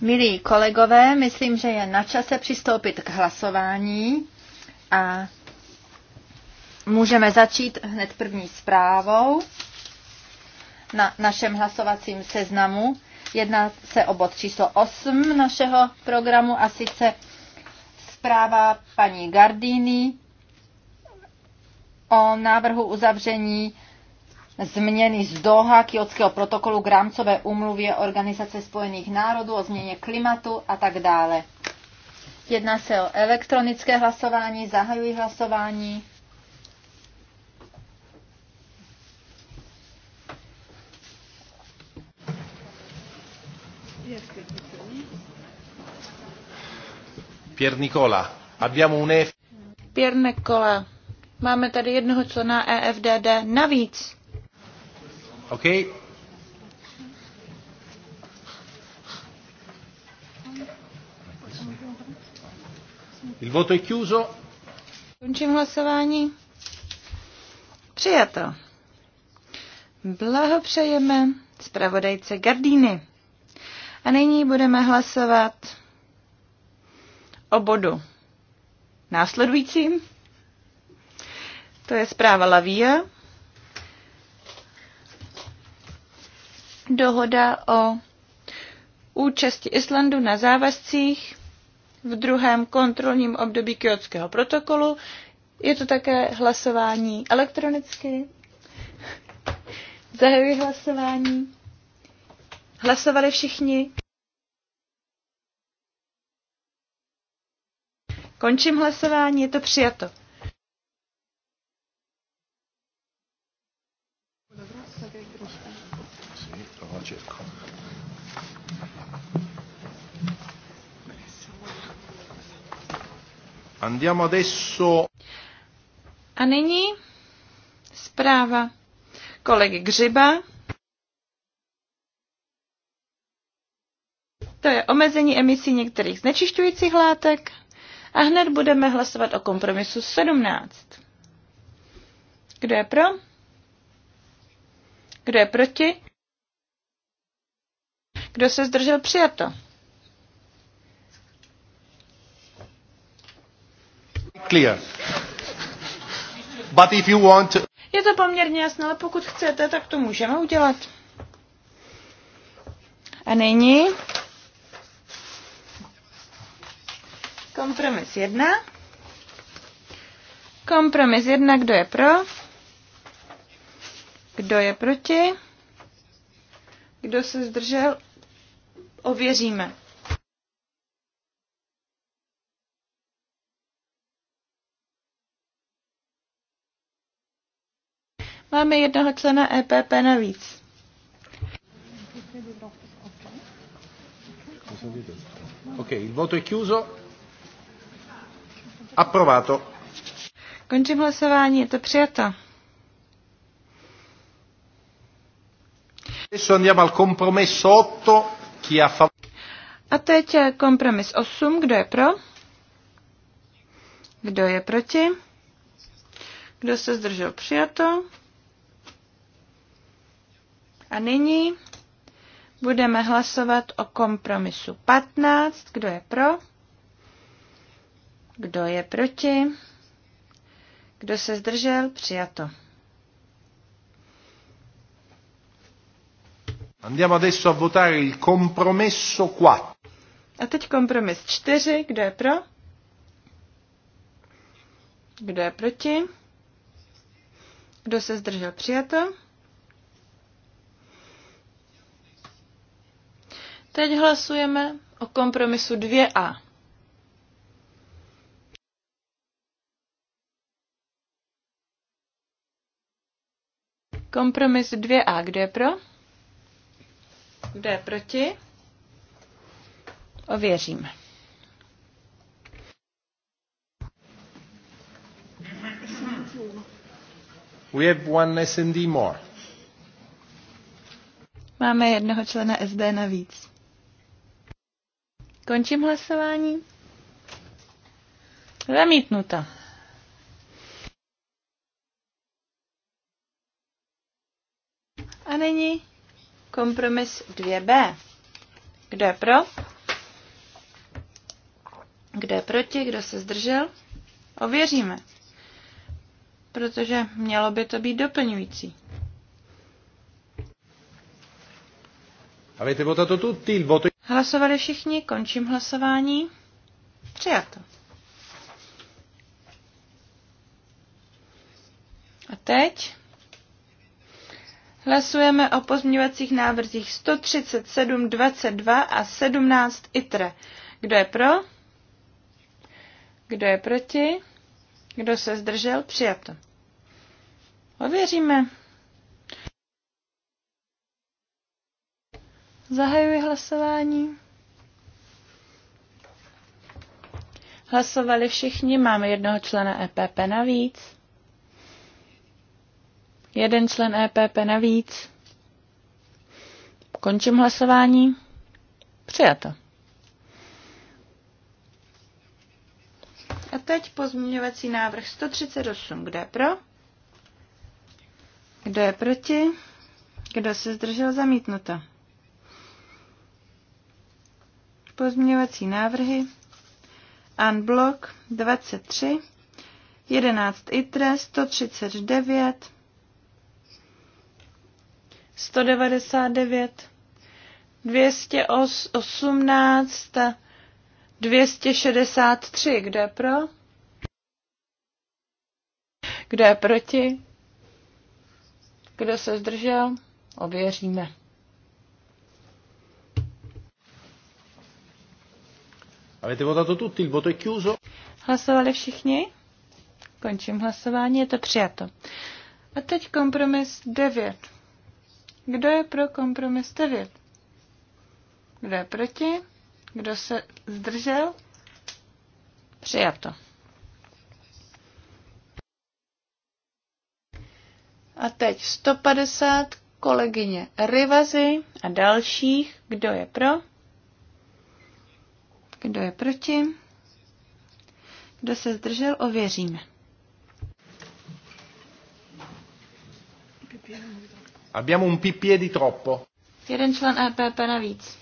Milí kolegové, myslím, že je na čase přistoupit k hlasování a můžeme začít hned první zprávou na našem hlasovacím seznamu. Jedná se o bod číslo 8 našeho programu a sice zpráva paní Gardini o návrhu uzavření změny z Doha Kyotského protokolu k rámcové umluvě Organizace spojených národů o změně klimatu a tak dále. Jedná se o elektronické hlasování, zahajují hlasování. Pier Nicola, abbiamo un e F. Pier Nicola, máme tady jednoho člena EFDD navíc. Okay. Il voto è chiuso. Končím hlasování. Přijato. Blahopřejeme zpravodajce Gardíny. A nyní budeme hlasovat o bodu následujícím. To je zpráva Lavia. dohoda o účasti Islandu na závazcích v druhém kontrolním období Kyotského protokolu. Je to také hlasování elektronicky. Zahajuji hlasování. Hlasovali všichni. Končím hlasování, je to přijato. Andiamo adesso... A nyní zpráva kolegy Gřiba. To je omezení emisí některých znečišťujících látek. A hned budeme hlasovat o kompromisu 17. Kdo je pro? Kdo je proti? Kdo se zdržel přijato? clear. But if you want... Je to poměrně jasné, ale pokud chcete, tak to můžeme udělat. A nyní kompromis jedna. Kompromis jedna, kdo je pro? Kdo je proti? Kdo se zdržel? Ověříme. Máme jednoho člena EPP navíc. Ok, il voto è chiuso. Approvato. Končím hlasování, je to přijato. Adesso andiamo al compromesso 8, chi ha favore. A teď kompromis 8, kdo je pro? Kdo je proti? Kdo se zdržel přijato? A nyní budeme hlasovat o kompromisu 15. Kdo je pro? Kdo je proti? Kdo se zdržel? Přijato. Andiamo adesso a votare il compromesso 4. A teď kompromis 4. Kdo je pro? Kdo je proti? Kdo se zdržel? Přijato. Teď hlasujeme o kompromisu 2a. Kompromis 2a. Kdo je pro? Kdo je proti? Ověříme. We have one SND more. Máme jednoho člena SD navíc. Končím hlasování. Zamítnuta. A nyní kompromis 2b. Kdo je pro? Kdo je proti? Kdo se zdržel? Ověříme. Protože mělo by to být doplňující. Avete votato tutti il voto Hlasovali všichni, končím hlasování. Přijato. A teď hlasujeme o pozměňovacích návrzích 137, 22 a 17 ITRE. Kdo je pro? Kdo je proti? Kdo se zdržel? Přijato. Ověříme. Zahajuji hlasování. Hlasovali všichni, máme jednoho člena EPP navíc. Jeden člen EPP navíc. Končím hlasování. Přijato. A teď pozměňovací návrh 138. Kdo je pro? Kdo je proti? Kdo se zdržel zamítnuto? pozměňovací návrhy. Unblock 23, 11 ITRE 139, 199, 218, 263. Kdo je pro? Kdo je proti? Kdo se zdržel? Ověříme. Avete votato tutti, il voto è chiuso. Hlasovali všichni? Končím hlasování, je to přijato. A teď kompromis 9. Kdo je pro kompromis 9? Kdo je proti? Kdo se zdržel? Přijato. A teď 150 kolegyně Rivazy a dalších. Kdo je pro? Kdo je proti? Kdo se zdržel, ověříme. Abbiamo un PPE di troppo. Jeden člen EPP navíc.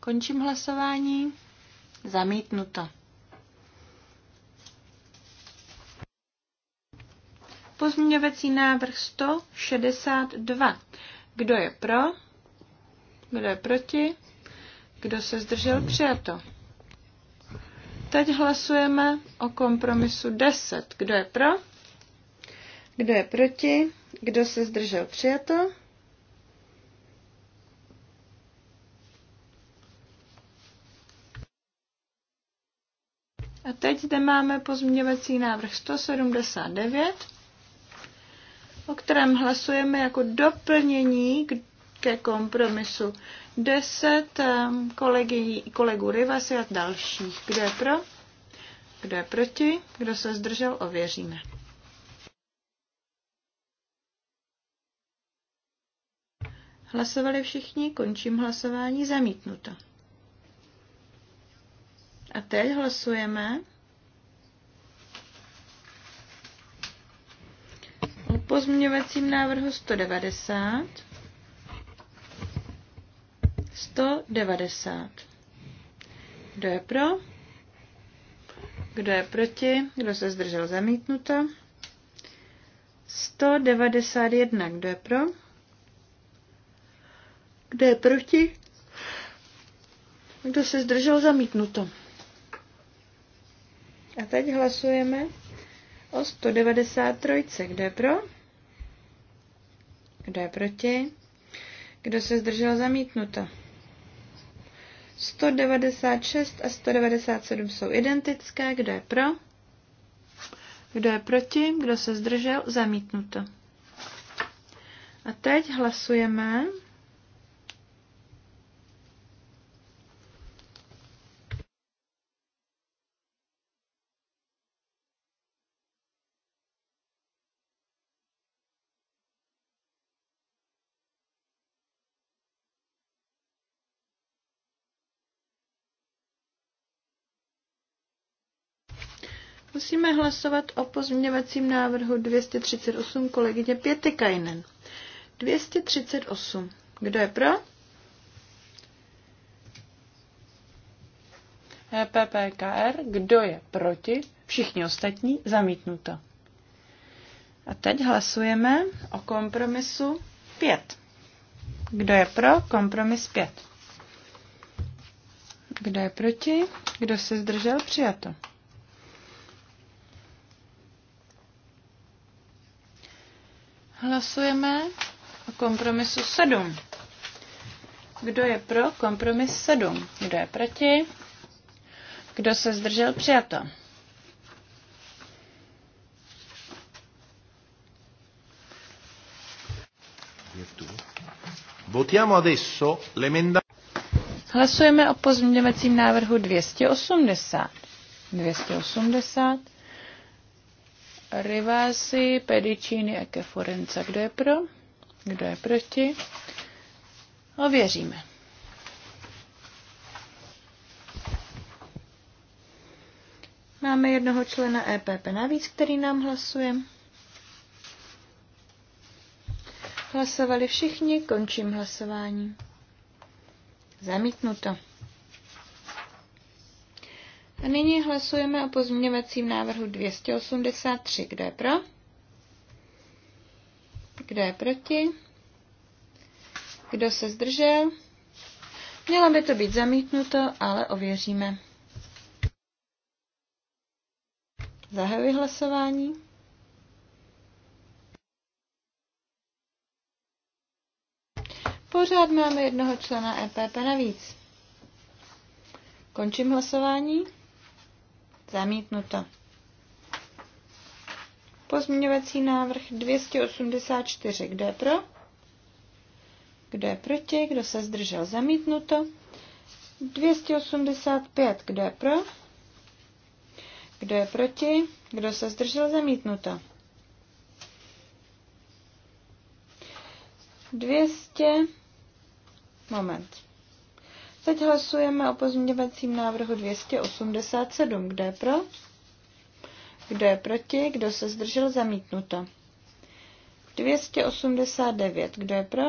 Končím hlasování. Zamítnuto. Pozměňovací návrh 162. Kdo je pro? Kdo je proti? Kdo se zdržel? Přijato. Teď hlasujeme o kompromisu 10. Kdo je pro? Kdo je proti? Kdo se zdržel? Přijato. A teď zde máme pozměňovací návrh 179, o kterém hlasujeme jako doplnění k ke kompromisu deset ehm, kolegy, kolegu Rivasy a dalších. Kdo je pro? Kdo je proti? Kdo se zdržel? Ověříme. Hlasovali všichni, končím hlasování, zamítnuto. A teď hlasujeme o pozměňovacím návrhu 190. 190. Kdo je pro? Kdo je proti? Kdo se zdržel zamítnuto? 191. Kdo je pro? Kdo je proti? Kdo se zdržel zamítnuto? A teď hlasujeme o 193. Kdo je pro? Kdo je proti? Kdo se zdržel zamítnuto? 196 a 197 jsou identické. Kdo je pro? Kdo je proti? Kdo se zdržel? Zamítnuto. A teď hlasujeme Musíme hlasovat o pozměňovacím návrhu 238 kolegyně Pětikajnen. 238. Kdo je pro? E PPKR. Kdo je proti? Všichni ostatní zamítnuto. A teď hlasujeme o kompromisu 5. Kdo je pro? Kompromis 5. Kdo je proti? Kdo se zdržel? Přijato. Hlasujeme o kompromisu 7. Kdo je pro kompromis 7? Kdo je proti? Kdo se zdržel? Přijato. Votiamo adesso Hlasujeme o pozměňovacím návrhu 280. 280. Rivasi, Pedicini a Keforenca. Kdo je pro? Kdo je proti? Ověříme. Máme jednoho člena EPP navíc, který nám hlasuje. Hlasovali všichni, končím hlasování. Zamítnuto. A nyní hlasujeme o pozměňovacím návrhu 283. Kdo je pro? Kdo je proti? Kdo se zdržel? Mělo by to být zamítnuto, ale ověříme. Zahajuji hlasování. Pořád máme jednoho člena EPP navíc. Končím hlasování. Zamítnuto. Pozměňovací návrh 284. Kdo je pro? Kdo je proti? Kdo se zdržel? Zamítnuto. 285. Kdo je pro? Kdo je proti? Kdo se zdržel? Zamítnuto. 200. Moment. Teď hlasujeme o pozměňovacím návrhu 287. Kdo je pro? Kdo je proti? Kdo se zdržel? Zamítnuto. 289. Kdo je pro?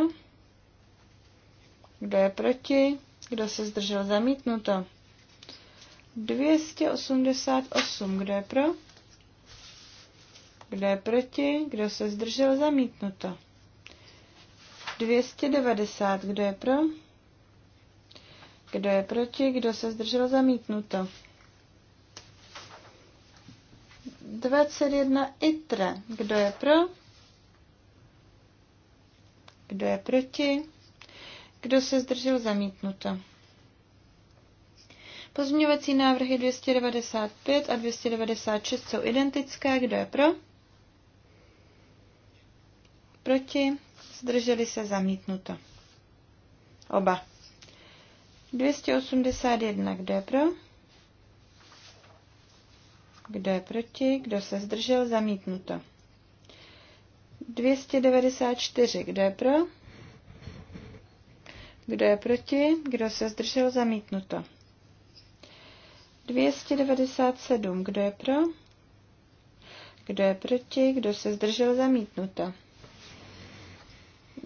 Kdo je proti? Kdo se zdržel? Zamítnuto. 288. Kdo je pro? Kdo je proti? Kdo se zdržel? Zamítnuto. 290. Kdo je pro? Kdo je proti? Kdo se zdržel? Zamítnuto. 21 itre. Kdo je pro? Kdo je proti? Kdo se zdržel? Zamítnuto. Pozměňovací návrhy 295 a 296 jsou identické. Kdo je pro? Proti? Zdrželi se zamítnuto. Oba. 281. Kdo je pro? Kdo je proti? Kdo se zdržel? Zamítnuto. 294. Kdo je pro? Kdo je proti? Kdo se zdržel? Zamítnuto. 297. Kdo je pro? Kdo je proti? Kdo se zdržel? Zamítnuto.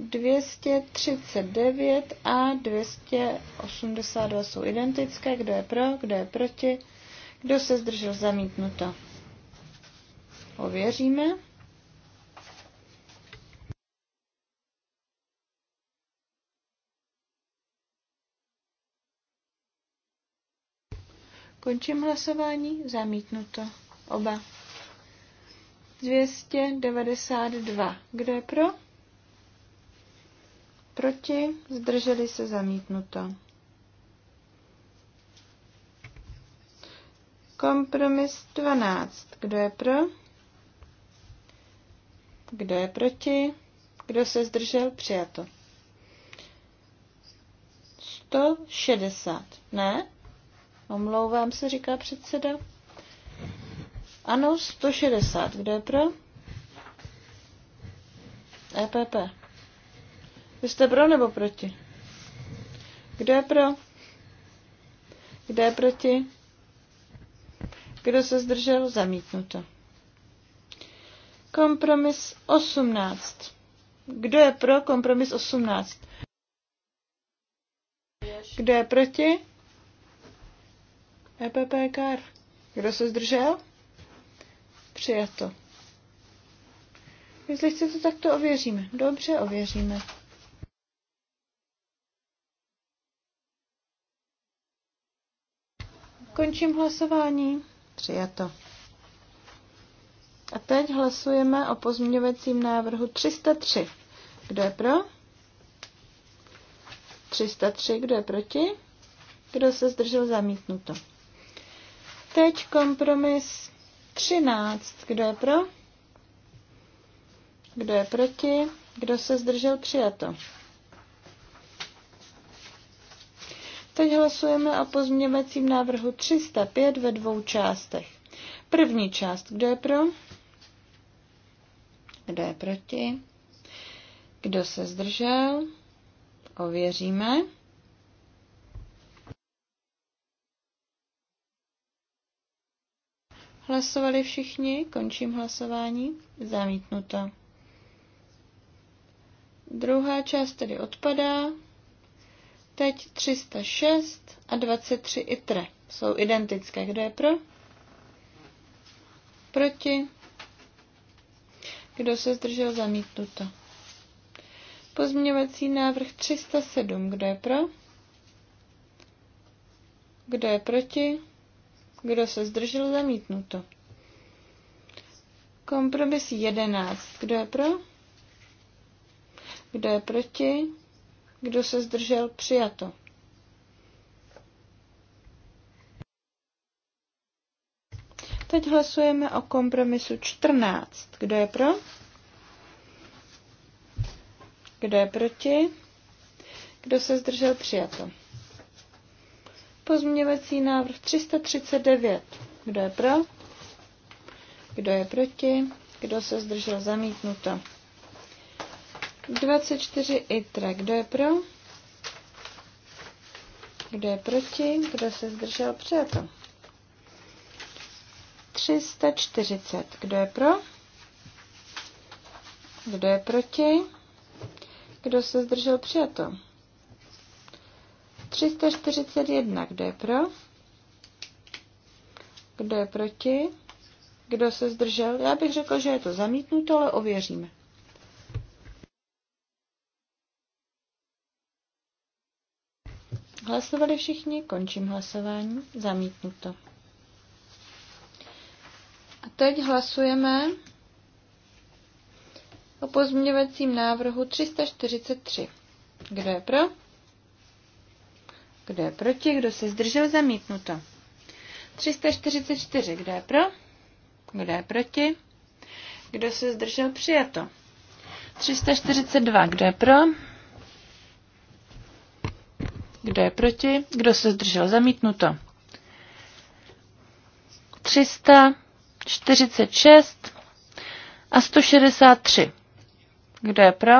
239 a 282 jsou identické. Kdo je pro, kdo je proti, kdo se zdržel zamítnuto. Ověříme. Končím hlasování. Zamítnuto. Oba. 292. Kdo je pro? Proti? Zdrželi se zamítnuto. Kompromis 12. Kdo je pro? Kdo je proti? Kdo se zdržel? Přijato. 160. Ne? Omlouvám se, říká předseda. Ano, 160. Kdo je pro? EPP. Vy jste pro nebo proti? Kdo je pro? Kdo je proti? Kdo se zdržel? Zamítnuto. Kompromis 18. Kdo je pro kompromis 18? Kdo je proti? EPP kar. Kdo se zdržel? Přijato. Jestli chcete, tak to ověříme. Dobře, ověříme. Končím hlasování. Přijato. A teď hlasujeme o pozměňovacím návrhu 303. Kdo je pro? 303. Kdo je proti? Kdo se zdržel zamítnuto? Teď kompromis 13. Kdo je pro? Kdo je proti? Kdo se zdržel přijato? Teď hlasujeme o pozměňovacím návrhu 305 ve dvou částech. První část, kdo je pro? Kdo je proti? Kdo se zdržel? Ověříme. Hlasovali všichni, končím hlasování, zamítnuto. Druhá část tedy odpadá. Teď 306 a 23 itre. Jsou identické. Kdo je pro? Proti? Kdo se zdržel zamítnuto? Pozměňovací návrh 307. Kdo je pro? Kdo je proti? Kdo se zdržel zamítnuto? Kompromis 11. Kdo je pro? Kdo je proti? Kdo se zdržel? Přijato. Teď hlasujeme o kompromisu 14. Kdo je pro? Kdo je proti? Kdo se zdržel? Přijato. Pozměňovací návrh 339. Kdo je pro? Kdo je proti? Kdo se zdržel? Zamítnuto. 24 ITRE. Kdo je pro? Kdo je proti? Kdo se zdržel? Přijato. 340. Kdo je pro? Kdo je proti? Kdo se zdržel? Přijato. 341. Kdo je pro? Kdo je proti? Kdo se zdržel? Já bych řekl, že je to zamítnuto, ale ověříme. Hlasovali všichni, končím hlasování, zamítnuto. A teď hlasujeme o pozměňovacím návrhu 343. Kdo je pro? Kdo je proti? Kdo se zdržel? Zamítnuto. 344. Kdo je pro? Kdo je proti? Kdo se zdržel? Přijato. 342. Kdo je pro? Kdo je proti? Kdo se zdržel? Zamítnuto. 346 a 163. Kdo je pro?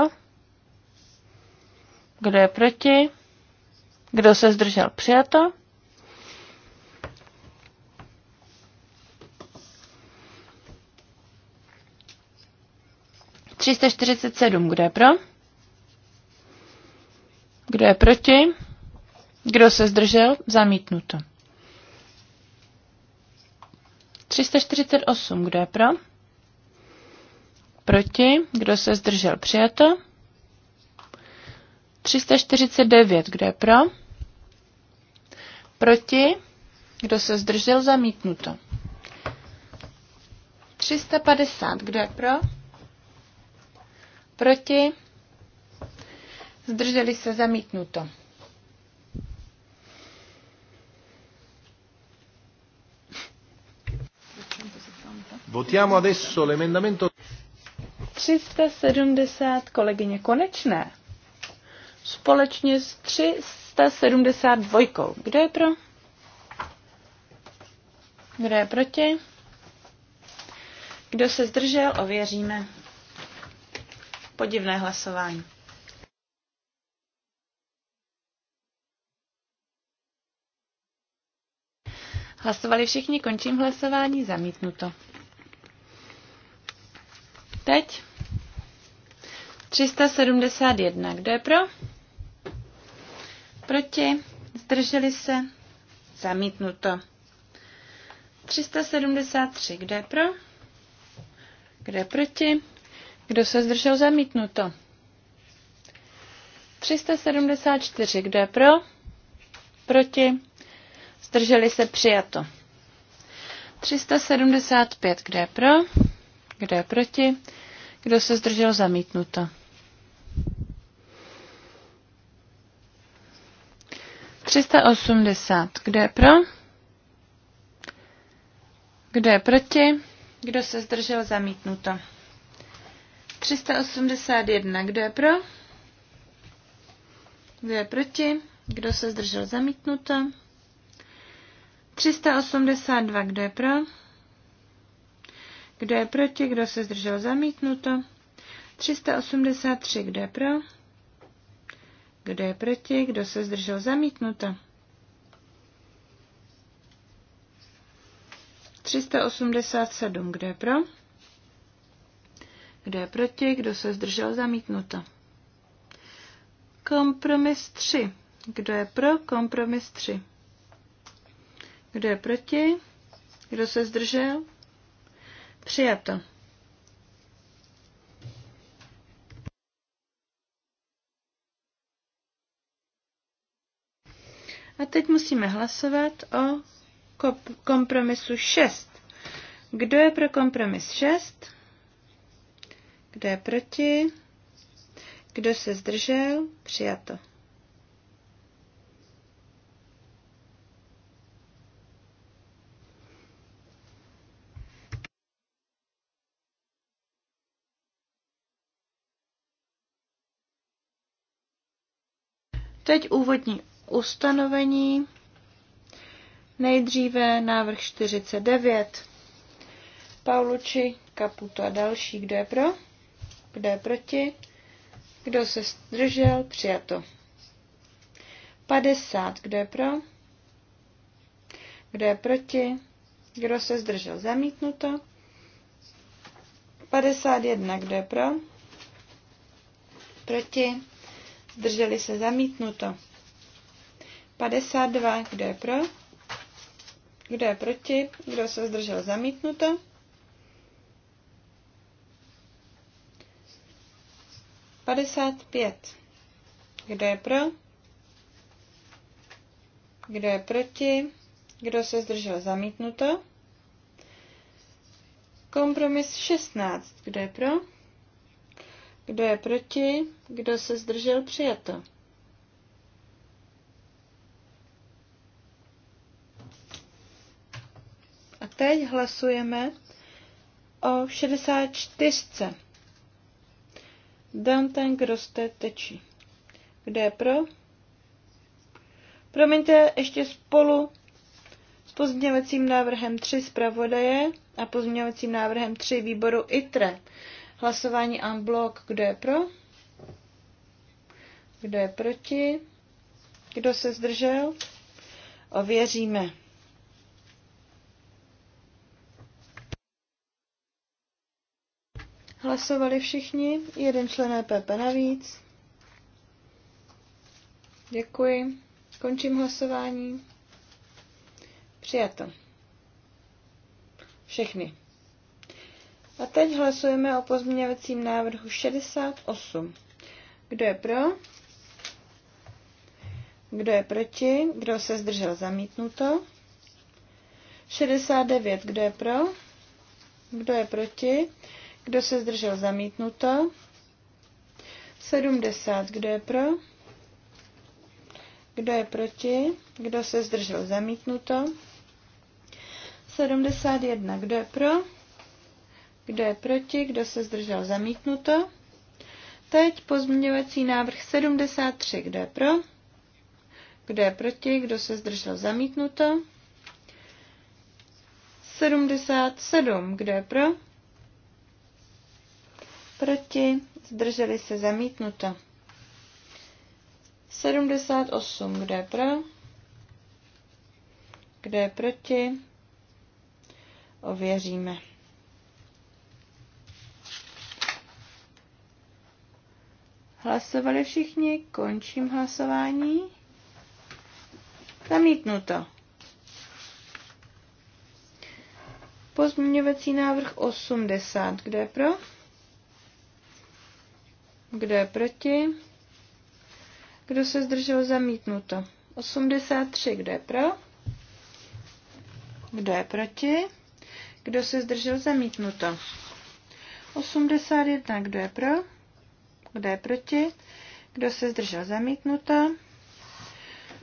Kdo je proti? Kdo se zdržel? Přijato. Tři čtyřicet sedm. Kdo je pro? Kdo je proti? Kdo se zdržel? Zamítnuto. 348. Kdo je pro? Proti. Kdo se zdržel? Přijato. 349. Kdo je pro? Proti. Kdo se zdržel? Zamítnuto. 350. Kdo je pro? Proti. Zdrželi se zamítnuto. Votiamo adesso l'emendamento 370 kolegyně Konečné společně s 372. Kdo je pro? Kdo je proti? Kdo se zdržel, ověříme. Podivné hlasování. Hlasovali všichni, končím hlasování, zamítnuto. Teď 371. Kdo je pro? Proti? Zdrželi se? Zamítnuto. 373. Kdo je pro? Kdo je proti? Kdo se zdržel? Zamítnuto. 374. Kdo je pro? Proti? Zdrželi se? Přijato. 375. Kdo je pro? Kdo je proti? Kdo se zdržel zamítnuto? 380. Kdo je pro? Kdo je proti? Kdo se zdržel zamítnuto? 381. Kdo je pro? Kdo je proti? Kdo se zdržel zamítnuto? 382. Kdo je pro? Kdo je proti? Kdo se zdržel? Zamítnuto. 383. Kdo je pro? Kdo je proti? Kdo se zdržel? Zamítnuto. 387. Kdo je pro? Kdo je proti? Kdo se zdržel? Zamítnuto. Kompromis 3. Kdo je pro? Kompromis 3. Kdo je proti? Kdo se zdržel? Přijato. A teď musíme hlasovat o kompromisu 6. Kdo je pro kompromis 6? Kdo je proti? Kdo se zdržel? Přijato. Teď úvodní ustanovení. Nejdříve návrh 49. Pauluči, Kaputo a další. Kdo je pro? Kdo je proti? Kdo se zdržel? Přijato. 50. Kdo je pro? Kdo je proti? Kdo se zdržel? Zamítnuto. 51. Kdo je pro? Proti? zdrželi se zamítnuto. 52, kdo je pro, kdo je proti, kdo se zdržel zamítnuto. Padesát pět. Kdo je pro? Kdo je proti? Kdo se zdržel zamítnuto? Kompromis 16. Kdo je pro? Kdo je proti? Kdo se zdržel? Přijato. A teď hlasujeme o 64. Danten Groste tečí. Kdo je pro? Promiňte, ještě spolu s pozměňovacím návrhem 3 zpravodaje a pozměňovacím návrhem 3 výboru ITRE. Hlasování blok. kdo je pro? Kdo je proti? Kdo se zdržel? Ověříme. Hlasovali všichni, jeden člen EPP navíc. Děkuji. Končím hlasování. Přijato. Všechny. A teď hlasujeme o pozměňovacím návrhu 68. Kdo je pro? Kdo je proti? Kdo se zdržel zamítnuto? 69. Kdo je pro? Kdo je proti? Kdo se zdržel zamítnuto? 70. Kdo je pro? Kdo je proti? Kdo se zdržel zamítnuto? 71. Kdo je pro? Kdo je proti? Kdo se zdržel? Zamítnuto. Teď pozměňovací návrh 73. Kdo je pro? Kdo je proti? Kdo se zdržel? Zamítnuto. 77. Kdo je pro? Proti? Zdrželi se? Zamítnuto. 78. Kdo je pro? Kdo je proti? Ověříme. Hlasovali všichni, končím hlasování. Zamítnuto. Pozměňovací návrh 80. Kdo je pro? Kdo je proti? Kdo se zdržel zamítnuto? 83. Kdo je pro? Kdo je proti? Kdo se zdržel zamítnuto? 81. Kdo je pro? Kdo je proti? Kdo se zdržel? Zamítnuto.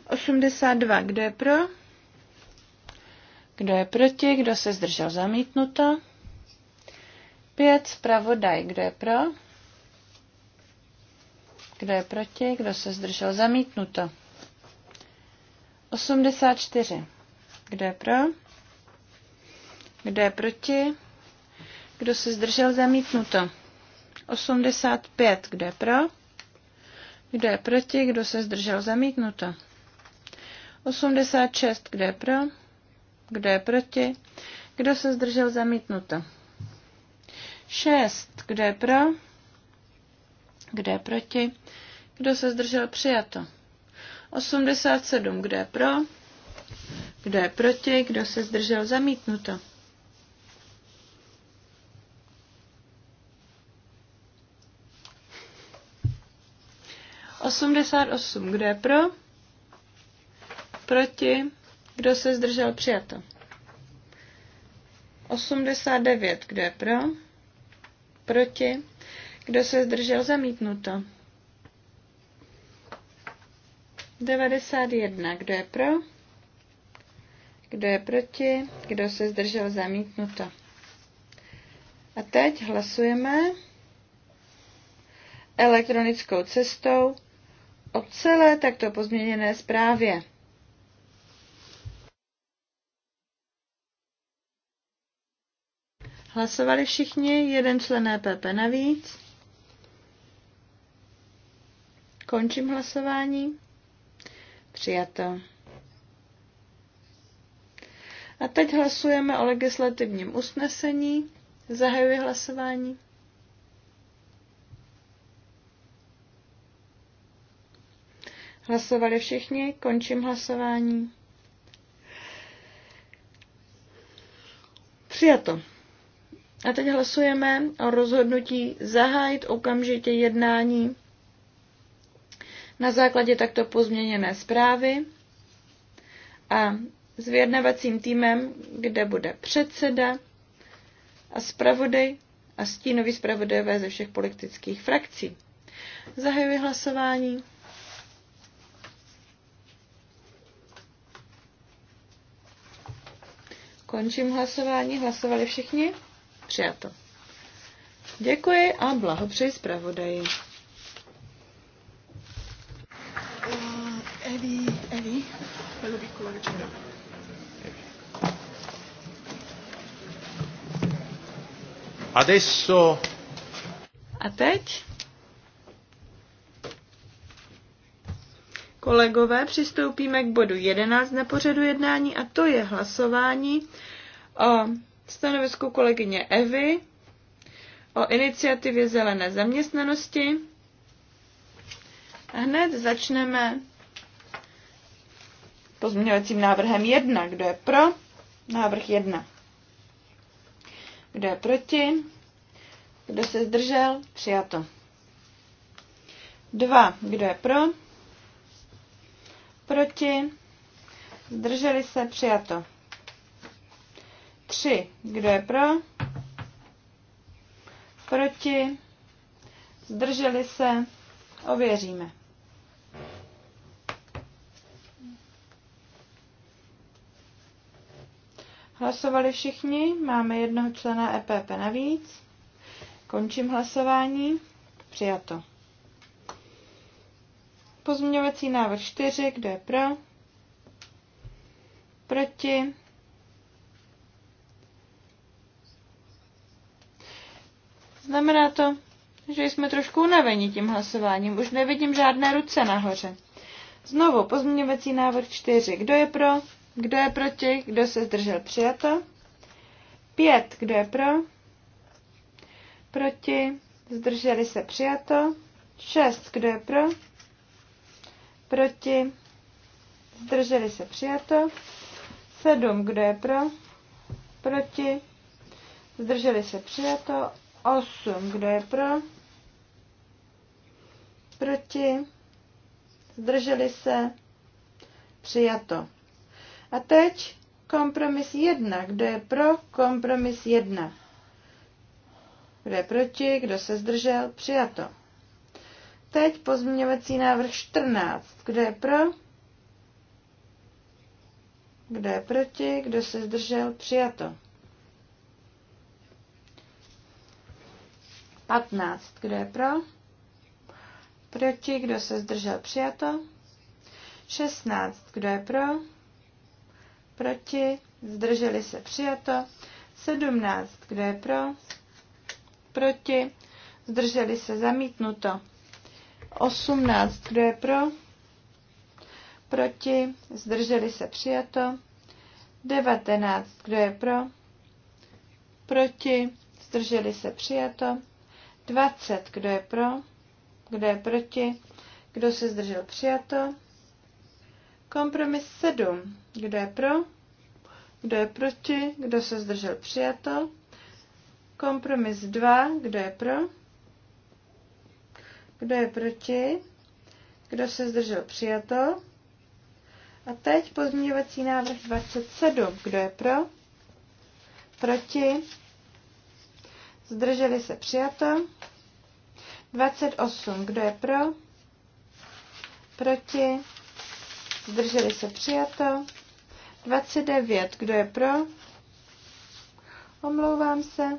82. Kdo je pro? Kdo je proti? Kdo se zdržel? Zamítnuto. 5. Spravodaj. Kdo je pro? Kdo je proti? Kdo se zdržel? Zamítnuto. 84. Kdo je pro? Kdo je proti? Kdo se zdržel? Zamítnuto. 85. Kdo je pro? Kdo je proti? Kdo se zdržel? Zamítnuto. 86. Kdo je pro? Kdo je proti? Kdo se zdržel? Zamítnuto. 6. Kdo je pro? Kdo je proti? Kdo se zdržel? Přijato. 87. Kdo je pro? Kdo je proti? Kdo se zdržel? Zamítnuto. 88. Kdo je pro? Proti? Kdo se zdržel? Přijato. 89. Kdo je pro? Proti? Kdo se zdržel? Zamítnuto. 91. Kdo je pro? Kdo je proti? Kdo se zdržel? Zamítnuto. A teď hlasujeme elektronickou cestou o celé takto pozměněné zprávě. Hlasovali všichni, jeden člen EPP navíc. Končím hlasování. Přijato. A teď hlasujeme o legislativním usnesení. Zahajuji hlasování. Hlasovali všichni, končím hlasování. Přijato. A teď hlasujeme o rozhodnutí zahájit okamžitě jednání na základě takto pozměněné zprávy a s vyjednavacím týmem, kde bude předseda a zpravodaj a stínový zpravodajové ze všech politických frakcí. Zahajuji hlasování. Končím hlasování. Hlasovali všichni? Přijato. Děkuji a blahopřeji zpravodaji. Uh, Evi, Evi, Adesso... A teď Kolegové, přistoupíme k bodu 11 na pořadu jednání a to je hlasování o stanovisku kolegyně Evy o iniciativě zelené zaměstnanosti. A hned začneme pozměňovacím návrhem 1. Kdo je pro? Návrh 1. Kdo je proti? Kdo se zdržel? Přijato. 2. Kdo je pro? Proti? Zdrželi se? Přijato. Tři. Kdo je pro? Proti? Zdrželi se? Ověříme. Hlasovali všichni, máme jednoho člena EPP navíc. Končím hlasování. Přijato. Pozměňovací návrh 4, kdo je pro? Proti? Znamená to, že jsme trošku unaveni tím hlasováním. Už nevidím žádné ruce nahoře. Znovu pozměňovací návrh 4. Kdo je pro? Kdo je proti? Kdo se zdržel? Přijato. 5. Kdo je pro? Proti? Zdrželi se? Přijato. 6. Kdo je pro? proti, zdrželi se přijato, 7, kdo je pro, proti, zdrželi se přijato, 8, kdo je pro, proti, zdrželi se přijato. A teď kompromis 1, kdo je pro, kompromis 1. Kdo je proti, kdo se zdržel, přijato. Teď pozměňovací návrh 14. Kdo je pro? Kdo je proti? Kdo se zdržel? Přijato. 15. Kdo je pro? Proti? Kdo se zdržel? Přijato. 16. Kdo je pro? Proti? Zdrželi se? Přijato. 17. Kdo je pro? Proti? Zdrželi se? Zamítnuto. 18. Kdo je pro? Proti? Zdrželi se přijato. 19. Kdo je pro? Proti? Zdrželi se přijato. 20. Kdo je pro? Kdo je proti? Kdo se zdržel přijato? Kompromis 7. Kdo je pro? Kdo je proti? Kdo se zdržel přijato? Kompromis 2. Kdo je pro? Kdo je proti? Kdo se zdržel? Přijato. A teď pozměňovací návrh 27. Kdo je pro? Proti? Zdrželi se? Přijato. 28. Kdo je pro? Proti? Zdrželi se? Přijato. 29. Kdo je pro? Omlouvám se.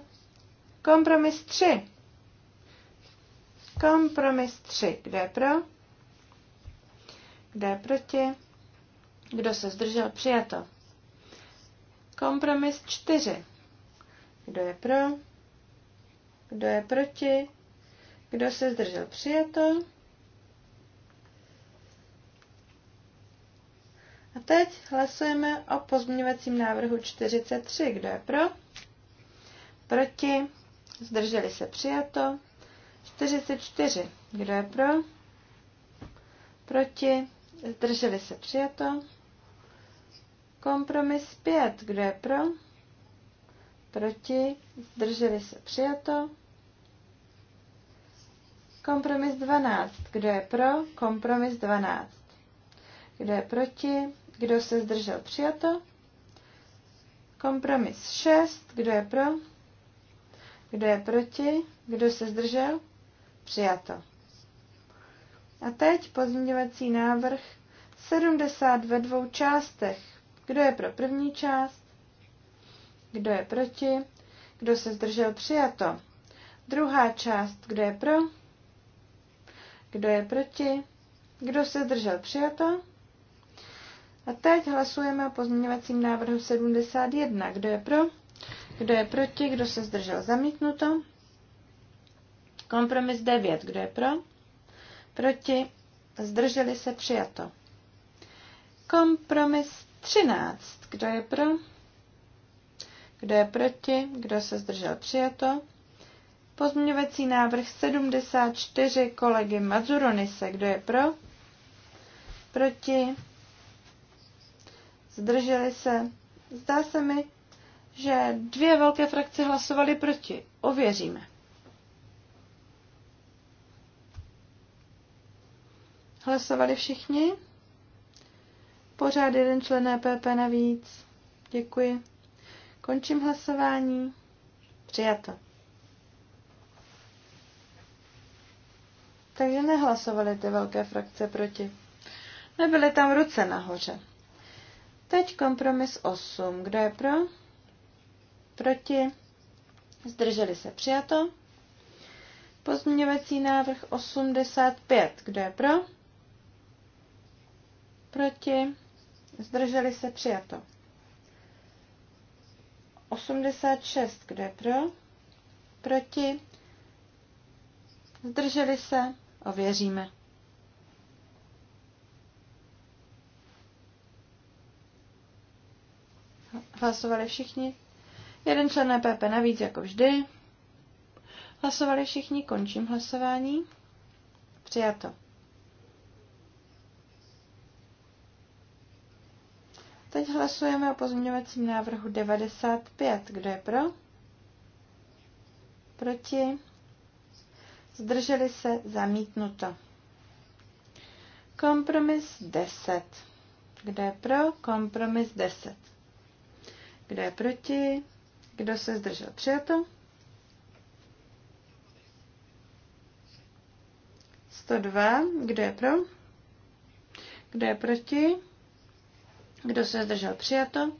Kompromis 3. Kompromis 3. Kdo je pro? Kdo je proti? Kdo se zdržel? Přijato. Kompromis 4. Kdo je pro? Kdo je proti? Kdo se zdržel? Přijato. A teď hlasujeme o pozměňovacím návrhu 43. Kdo je pro? Proti? Zdrželi se přijato. 44. Kdo je pro? Proti? Zdrželi se přijato. Kompromis 5. Kdo je pro? Proti? Zdrželi se přijato. Kompromis 12. Kdo je pro? Kompromis 12. Kdo je proti? Kdo se zdržel přijato? Kompromis 6. Kdo je pro? Kdo je proti? Kdo se zdržel? Přijato. A teď pozměňovací návrh 70 ve dvou částech. Kdo je pro první část? Kdo je proti? Kdo se zdržel? Přijato. Druhá část. Kdo je pro? Kdo je proti? Kdo se zdržel? Přijato. A teď hlasujeme o pozměňovacím návrhu 71. Kdo je pro? Kdo je proti? Kdo se zdržel? Zamítnuto. Kompromis 9. Kdo je pro? Proti? Zdrželi se přijato. Kompromis 13. Kdo je pro? Kdo je proti? Kdo se zdržel přijato? Pozměňovací návrh 74 kolegy Mazuronise. Kdo je pro? Proti? Zdrželi se? Zdá se mi, že dvě velké frakce hlasovaly proti. Ověříme. Hlasovali všichni? Pořád jeden člen EPP navíc. Děkuji. Končím hlasování. Přijato. Takže nehlasovali ty velké frakce proti. Nebyly tam ruce nahoře. Teď kompromis 8. Kdo je pro? Proti? Zdrželi se přijato. Pozměňovací návrh 85. Kdo je pro? proti, zdrželi se přijato. 86, kdo je pro, proti, zdrželi se, ověříme. Hlasovali všichni? Jeden člen EPP navíc, jako vždy. Hlasovali všichni, končím hlasování. Přijato. Teď hlasujeme o pozměňovacím návrhu 95. Kdo je pro? Proti? Zdrželi se? Zamítnuto. Kompromis 10. Kdo je pro? Kompromis 10. Kdo je proti? Kdo se zdržel? Přijato. 102. Kdo je pro? Kdo je proti? Kdo se zdržel? Přijato.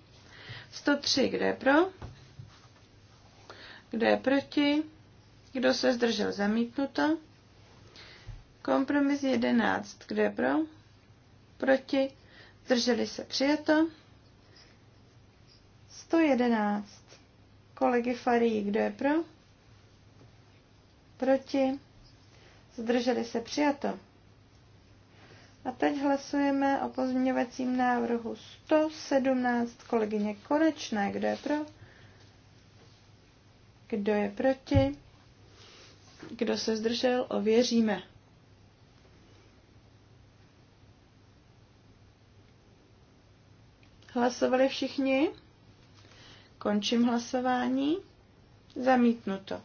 103. Kdo je pro? Kdo je proti? Kdo se zdržel? Zamítnuto. Kompromis 11. Kdo je pro? Proti? Zdrželi se? Přijato. 111. Kolegy Farí, kdo je pro? Proti? Zdrželi se? Přijato. A teď hlasujeme o pozměňovacím návrhu 117 kolegyně Konečné. Kdo je pro? Kdo je proti? Kdo se zdržel? Ověříme. Hlasovali všichni? Končím hlasování. Zamítnuto.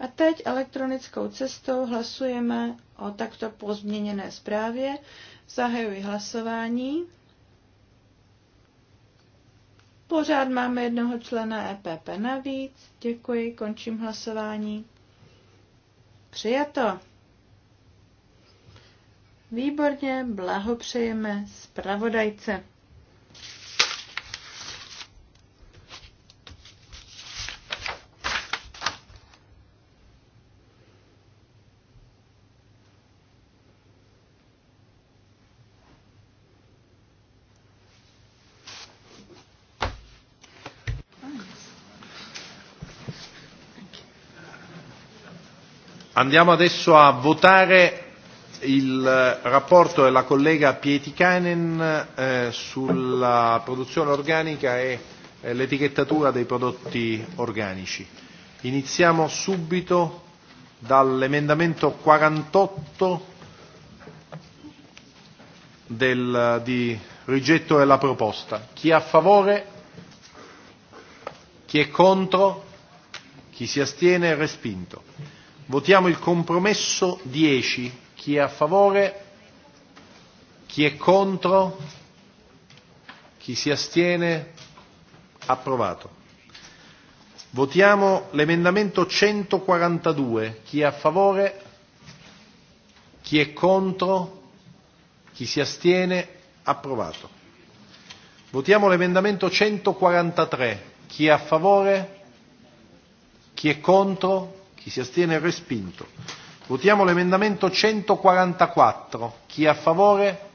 A teď elektronickou cestou hlasujeme o takto pozměněné zprávě. Zahajuji hlasování. Pořád máme jednoho člena EPP navíc. Děkuji, končím hlasování. Přijato. Výborně, blahopřejeme zpravodajce. Andiamo adesso a votare il eh, rapporto della collega Pietikainen eh, sulla produzione organica e eh, l'etichettatura dei prodotti organici. Iniziamo subito dall'emendamento 48 del, di rigetto della proposta. Chi è a favore? Chi è contro? Chi si astiene? Respinto. Votiamo il compromesso 10. Chi è a favore? Chi è contro? Chi si astiene? Approvato. Votiamo l'emendamento 142. Chi è a favore? Chi è contro? Chi si astiene? Approvato. Votiamo l'emendamento 143. Chi è a favore? Chi è contro? Chi si astiene è respinto. Votiamo l'emendamento 144. Chi è a favore?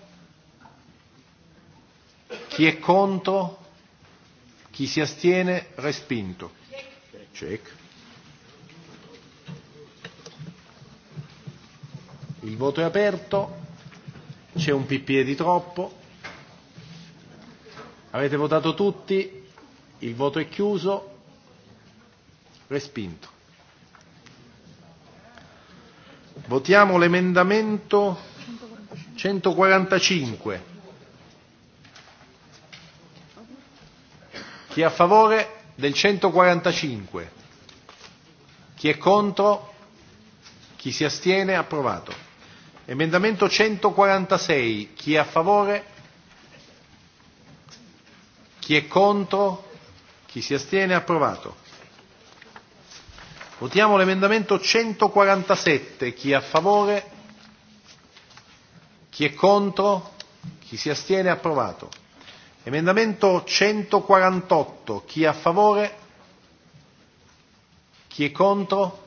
Chi è contro? Chi si astiene? Respinto. Check. Il voto è aperto. C'è un PPE di troppo. Avete votato tutti. Il voto è chiuso. Respinto. Votiamo l'emendamento 145. Chi è a favore del 145? Chi è contro? Chi si astiene? Approvato. Emendamento 146. Chi è a favore? Chi è contro? Chi si astiene? Approvato. Votiamo l'emendamento 147. Chi è a favore? Chi è contro? Chi si astiene? Approvato. Emendamento 148. Chi è a favore? Chi è contro?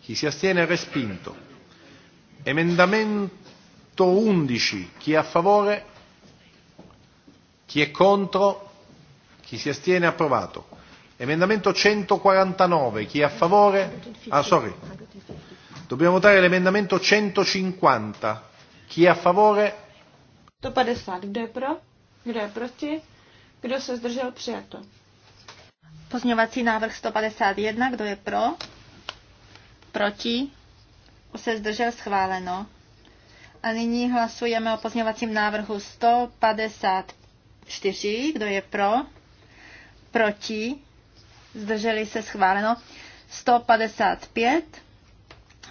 Chi si astiene? Respinto. Emendamento 11. Chi è a favore? Chi è contro? Chi si astiene? Approvato. Emendamento 149, chi è a favore? Ah, sorry. Dobbiamo votare l'emendamento 150. Chi è a favore? 150. Kdo je pro? Kdo je proti? Kdo se zdržel? Přijato. Pozměňovací návrh 151. Kdo je pro? Proti? Kdo se zdržel? Schváleno. A nyní hlasujeme o pozměňovacím návrhu 154. Kdo je pro? Proti? zdrželi se schváleno. 155,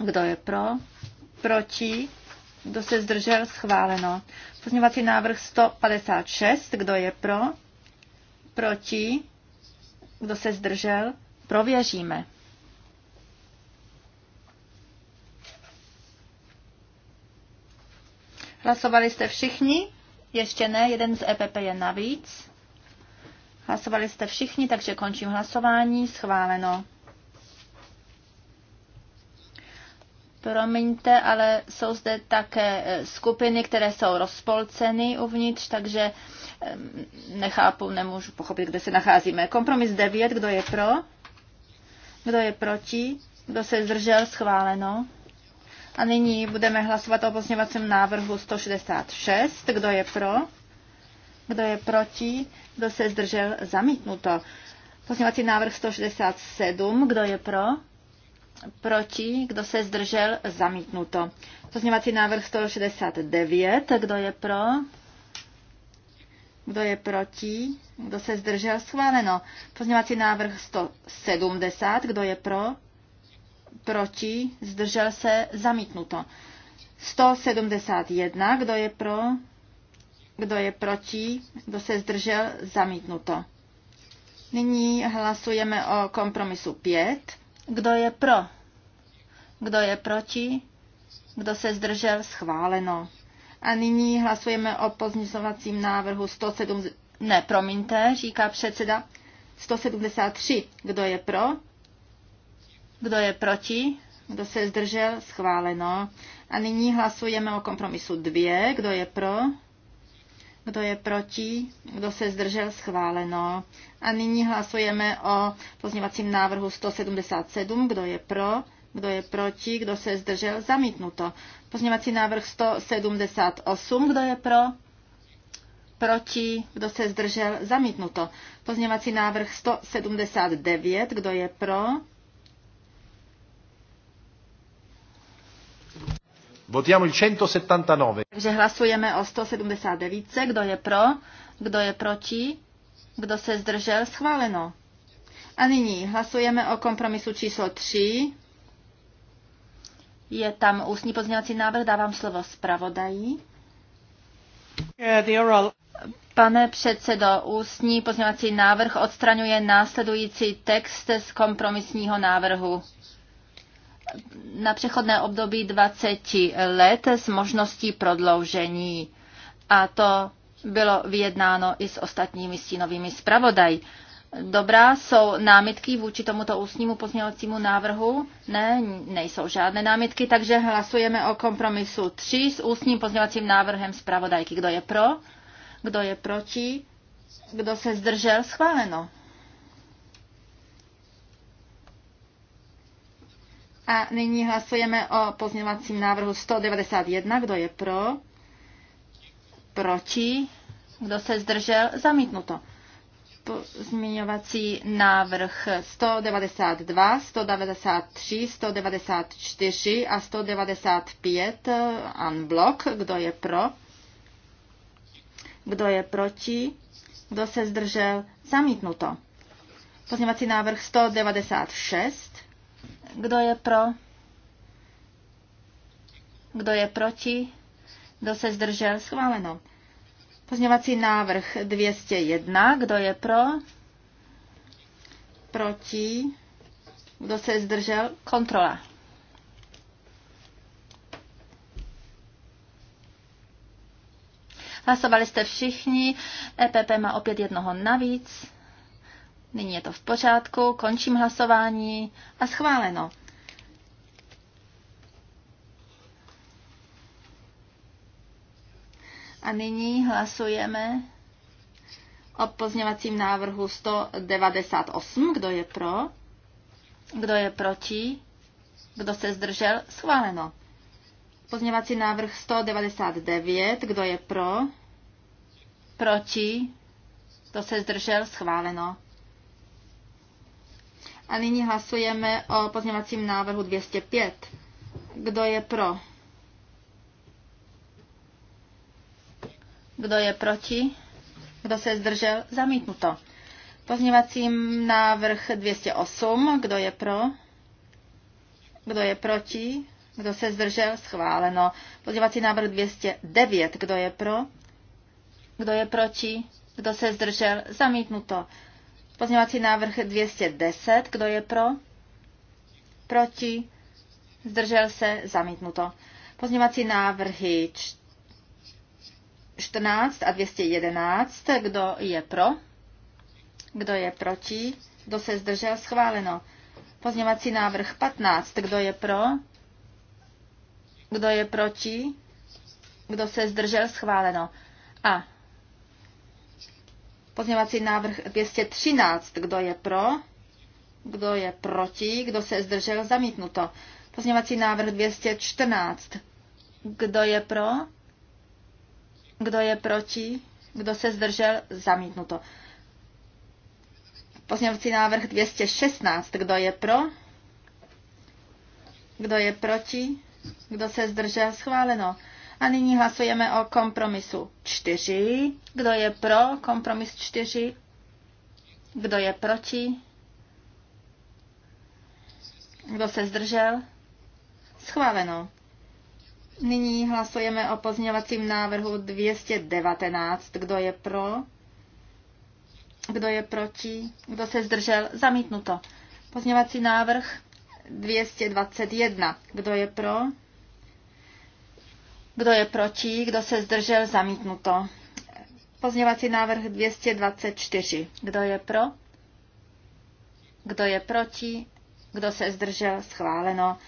kdo je pro, proti, kdo se zdržel, schváleno. Pozměňovací návrh 156, kdo je pro, proti, kdo se zdržel, prověříme. Hlasovali jste všichni? Ještě ne, jeden z EPP je navíc. Hlasovali jste všichni, takže končím hlasování. Schváleno. Promiňte, ale jsou zde také e, skupiny, které jsou rozpolceny uvnitř, takže e, nechápu, nemůžu pochopit, kde se nacházíme. Kompromis 9, kdo je pro? Kdo je proti? Kdo se zdržel? Schváleno. A nyní budeme hlasovat o pozněvacím návrhu 166. Kdo je pro? Kdo je proti? Kdo se zdržel? Zamítnuto. Pozměňovací návrh 167. Kdo je pro? Proti? Kdo se zdržel? Zamítnuto. Pozměňovací návrh 169. Kdo je pro? Kdo je proti? Kdo se zdržel? Schváleno. Pozměňovací návrh 170. Kdo je pro? Proti? Zdržel se? Zamítnuto. 171. Kdo je pro? Kdo je proti? Kdo se zdržel? Zamítnuto. Nyní hlasujeme o kompromisu 5. Kdo je pro? Kdo je proti? Kdo se zdržel? Schváleno. A nyní hlasujeme o pozměňovacím návrhu 107... Ne, promiňte, říká předseda. 173. Kdo je pro? Kdo je proti? Kdo se zdržel? Schváleno. A nyní hlasujeme o kompromisu 2. Kdo je pro? Kdo je proti? Kdo se zdržel? Schváleno. A nyní hlasujeme o pozněvacím návrhu 177. Kdo je pro? Kdo je proti? Kdo se zdržel? Zamítnuto. Pozněvací návrh 178. Kdo je pro? Proti? Kdo se zdržel? Zamítnuto. Pozněvací návrh 179. Kdo je pro? Votiamo il 179. Takže hlasujeme o 179. Kdo je pro? Kdo je proti? Kdo se zdržel? Schváleno. A nyní hlasujeme o kompromisu číslo 3. Je tam ústní pozměňovací návrh, dávám slovo zpravodají. Pane předsedo, ústní pozměňovací návrh odstraňuje následující text z kompromisního návrhu na přechodné období 20 let s možností prodloužení. A to bylo vyjednáno i s ostatními stínovými zpravodaj. Dobrá, jsou námitky vůči tomuto ústnímu pozměňovacímu návrhu? Ne, nejsou žádné námitky, takže hlasujeme o kompromisu 3 s ústním pozměňovacím návrhem zpravodajky. Kdo je pro? Kdo je proti? Kdo se zdržel? Schváleno. A nyní hlasujeme o pozměňovacím návrhu 191. Kdo je pro? Proti? Kdo se zdržel? Zamítnuto. Pozměňovací návrh 192, 193, 194 a 195 unblock. Kdo je pro? Kdo je proti? Kdo se zdržel? Zamítnuto. Pozměňovací návrh 196. Kdo je pro? Kdo je proti? Kdo se zdržel? Schváleno. Pozměňovací návrh 201. Kdo je pro? Proti? Kdo se zdržel? Kontrola. Hlasovali jste všichni. EPP má opět jednoho navíc. Nyní je to v pořádku, končím hlasování a schváleno. A nyní hlasujeme o pozněvacím návrhu 198. Kdo je pro? Kdo je proti? Kdo se zdržel? Schváleno. Pozněvací návrh 199. Kdo je pro? Proti? Kdo se zdržel? Schváleno. A nyní hlasujeme o pozměňovacím návrhu 205. Kdo je pro? Kdo je proti? Kdo se zdržel? Zamítnuto. Pozměňovací návrh 208. Kdo je pro? Kdo je proti? Kdo se zdržel? Schváleno. Pozměňovací návrh 209. Kdo je pro? Kdo je proti? Kdo se zdržel? Zamítnuto. Pozměňovací návrh 210. Kdo je pro? Proti? Zdržel se? Zamítnuto. Pozměňovací návrhy 14 a 211. Kdo je pro? Kdo je proti? Kdo se zdržel? Schváleno. Pozměňovací návrh 15. Kdo je pro? Kdo je proti? Kdo se zdržel? Schváleno. A Pozměňovací návrh 213. Kdo je pro? Kdo je proti? Kdo se zdržel? Zamítnuto. Pozměňovací návrh 214. Kdo je pro? Kdo je proti? Kdo se zdržel? Zamítnuto. Pozměňovací návrh 216. Kdo je pro? Kdo je proti? Kdo se zdržel? Schváleno. A nyní hlasujeme o kompromisu 4. Kdo je pro kompromis 4? Kdo je proti? Kdo se zdržel? Schváleno. Nyní hlasujeme o pozměňovacím návrhu 219. Kdo je pro? Kdo je proti? Kdo se zdržel? Zamítnuto. Pozměňovací návrh 221. Kdo je pro? Kdo je proti? Kdo se zdržel? Zamítnuto. Pozněvací návrh 224. Kdo je pro? Kdo je proti? Kdo se zdržel? Schváleno.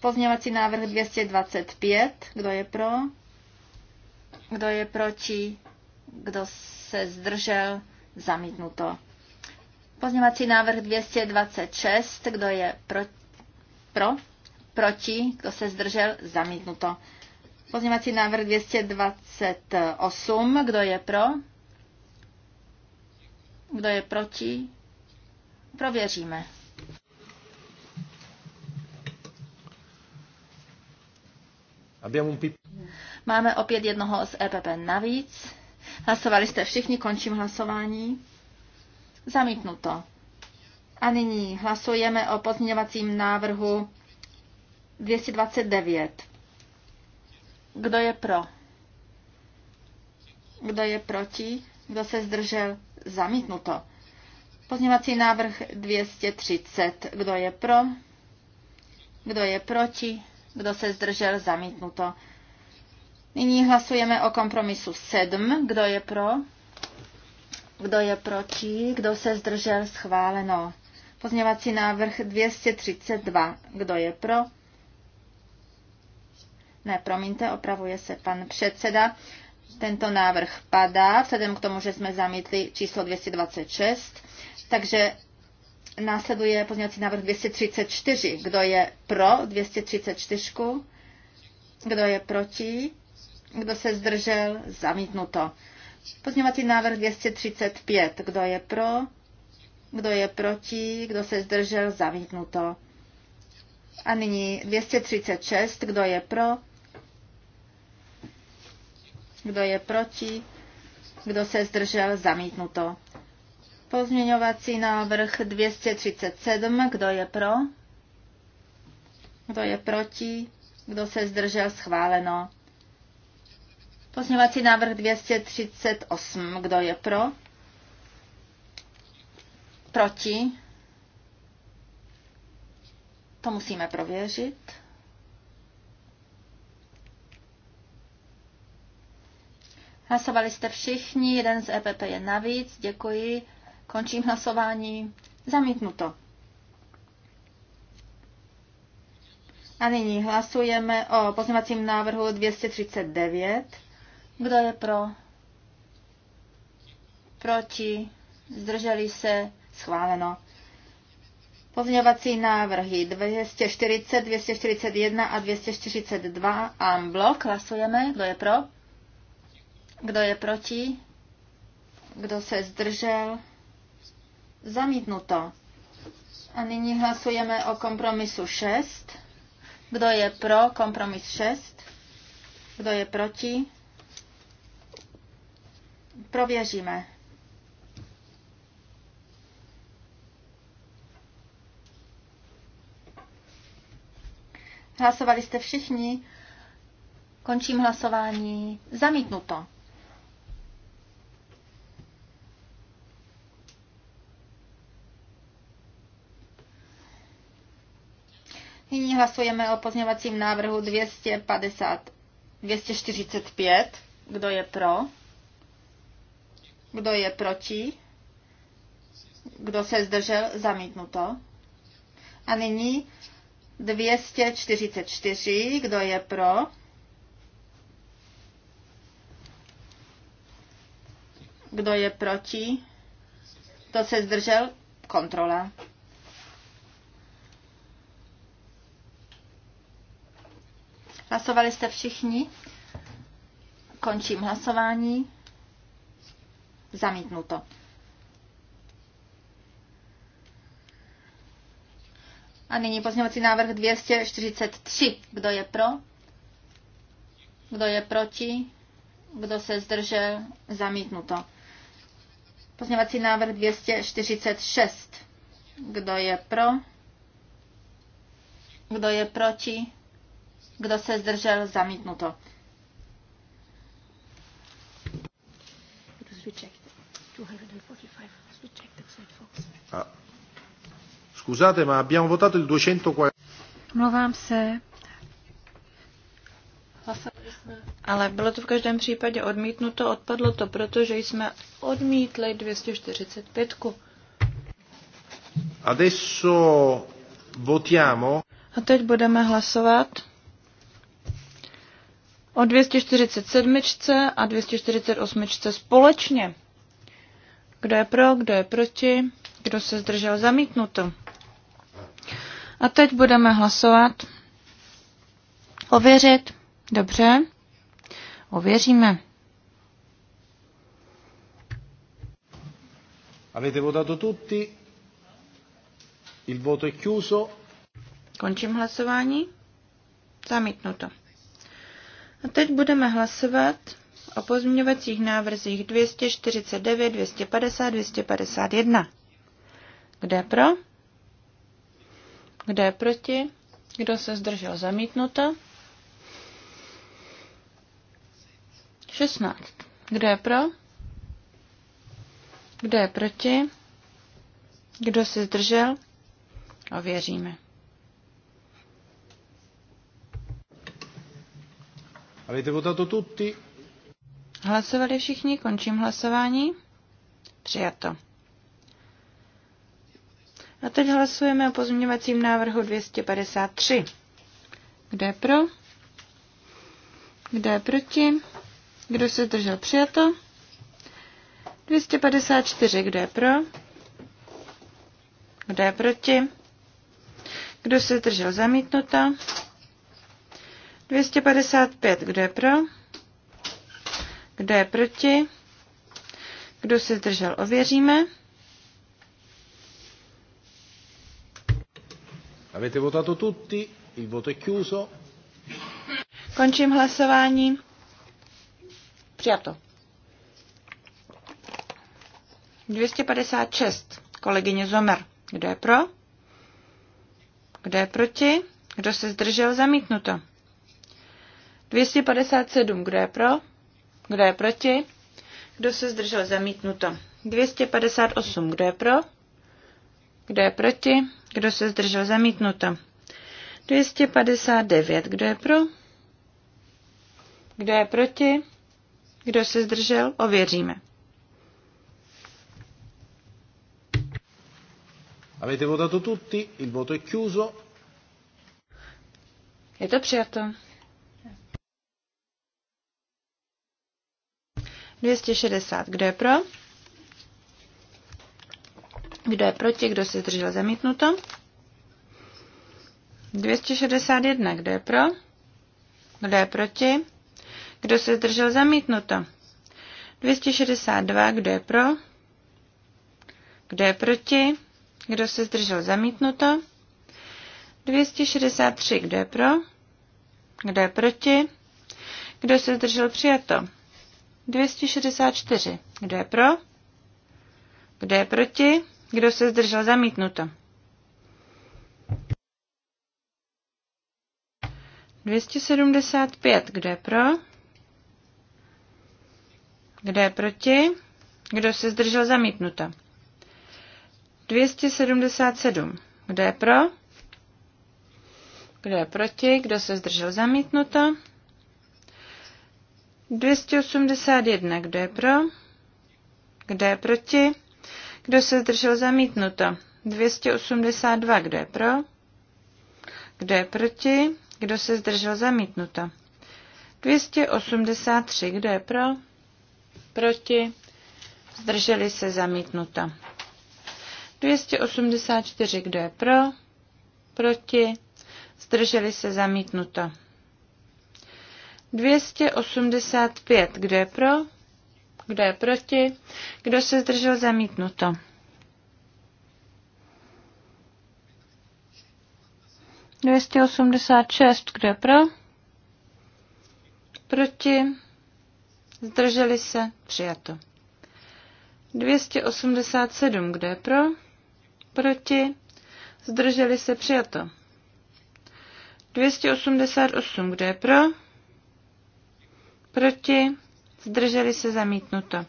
Pozněvací návrh 225. Kdo je pro? Kdo je proti? Kdo se zdržel? Zamítnuto. Pozněvací návrh 226. Kdo je pro? pro? Proti? Kdo se zdržel? Zamítnuto. Pozměňovací návrh 228. Kdo je pro? Kdo je proti? Prověříme. Máme opět jednoho z EPP navíc. Hlasovali jste všichni, končím hlasování. Zamítnuto. A nyní hlasujeme o pozměňovacím návrhu 229. Kdo je pro? Kdo je proti? Kdo se zdržel? Zamítnuto. Pozněvací návrh 230. Kdo je pro? Kdo je proti? Kdo se zdržel? Zamítnuto. Nyní hlasujeme o kompromisu 7. Kdo je pro? Kdo je proti? Kdo se zdržel? Schváleno. Pozněvací návrh 232. Kdo je pro? Ne, promiňte, opravuje se pan předseda. Tento návrh padá, vzhledem k tomu, že jsme zamítli číslo 226. Takže následuje pozměňovací návrh 234. Kdo je pro 234? Kdo je proti? Kdo se zdržel? Zamítnuto. Pozměňovací návrh 235. Kdo je pro? Kdo je proti? Kdo se zdržel? Zamítnuto. A nyní 236. Kdo je pro? Kdo je proti? Kdo se zdržel? Zamítnuto. Pozměňovací návrh 237. Kdo je pro? Kdo je proti? Kdo se zdržel? Schváleno. Pozměňovací návrh 238. Kdo je pro? Proti? To musíme prověřit. Hlasovali jste všichni, jeden z EPP je navíc, děkuji. Končím hlasování. Zamítnuto. A nyní hlasujeme o pozměvacím návrhu 239. Kdo je pro? Proti? Zdrželi se? Schváleno. Pozměvací návrhy 240, 241 a 242 a blok. Hlasujeme. Kdo je pro? Kdo je proti? Kdo se zdržel? Zamítnuto. A nyní hlasujeme o kompromisu 6. Kdo je pro kompromis 6? Kdo je proti? Prověříme. Hlasovali jste všichni? Končím hlasování. Zamítnuto. Nyní hlasujeme o pozměňovacím návrhu 250, 245. Kdo je pro? Kdo je proti? Kdo se zdržel? Zamítnuto. A nyní 244. Kdo je pro? Kdo je proti? Kdo se zdržel? Kontrola. Hlasovali jste všichni? Končím hlasování. Zamítnuto. A nyní pozměňovací návrh 243. Kdo je pro? Kdo je proti? Kdo se zdržel? Zamítnuto. Pozměňovací návrh 246. Kdo je pro? Kdo je proti? Kdo se zdržel? Zamítnuto. Scusate, ma abbiamo votato il 240. Mluvám se. Ale bylo to v každém případě odmítnuto, odpadlo to, protože jsme odmítli 245. Adesso votiamo. A teď budeme hlasovat o 247 a 248 společně. Kdo je pro, kdo je proti, kdo se zdržel zamítnuto. A teď budeme hlasovat. Ověřit. Dobře. Ověříme. Avete votato tutti? Il voto è chiuso. Končím hlasování. Zamítnuto. A teď budeme hlasovat o pozměňovacích návrzích 249, 250, 251. Kde je pro? Kde je proti? Kdo se zdržel zamítnuto? 16. Kde je pro? Kde je proti? Kdo se zdržel? Ověříme. Avete votato tutti? Hlasovali všichni, končím hlasování. Přijato. A teď hlasujeme o pozměňovacím návrhu 253. Kdo je pro? Kdo je proti? Kdo se držel přijato? 254. Kdo je pro? Kdo je proti? Kdo se držel zamítnuto? 255. Kdo je pro? Kdo je proti? Kdo se zdržel? Ověříme. Avete votato tutti? Il voto è chiuso. Končím hlasování. Přijato. 256. Kolegyně Zomer. Kdo je pro? Kdo je proti? Kdo se zdržel? Zamítnuto. 257, kdo je pro? Kdo je proti? Kdo se zdržel zamítnuto? 258, kdo je pro? Kdo je proti? Kdo se zdržel zamítnuto? 259, kdo je pro? Kdo je proti? Kdo se zdržel? Ověříme. Avete votato tutti, il voto è chiuso. Je to přijato. 260. Kdo je pro? Kdo je proti? Kdo se zdržel zamítnuto? 261. Kdo je pro? Kdo je proti? Kdo se zdržel zamítnuto? 262. Kdo je pro? Kdo je proti? Kdo se zdržel zamítnuto? 263. Kdo je pro? Kdo je proti? Kdo se zdržel přijato? 264. Kdo je pro? Kdo je proti? Kdo se zdržel zamítnuto? 275. Kdo je pro? Kdo je proti? Kdo se zdržel zamítnuto? 277. Kdo je pro? Kdo je proti? Kdo se zdržel zamítnuto? 281. Kdo je pro? Kdo je proti? Kdo se zdržel zamítnuto? 282. Kdo je pro? Kdo je proti? Kdo se zdržel zamítnuto? 283. Kdo je pro? Proti? Zdrželi se zamítnuto. 284. Kdo je pro? Proti? Zdrželi se zamítnuto. 285. Kdo je pro? Kdo je proti? Kdo se zdržel zamítnuto? Dvěstě osmdesát šest. Kdo je pro? Proti? Zdrželi se? Přijato. 287. Kdo je pro? Proti? Zdrželi se? Přijato. 288. Kdo je pro? Proti? Zdrželi se zamítnuto.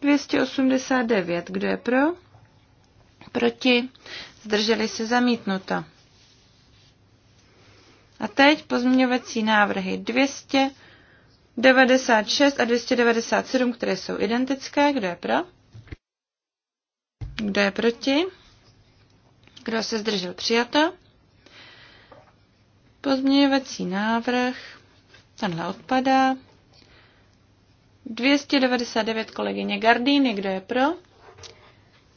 289. Kdo je pro? Proti? Zdrželi se zamítnuto. A teď pozměňovací návrhy 296 a 297, které jsou identické. Kdo je pro? Kdo je proti? Kdo se zdržel? Přijato. Pozměňovací návrh. Tenhle odpadá. 299 kolegyně Gardýny, kdo je pro?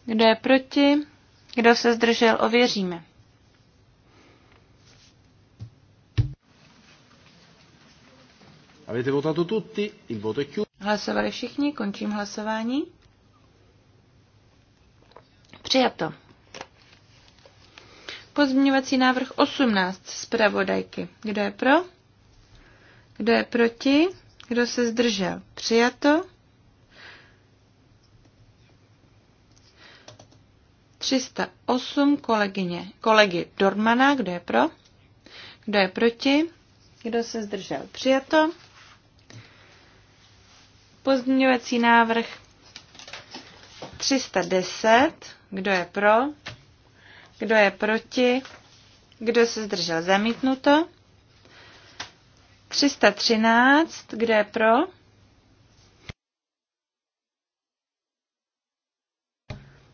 Kdo je proti? Kdo se zdržel, ověříme. Avete votato tutti, il voto è chiuso. Hlasovali všichni, končím hlasování. Přijato. Pozměňovací návrh 18 zpravodajky. Kdo je pro? Kdo je proti? Kdo se zdržel? Přijato. 308 kolegyně, kolegy Dormana, kdo je pro? Kdo je proti? Kdo se zdržel? Přijato. Pozměňovací návrh 310. Kdo je pro? Kdo je proti? Kdo se zdržel? Zamítnuto. 313, kdo je pro?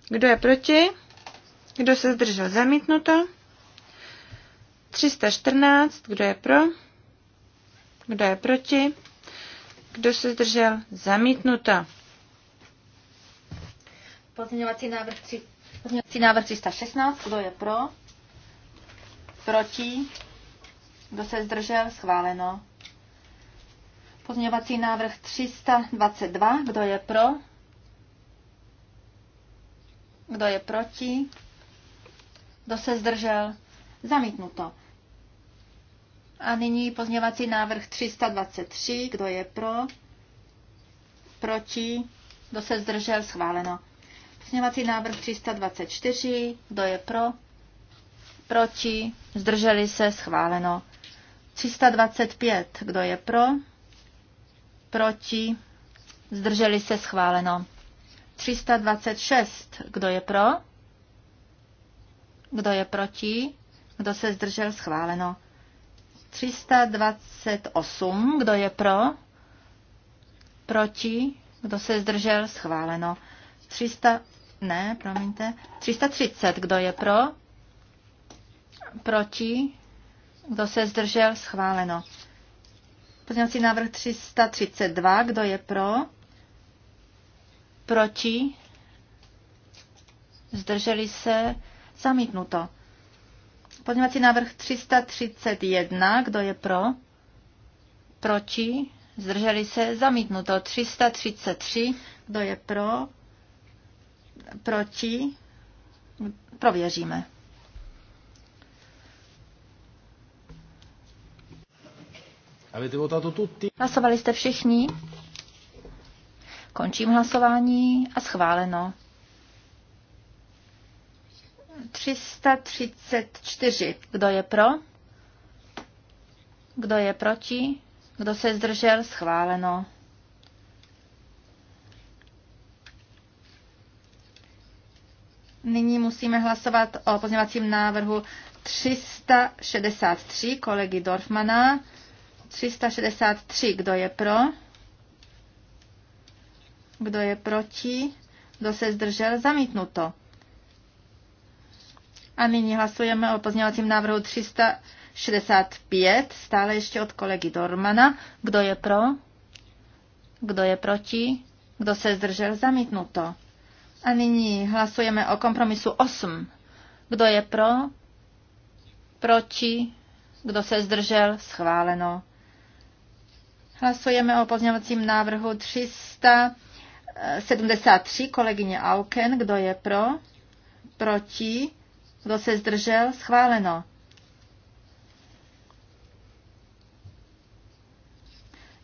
Kdo je proti? Kdo se zdržel? Zamítnuto. 314, kdo je pro? Kdo je proti? Kdo se zdržel? Zamítnuto. Pozměňovací návrh, 3, pozměňovací návrh 316, kdo je pro? Proti? Kdo se zdržel? Schváleno. Pozměňovací návrh 322. Kdo je pro? Kdo je proti? Kdo se zdržel? Zamítnuto. A nyní pozměňovací návrh 323. Kdo je pro? Proti? Kdo se zdržel? Schváleno. Pozměňovací návrh 324. Kdo je pro? Proti? Zdrželi se? Schváleno. 325. Kdo je pro? Proti? Zdrželi se schváleno. 326. Kdo je pro? Kdo je proti? Kdo se zdržel schváleno? 328. Kdo je pro? Proti? Kdo se zdržel schváleno? 300, ne, promiňte. 330. Kdo je pro? Proti? Kdo se zdržel? Schváleno. Pozměňovací návrh 332. Kdo je pro? Proti? Zdrželi se? Zamítnuto. Pozměňovací návrh 331. Kdo je pro? Proti? Zdrželi se? Zamítnuto. 333. Kdo je pro? Proti? Prověříme. Hlasovali jste všichni? Končím hlasování a schváleno. 334. Kdo je pro? Kdo je proti? Kdo se zdržel? Schváleno. Nyní musíme hlasovat o pozměvacím návrhu 363 kolegy Dorfmana. 363. Kdo je pro? Kdo je proti? Kdo se zdržel? Zamítnuto. A nyní hlasujeme o pozměňovacím návrhu 365, stále ještě od kolegy Dormana. Kdo je pro? Kdo je proti? Kdo se zdržel? Zamítnuto. A nyní hlasujeme o kompromisu 8. Kdo je pro? Proti? Kdo se zdržel? Schváleno. Hlasujeme o pozměňovacím návrhu 373 kolegyně Auken. Kdo je pro? Proti? Kdo se zdržel? Schváleno.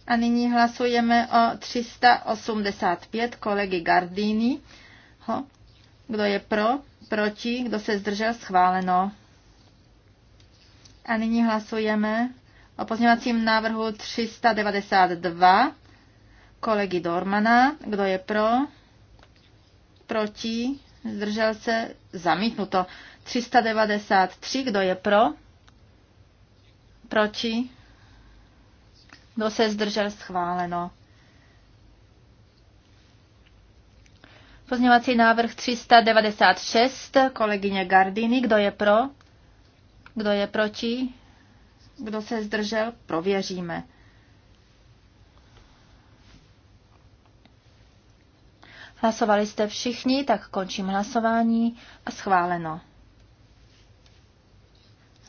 A nyní hlasujeme o 385 kolegy Gardini. Ho. Kdo je pro? Proti? Kdo se zdržel? Schváleno. A nyní hlasujeme o pozměňovacím návrhu 392 kolegy Dormana. Kdo je pro? Proti? Zdržel se? Zamítnuto. 393. Kdo je pro? Proti? Kdo se zdržel? Schváleno. Pozněvací návrh 396, kolegyně Gardiny, kdo je pro? Kdo je proti? Kdo se zdržel, prověříme. Hlasovali jste všichni, tak končím hlasování a schváleno.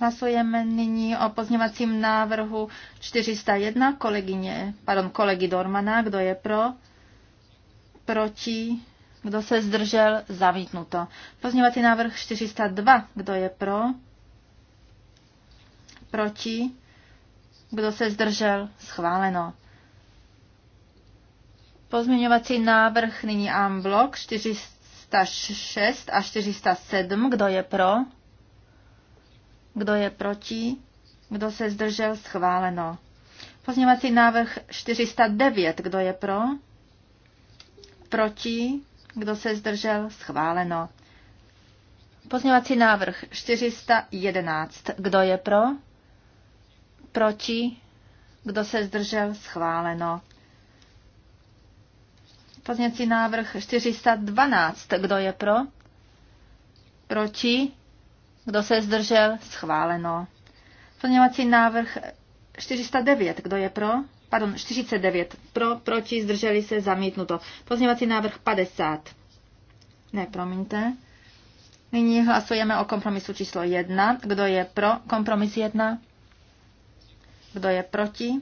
Hlasujeme nyní o pozněvacím návrhu 401 kolegyně, pardon, kolegy Dormana. Kdo je pro? Proti? Kdo se zdržel? Zamítnuto. Pozněvací návrh 402. Kdo je pro? Proti? Kdo se zdržel? Schváleno. Pozměňovací návrh nyní Amblok 406 a 407. Kdo je pro? Kdo je proti? Kdo se zdržel? Schváleno. Pozměňovací návrh 409. Kdo je pro? Proti? Kdo se zdržel? Schváleno. Pozměňovací návrh 411. Kdo je pro? proti, kdo se zdržel, schváleno. Pozněcí návrh 412, kdo je pro, proti, kdo se zdržel, schváleno. Pozněvací návrh 409, kdo je pro, pardon, 49, pro, proti, zdrželi se, zamítnuto. Pozněvací návrh 50. Ne, promiňte. Nyní hlasujeme o kompromisu číslo 1. Kdo je pro kompromis 1? Kdo je proti?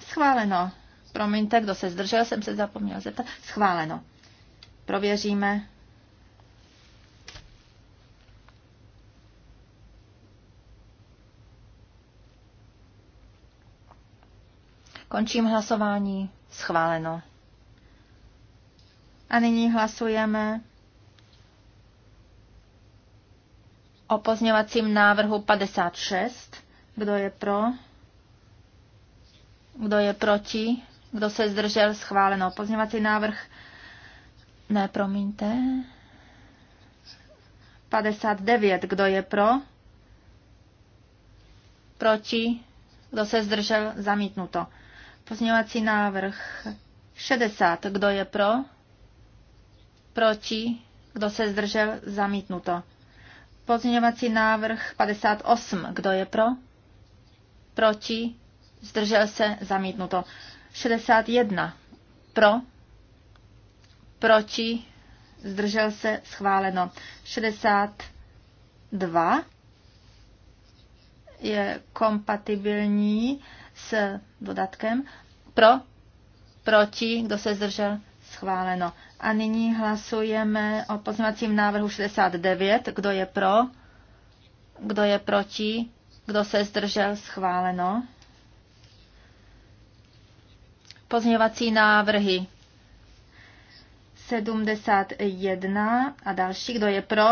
Schváleno. Promiňte, kdo se zdržel, jsem se zapomněl zeptat. Schváleno. Prověříme. Končím hlasování. Schváleno. A nyní hlasujeme o pozněvacím návrhu 56. Kdo je pro? Kdo je proti? Kdo se zdržel? Schváleno. Pozměňovací návrh. Ne, promiňte. 59. Kdo je pro? Proti? Kdo se zdržel? Zamítnuto. Pozměňovací návrh 60. Kdo je pro? Proti? Kdo se zdržel? Zamítnuto. Pozměňovací návrh 58. Kdo je pro? proti, zdržel se, zamítnuto. 61 pro, proti, zdržel se, schváleno. 62 je kompatibilní s dodatkem pro, proti, kdo se zdržel, schváleno. A nyní hlasujeme o pozměňovacím návrhu 69. Kdo je pro? Kdo je proti? Kdo se zdržel? Schváleno. Pozměňovací návrhy 71 a další. Kdo je pro?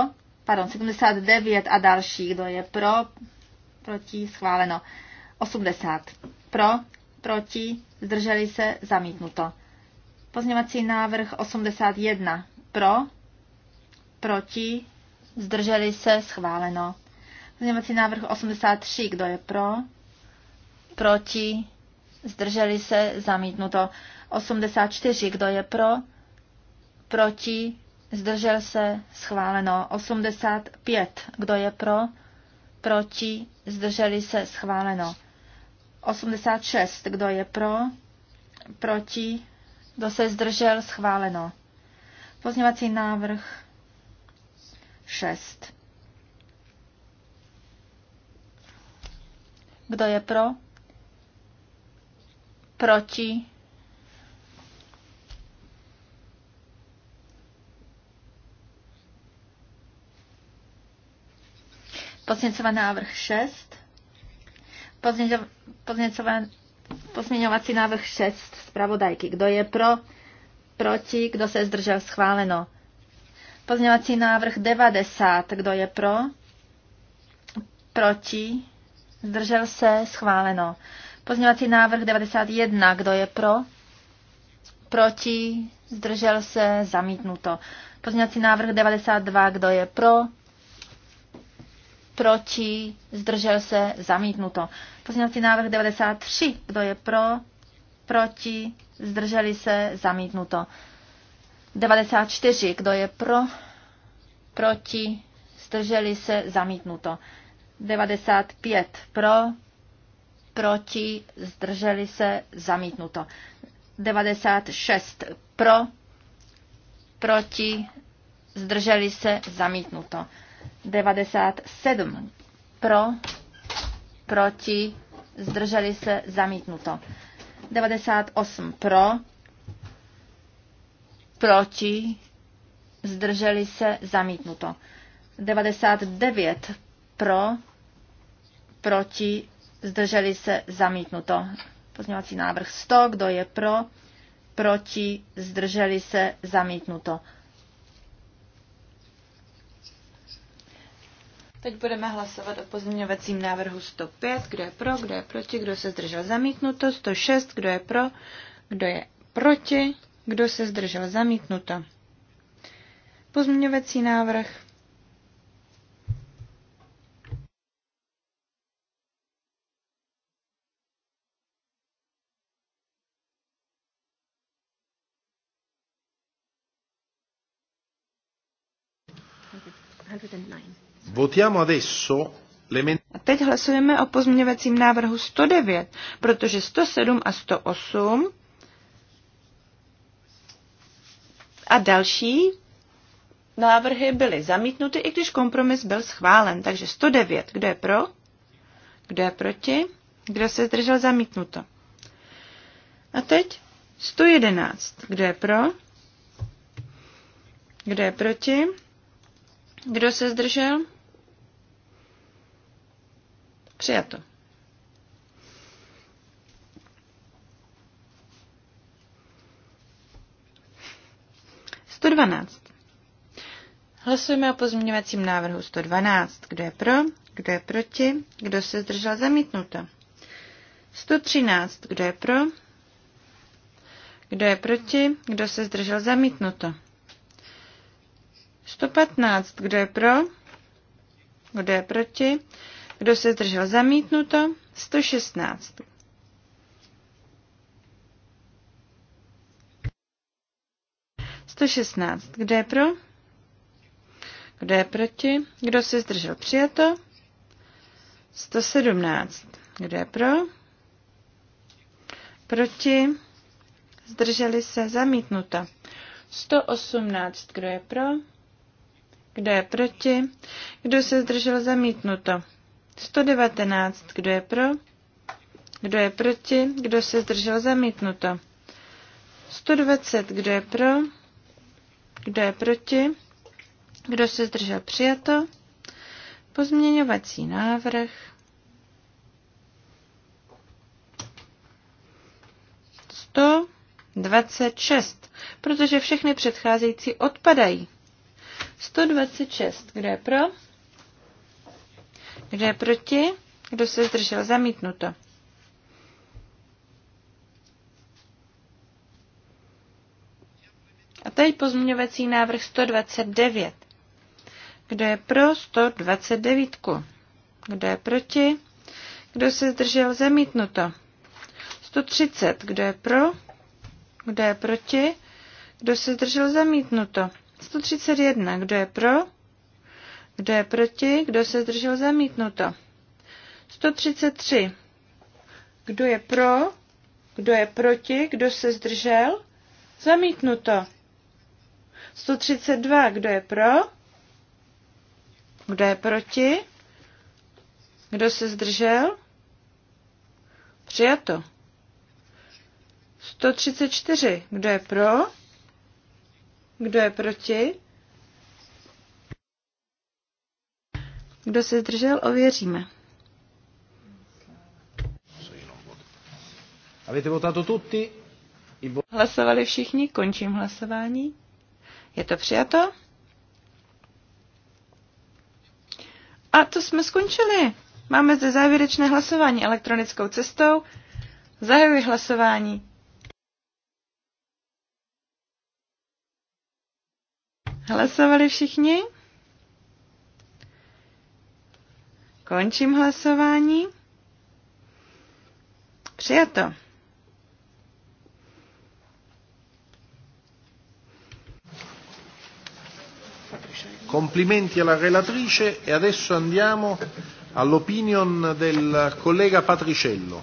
Pardon, 79 a další. Kdo je pro? Proti? Schváleno. 80. Pro? Proti? Zdrželi se? Zamítnuto. Pozměňovací návrh 81. Pro? Proti? Zdrželi se? Schváleno. Pozměňovací návrh 83, kdo je pro? Proti? Zdrželi se? Zamítnuto. 84, kdo je pro? Proti? Zdržel se? Schváleno. 85, kdo je pro? Proti? Zdrželi se? Schváleno. 86, kdo je pro? Proti? Kdo se zdržel? Schváleno. Pozměňovací návrh 6. Kdo je pro? Proti? Pozměňovací návrh 6. Pozměňovací návrh 6 zpravodajky. Kdo je pro? Proti? Kdo se zdržel? Schváleno. Pozměňovací návrh 90. Kdo je pro? Proti? Zdržel se? Schváleno. Pozměňovací návrh 91. Kdo je pro? Proti? Zdržel se? Zamítnuto. Pozměňovací návrh 92. Kdo je pro? Proti? Zdržel se? Zamítnuto. Pozměňovací návrh 93. Kdo je pro? Proti? Zdrželi se? Zamítnuto. 94. Kdo je pro? Proti? Zdrželi se? Zamítnuto. 95 pro, proti, zdrželi se, zamítnuto. 96 pro, proti, zdrželi se, zamítnuto. 97 pro, proti, zdrželi se, zamítnuto. 98 pro, proti, zdrželi se, zamítnuto. 99 pro, proti, zdrželi se, zamítnuto. Pozměňovací návrh 100, kdo je pro, proti, zdrželi se, zamítnuto. Teď budeme hlasovat o pozměňovacím návrhu 105, kdo je pro, kdo je proti, kdo se zdržel zamítnuto, 106, kdo je pro, kdo je proti, kdo se zdržel zamítnuto. Pozměňovací návrh Votiamo adesso a teď hlasujeme o pozměňovacím návrhu 109, protože 107 a 108 a další návrhy byly zamítnuty, i když kompromis byl schválen. Takže 109, kdo je pro, kdo je proti, kdo se zdržel zamítnuto. A teď 111, kdo je pro, kdo je proti, kdo se zdržel, Přijato. Hlasujeme o pozměňovacím návrhu 112. Kdo je pro? Kdo je proti? Kdo se zdržel zamítnuto? 113. Kdo je pro? Kdo je proti? Kdo se zdržel zamítnuto? 115. Kdo je pro? Kdo je proti? Kdo se zdržel zamítnuto? 116. Kdo je pro? Kdo je proti? Kdo se zdržel? Přijato. 117. Kdo je pro? Proti? Zdrželi se? Zamítnuto. 118. Kdo je pro? Kdo je proti? Kdo se zdržel? Zamítnuto. 119. Kdo je pro? Kdo je proti? Kdo se zdržel zamítnuto? 120. Kdo je pro? Kdo je proti? Kdo se zdržel přijato? Pozměňovací návrh. 126, protože všechny předcházející odpadají. 126, kdo je pro? Kdo je proti? Kdo se zdržel? Zamítnuto. A tady pozměňovací návrh 129. Kdo je pro 129? Kdo je proti? Kdo se zdržel? Zamítnuto. 130. Kdo je pro? Kdo je proti? Kdo se zdržel? Zamítnuto. 131. Kdo je pro? Kdo je proti? Kdo se zdržel zamítnuto? 133. Kdo je pro? Kdo je proti? Kdo se zdržel? Zamítnuto. 132. Kdo je pro? Kdo je proti? Kdo se zdržel? Přijato. 134. Kdo je pro? Kdo je proti? Kdo se zdržel, ověříme. Hlasovali všichni, končím hlasování. Je to přijato? A to jsme skončili. Máme zde závěrečné hlasování elektronickou cestou. Zahajuji hlasování. Hlasovali všichni? Končím hlasování. Přijato. Complimenti alla relatrice e adesso andiamo all'opinion del collega Patriciello.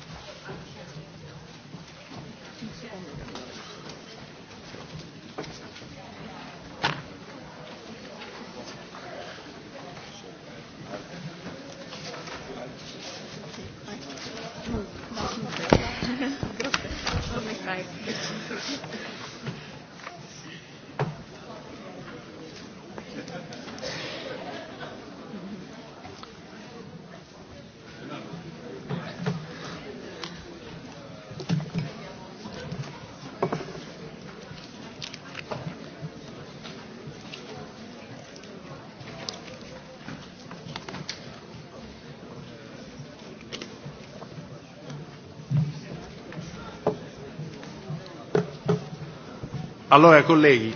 Allora, colleghi.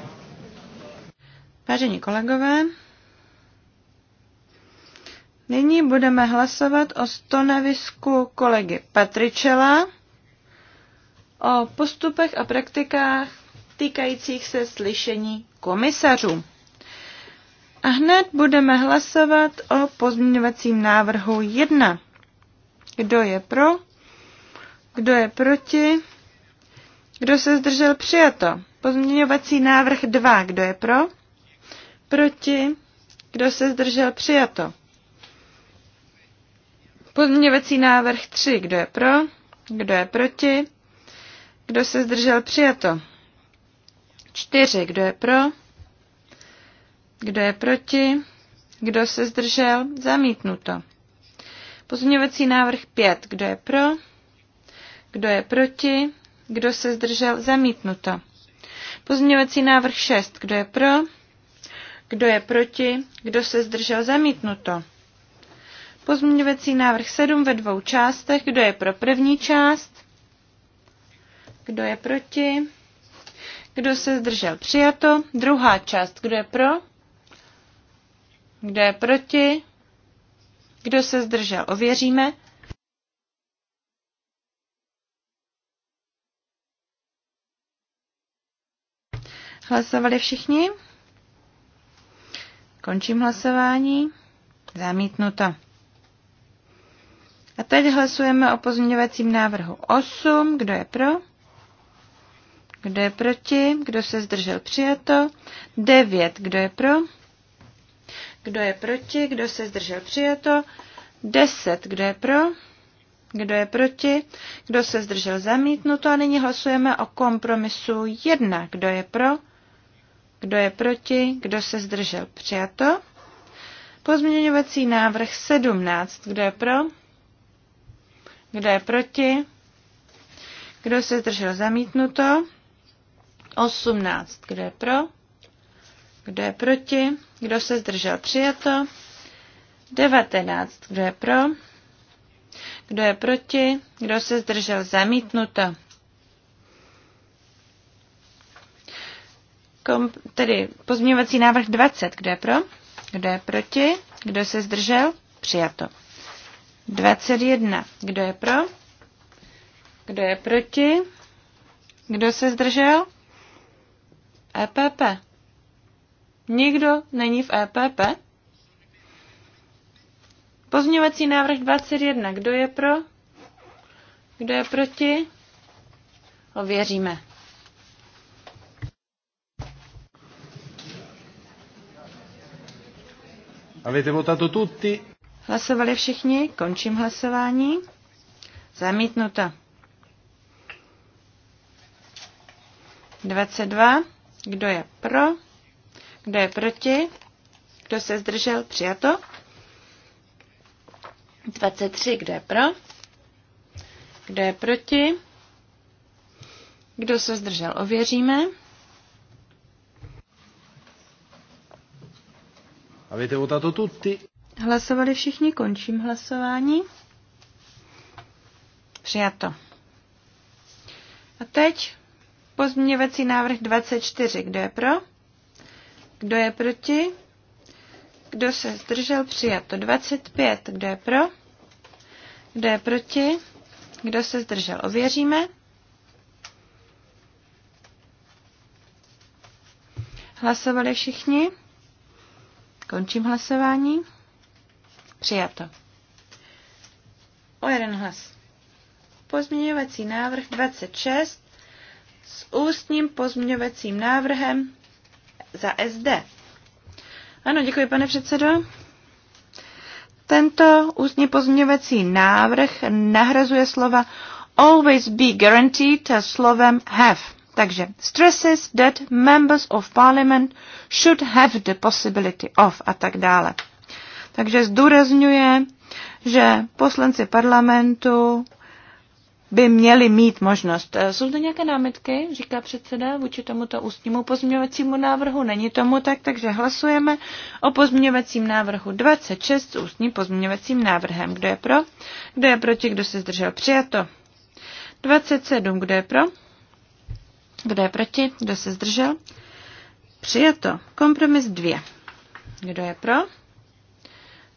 Vážení kolegové, nyní budeme hlasovat o stanovisku kolegy Patričela o postupech a praktikách týkajících se slyšení komisařů. A hned budeme hlasovat o pozměňovacím návrhu 1. Kdo je pro? Kdo je proti? Kdo se zdržel přijato? Pozměňovací návrh 2. Kdo je pro? Proti? Kdo se zdržel? Přijato. Pozměňovací návrh 3. Kdo je pro? Kdo je proti? Kdo se zdržel? Přijato. 4. Kdo je pro? Kdo je proti? Kdo se zdržel? Zamítnuto. Pozměňovací návrh 5. Kdo je pro? Kdo je proti? Kdo se zdržel? Zamítnuto. Pozměňovací návrh 6. Kdo je pro? Kdo je proti? Kdo se zdržel? Zamítnuto. Pozměňovací návrh 7 ve dvou částech. Kdo je pro první část? Kdo je proti? Kdo se zdržel? Přijato. Druhá část. Kdo je pro? Kdo je proti? Kdo se zdržel? Ověříme. Hlasovali všichni? Končím hlasování. Zamítnuto. A teď hlasujeme o pozměňovacím návrhu 8. Kdo je pro? Kdo je proti? Kdo se zdržel? Přijato. 9. Kdo je pro? Kdo je proti? Kdo se zdržel? Přijato. 10. Kdo je pro? Kdo je proti? Kdo se zdržel? Zamítnuto. A nyní hlasujeme o kompromisu 1. Kdo je pro? Kdo je proti? Kdo se zdržel? Přijato. Pozměňovací návrh 17. Kdo je pro? Kdo je proti? Kdo se zdržel? Zamítnuto. 18. Kdo je pro? Kdo je proti? Kdo se zdržel? Přijato. 19. Kdo je pro? Kdo je proti? Kdo se zdržel? Zamítnuto. komp- tedy pozměňovací návrh 20. Kdo je pro? Kdo je proti? Kdo se zdržel? Přijato. 21. Kdo je pro? Kdo je proti? Kdo se zdržel? EPP. Nikdo není v EPP? Pozměňovací návrh 21. Kdo je pro? Kdo je proti? Ověříme. Avete votato tutti? Hlasovali všichni, končím hlasování. Zamítnuto. 22. Kdo je pro? Kdo je proti? Kdo se zdržel? Přijato. 23. Kdo je pro? Kdo je proti? Kdo se zdržel? Ověříme. Avete votato tutti? Hlasovali všichni, končím hlasování. Přijato. A teď pozměňovací návrh 24. Kdo je pro? Kdo je proti? Kdo se zdržel? Přijato. 25. Kdo je pro? Kdo je proti? Kdo se zdržel? Ověříme. Hlasovali všichni? Končím hlasování. Přijato. O jeden hlas. Pozměňovací návrh 26 s ústním pozměňovacím návrhem za SD. Ano, děkuji, pane předsedo. Tento ústní pozměňovací návrh nahrazuje slova always be guaranteed slovem have. Takže stresses that members of parliament should have the possibility of a tak dále. Takže zdůrazňuje, že poslanci parlamentu by měli mít možnost. Eh, jsou to nějaké námitky, říká předseda, vůči tomuto ústnímu pozměňovacímu návrhu? Není tomu tak, takže hlasujeme o pozměňovacím návrhu 26 s ústním pozměňovacím návrhem. Kdo je pro? Kdo je proti? Kdo se zdržel? Přijato. 27. Kdo je pro? Kdo je proti? Kdo se zdržel? Přijato. Kompromis 2. Kdo je pro?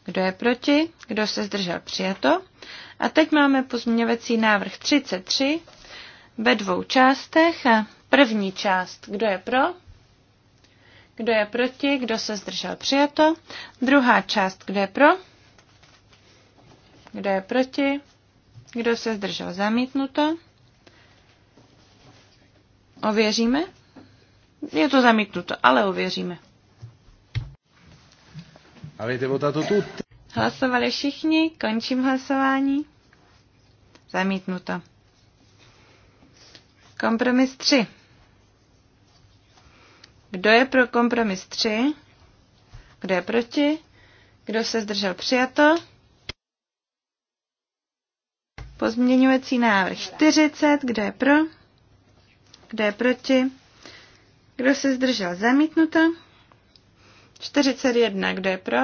Kdo je proti? Kdo se zdržel? Přijato. A teď máme pozměňovací návrh 33 ve dvou částech. První část, kdo je pro? Kdo je proti? Kdo se zdržel? Přijato. Druhá část, kdo je pro? Kdo je proti? Kdo se zdržel? Zamítnuto. Ověříme? Je to zamítnuto, ale ověříme. Avete tato tu. Hlasovali všichni, končím hlasování. Zamítnuto. Kompromis 3. Kdo je pro kompromis 3? Kdo je proti? Kdo se zdržel přijato? Pozměňovací návrh 40. Kdo je pro? Kdo je proti? Kdo se zdržel? Zamítnuto. 41. Kdo je pro?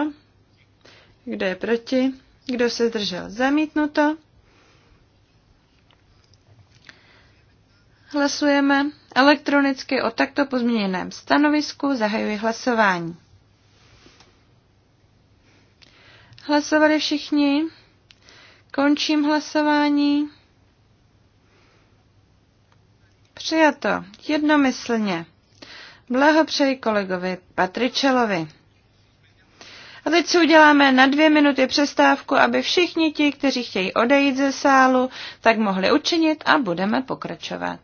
Kdo je proti? Kdo se zdržel? Zamítnuto. Hlasujeme elektronicky o takto pozměněném stanovisku. Zahajuji hlasování. Hlasovali všichni. Končím hlasování. Přijato jednomyslně. Blahopřeji kolegovi Patričelovi. A teď si uděláme na dvě minuty přestávku, aby všichni ti, kteří chtějí odejít ze sálu, tak mohli učinit a budeme pokračovat.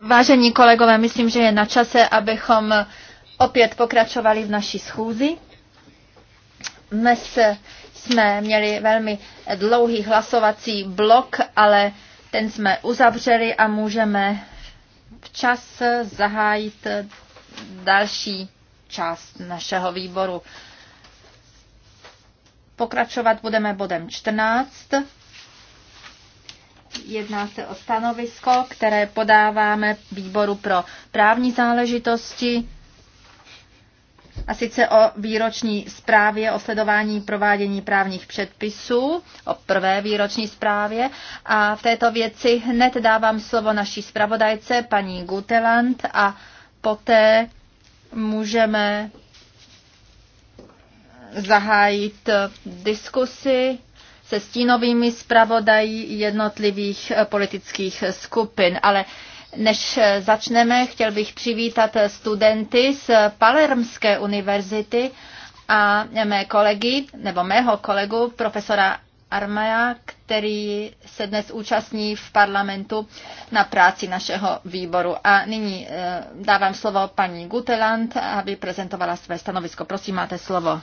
Vážení kolegové, myslím, že je na čase, abychom opět pokračovali v naší schůzi. Dnes jsme měli velmi dlouhý hlasovací blok, ale ten jsme uzavřeli a můžeme včas zahájit další část našeho výboru. Pokračovat budeme bodem 14 Jedná se o stanovisko, které podáváme výboru pro právní záležitosti a sice o výroční zprávě o sledování provádění právních předpisů, o prvé výroční zprávě. A v této věci hned dávám slovo naší zpravodajce, paní Guteland, a poté můžeme zahájit diskusi se stínovými zpravodají jednotlivých eh, politických skupin, ale než eh, začneme, chtěl bych přivítat eh, studenty z Palermské univerzity a mé kolegy, nebo mého kolegu, profesora Armaja, který se dnes účastní v parlamentu na práci našeho výboru. A nyní dávám slovo paní Guteland, aby prezentovala své stanovisko. Prosím, máte slovo.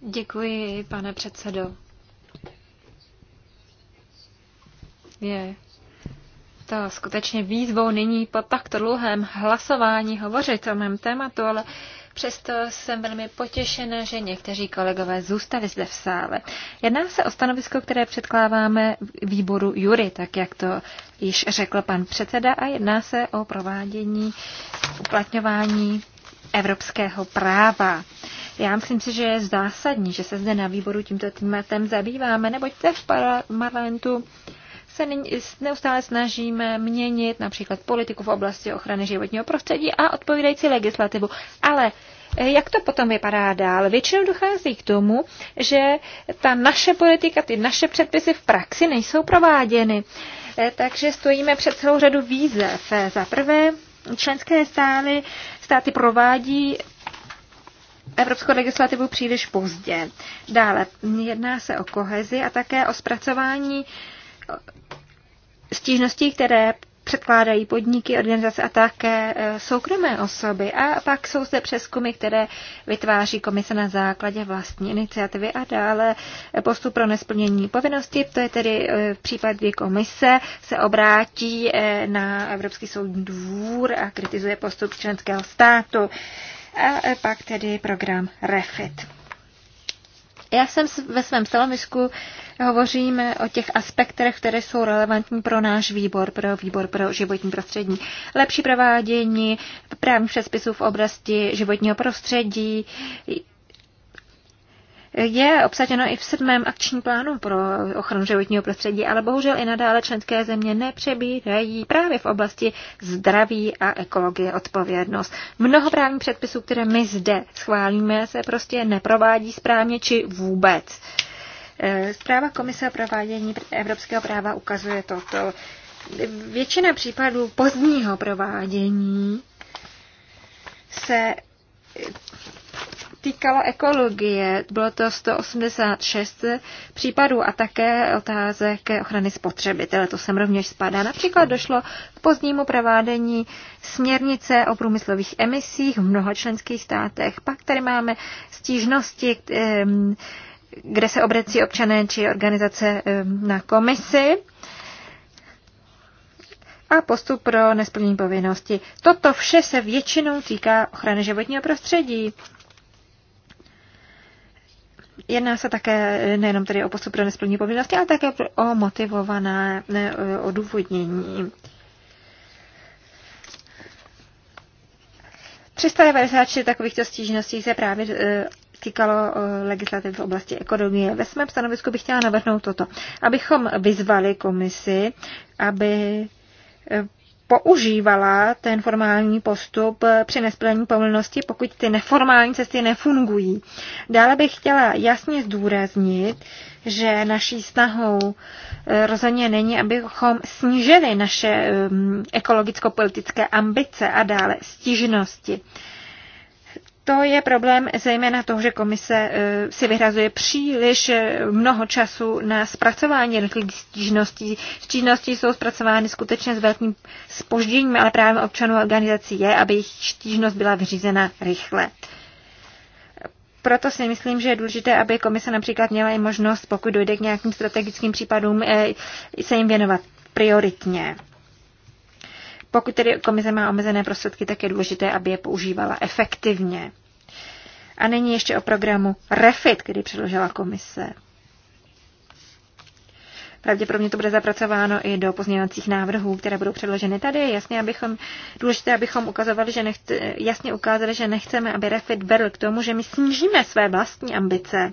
Děkuji, pane předsedo. Je to skutečně výzvou nyní po takto dlouhém hlasování hovořit o mém tématu, ale Přesto jsem velmi potěšena, že někteří kolegové zůstali zde v sále. Jedná se o stanovisko, které předkládáme výboru Jury, tak jak to již řekl pan předseda, a jedná se o provádění uplatňování evropského práva. Já myslím si, že je zásadní, že se zde na výboru tímto tématem zabýváme, neboť zde v parlamentu se neustále snažíme měnit například politiku v oblasti ochrany životního prostředí a odpovídající legislativu. Ale eh, jak to potom vypadá dál? Většinou dochází k tomu, že ta naše politika, ty naše předpisy v praxi nejsou prováděny. Eh, takže stojíme před celou řadu výzev. Eh, za prvé, členské stály, státy provádí evropskou legislativu příliš pozdě. Dále jedná se o kohezi a také o zpracování stížností, které předkládají podniky, organizace a také e, soukromé osoby. A pak jsou zde přeskumy, které vytváří komise na základě vlastní iniciativy a dále postup pro nesplnění povinnosti. To je tedy e, případ, kdy komise se obrátí e, na Evropský soudní dvůr a kritizuje postup členského státu a pak tedy program REFIT. Já jsem ve svém stanovisku hovořím o těch aspektech, které jsou relevantní pro náš výbor, pro výbor pro životní prostředí. Lepší provádění právních předpisů v oblasti životního prostředí, je obsaženo i v sedmém akčním plánu pro ochranu životního prostředí, ale bohužel i nadále členské země nepřebírají právě v oblasti zdraví a ekologie odpovědnost. Mnoho právních předpisů, které my zde schválíme, se prostě neprovádí správně či vůbec. Eh, zpráva Komise o provádění evropského práva ukazuje toto. Většina případů pozdního provádění se týkalo ekologie. Bylo to 186 případů a také otázek ochrany spotřebitele. To sem rovněž spadá. Například došlo k pozdnímu provádění směrnice o průmyslových emisích v mnoha členských státech. Pak tady máme stížnosti, ehm, kde se obrací občané či organizace ehm, na komisi a postup pro nesplnění povinnosti. Toto vše se většinou týká ochrany životního prostředí. Jedná se také nejenom tedy o postup pro nesplnění povinnosti, ale také o motivované eh, odůvodnění. 394 takovýchto stížností se právě eh, týkalo eh, legislativy v oblasti ekonomie. Ve svém stanovisku bych chtěla navrhnout toto, abychom vyzvali komisi, aby používala ten formální postup eh, při nesplnění povinnosti, pokud ty neformální cesty nefungují. Dále bych chtěla jasně zdůraznit, že naší snahou eh, rozhodně není, abychom snížili naše ehm, ekologicko-politické ambice a dále stížnosti to je problém zejména toho, že komise eh, si vyhrazuje příliš eh, mnoho času na zpracování jednotlivých stížností. Stížnosti jsou zpracovány skutečně s velkým spožděním, ale právě občanů organizací je, aby jejich stížnost byla vyřízena rychle. Proto si myslím, že je důležité, aby komise například měla i možnost, pokud dojde k nějakým strategickým případům, eh, se jim věnovat prioritně. Pokud tedy komise má omezené prostředky, tak je důležité, aby je používala efektivně. A není ještě o programu REFIT, který předložila komise. Pravděpodobně to bude zapracováno i do pozměňovacích návrhů, které budou předloženy tady. Je jasně, abychom, důležité, abychom ukazovali, že nechce, jasně ukázali, že nechceme, aby Refit vedl k tomu, že my snížíme své vlastní ambice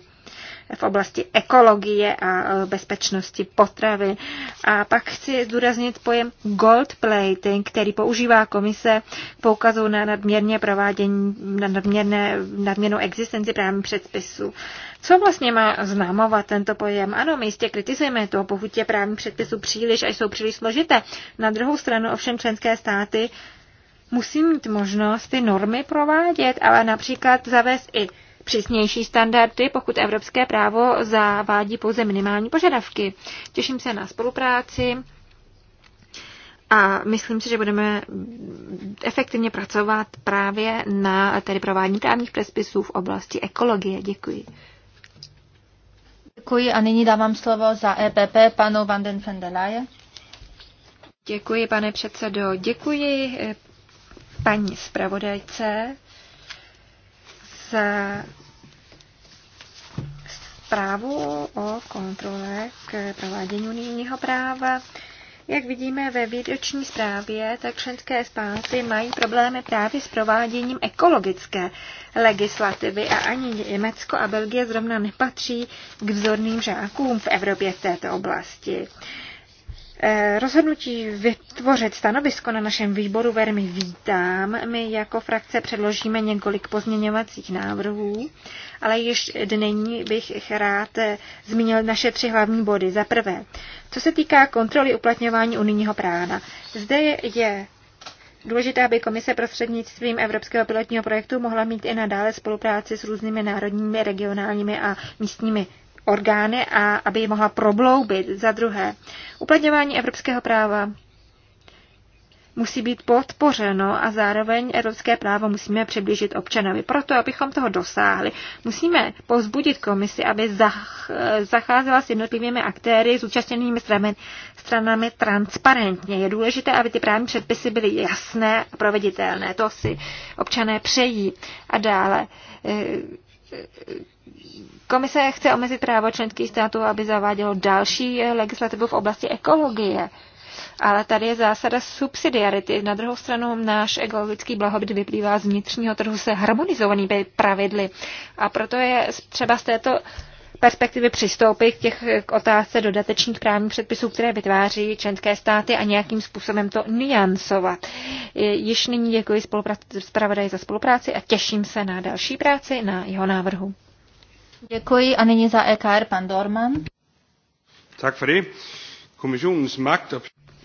v oblasti ekologie a e, bezpečnosti potravy. A pak chci zdůraznit pojem gold plating, který používá komise k poukazu na nadměrně provádění, na nadměrné, nadměrnou existenci právě předpisů. Co vlastně má známovat tento pojem? Ano, my jistě kritizujeme to, pokud je právní předpisů příliš a jsou příliš složité. Na druhou stranu ovšem členské státy musí mít možnost ty normy provádět, ale například zavést i přísnější standardy, pokud evropské právo zavádí pouze minimální požadavky. Těším se na spolupráci a myslím si, že budeme efektivně pracovat právě na tedy provádění právních přespisů v oblasti ekologie. Děkuji. Děkuji a nyní dávám slovo za EPP panu Van den Fendelaje. Děkuji, pane předsedo. Děkuji eh, paní zpravodajce za zprávu o kontrole k provádění unijního práva. Jak vidíme ve výroční zprávě, tak členské státy mají problémy právě s prováděním ekologické legislativy a ani Německo a Belgie zrovna nepatří k vzorným žákům v Evropě v této oblasti. Eh, rozhodnutí vytvořit stanovisko na našem výboru velmi vítám. My jako frakce předložíme několik pozměňovacích návrhů, ale již dnes bych rád eh, zmínil naše tři hlavní body. Za prvé, co se týká kontroly uplatňování unijního práva. Zde je Důležité, aby komise prostřednictvím Evropského pilotního projektu mohla mít i nadále spolupráci s různými národními, regionálními a místními orgány a aby ji mohla probloubit. Za druhé, uplatňování evropského práva musí být podpořeno a zároveň evropské právo musíme přiblížit občanovi. Proto, abychom toho dosáhli, musíme povzbudit komisi, aby zach, zacházela s jednotlivými aktéry, zúčastněnými stranami, stranami transparentně. Je důležité, aby ty právní předpisy byly jasné a proveditelné. To si občané přejí. A dále eh, Komise chce omezit právo členských států, aby zavádělo další legislativu v oblasti ekologie. Ale tady je zásada subsidiarity. Na druhou stranu náš ekologický blahobyt vyplývá z vnitřního trhu se harmonizovanými pravidly. A proto je třeba z této perspektivy přistoupit k, těch, k otázce dodatečných právních předpisů, které vytváří členské státy a nějakým způsobem to niansovat. Již nyní děkuji zpravodaji za spolupráci a těším se na další práci na jeho návrhu. Děkuji a nyní za EKR pan Dorman. Tak fri.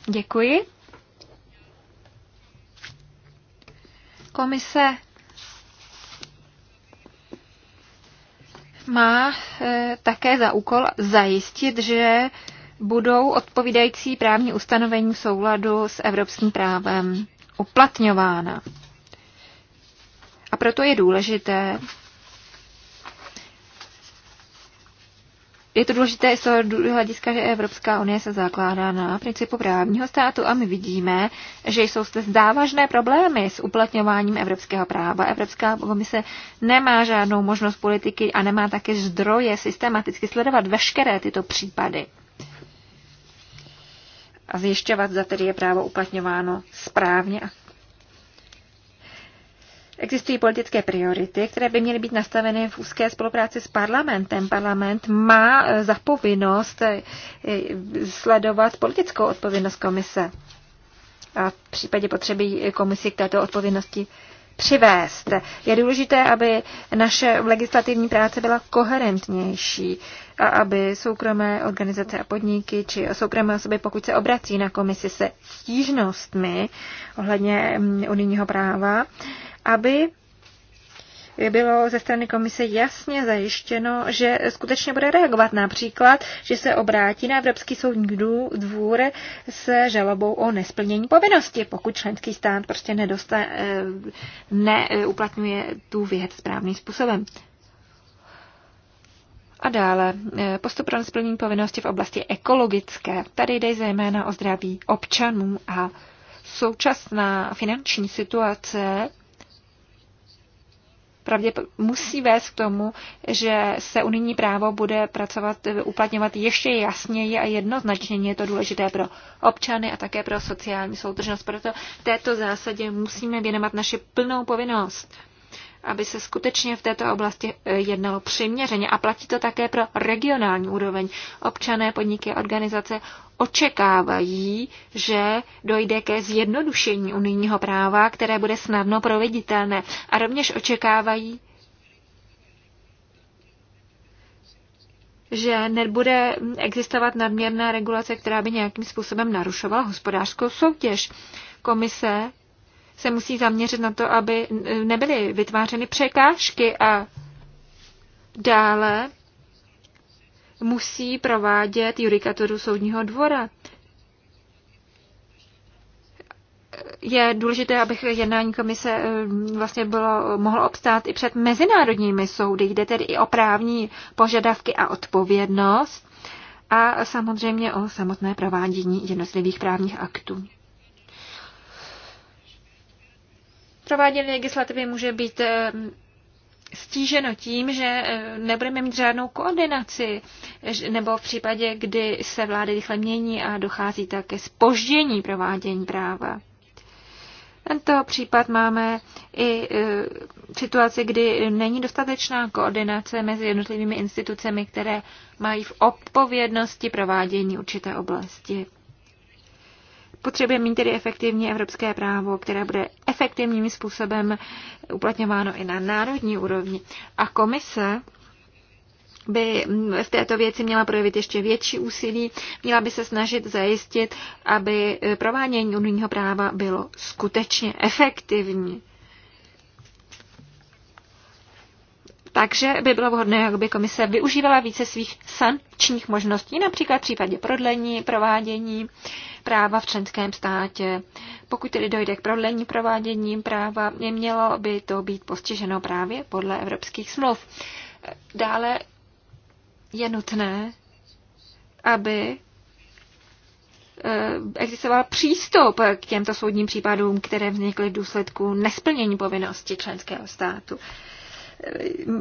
Děkuji. Komise má eh, také za úkol zajistit, že budou odpovídající právní ustanovení v souladu s evropským právem uplatňována. A proto je důležité, je to důležité z toho hlediska, že Evropská unie se zakládá na principu právního státu a my vidíme, že jsou zde závažné problémy s uplatňováním evropského práva. Evropská komise nemá žádnou možnost politiky a nemá také zdroje systematicky sledovat veškeré tyto případy a zjišťovat, zda tedy je právo uplatňováno správně a Existují politické priority, které by měly být nastaveny v úzké spolupráci s parlamentem. Parlament má eh, povinnost eh, eh, sledovat politickou odpovědnost komise a v případě potřeby komisi k této odpovědnosti přivést. Je důležité, aby naše legislativní práce byla koherentnější a aby soukromé organizace a podniky či soukromé osoby, pokud se obrací na komisi se stížnostmi ohledně mm, unijního práva, aby bylo ze strany komise jasně zajištěno, že skutečně bude reagovat například, že se obrátí na Evropský soudní dvůr s žalobou o nesplnění povinnosti, pokud členský stát prostě nedosta, eh, neuplatňuje tu věc správným způsobem. A dále eh, postup pro nesplnění povinnosti v oblasti ekologické. Tady jde zejména o zdraví občanů a současná finanční situace pravdě musí vést k tomu, že se unijní právo bude pracovat, uplatňovat ještě jasněji a jednoznačněji. Je to důležité pro občany a také pro sociální soudržnost. Proto této zásadě musíme věnovat naši plnou povinnost aby se skutečně v této oblasti eh, jednalo přiměřeně. A platí to také pro regionální úroveň. Občané, podniky a organizace očekávají, že dojde ke zjednodušení unijního práva, které bude snadno proveditelné. A rovněž očekávají, že nebude existovat nadměrná regulace, která by nějakým způsobem narušovala hospodářskou soutěž. Komise se musí zaměřit na to, aby nebyly vytvářeny překážky a dále musí provádět judikaturu soudního dvora. Je důležité, abych jednání komise eh, vlastně bylo, mohlo obstát i před mezinárodními soudy. Jde tedy i o právní požadavky a odpovědnost a samozřejmě o samotné provádění jednotlivých právních aktů. provádění legislativy může být eh, stíženo tím, že eh, nebudeme mít žádnou koordinaci, nebo v případě, kdy se vlády rychle mění a dochází také spoždění provádění práva. Tento případ máme i v eh, situaci, kdy není dostatečná koordinace mezi jednotlivými institucemi, které mají v odpovědnosti provádění určité oblasti. Potřebujeme mít tedy efektivní evropské právo, které bude efektivním způsobem uplatňováno i na národní úrovni. A komise by v této věci měla projevit ještě větší úsilí, měla by se snažit zajistit, aby provádění unijního práva bylo skutečně efektivní. Takže by bylo vhodné, aby komise využívala více svých sančních možností, například v případě prodlení, provádění, práva v členském státě. Pokud tedy dojde k prodlení prováděním práva, mělo by to být postiženo právě podle evropských smluv. Dále je nutné, aby eh, existoval přístup k těmto soudním případům, které vznikly v důsledku nesplnění povinnosti členského státu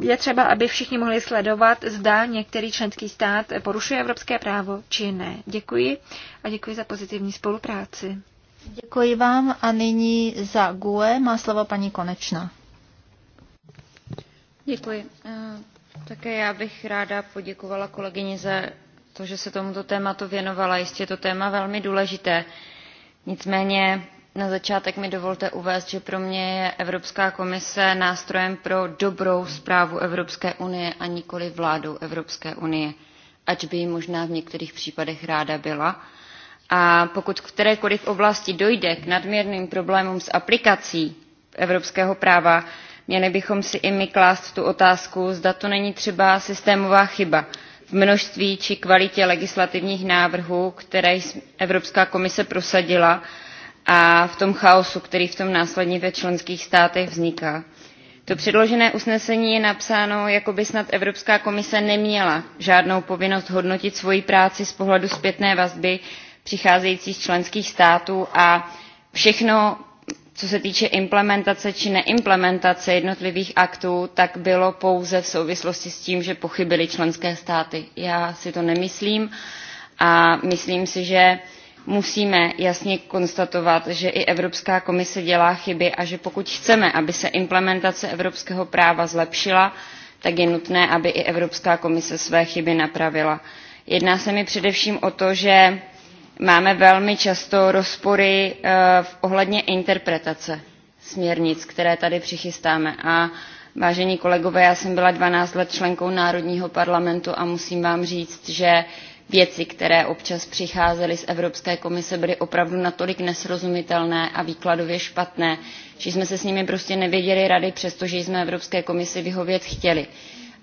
je třeba, aby všichni mohli sledovat, zda některý členský stát porušuje evropské právo či ne. Děkuji a děkuji za pozitivní spolupráci. Děkuji vám a nyní za GUE má slovo paní Konečná. Děkuji. Eh, také já bych ráda poděkovala kolegyni za to, že se tomuto tématu věnovala. Jistě je to téma velmi důležité. Nicméně na začátek mi dovolte uvést, že pro mě je Evropská komise nástrojem pro dobrou zprávu Evropské unie a nikoli vládou Evropské unie, ač by ji možná v některých případech ráda byla. A pokud v kterékoliv oblasti dojde k nadměrným problémům s aplikací evropského práva, měli bychom si i my klást tu otázku, zda to není třeba systémová chyba v množství či kvalitě legislativních návrhů, které Evropská komise prosadila, a v tom chaosu, který v tom následně ve členských státech vzniká. To předložené usnesení je napsáno, jako by snad Evropská komise neměla žádnou povinnost hodnotit svoji práci z pohledu zpětné vazby přicházející z členských států a všechno, co se týče implementace či neimplementace jednotlivých aktů, tak bylo pouze v souvislosti s tím, že pochybily členské státy. Já si to nemyslím a myslím si, že musíme jasně konstatovat že i evropská komise dělá chyby a že pokud chceme aby se implementace evropského práva zlepšila tak je nutné aby i evropská komise své chyby napravila. jedná se mi především o to že máme velmi často rozpory eh, ohledně interpretace směrnic které tady přichystáme a vážení kolegové já jsem byla twelve let členkou národního parlamentu a musím vám říct že věci, které občas přicházely z Evropské komise, byly opravdu natolik nesrozumitelné a výkladově špatné, že jsme se s nimi prostě nevěděli rady, přestože jsme Evropské komisi vyhovět chtěli.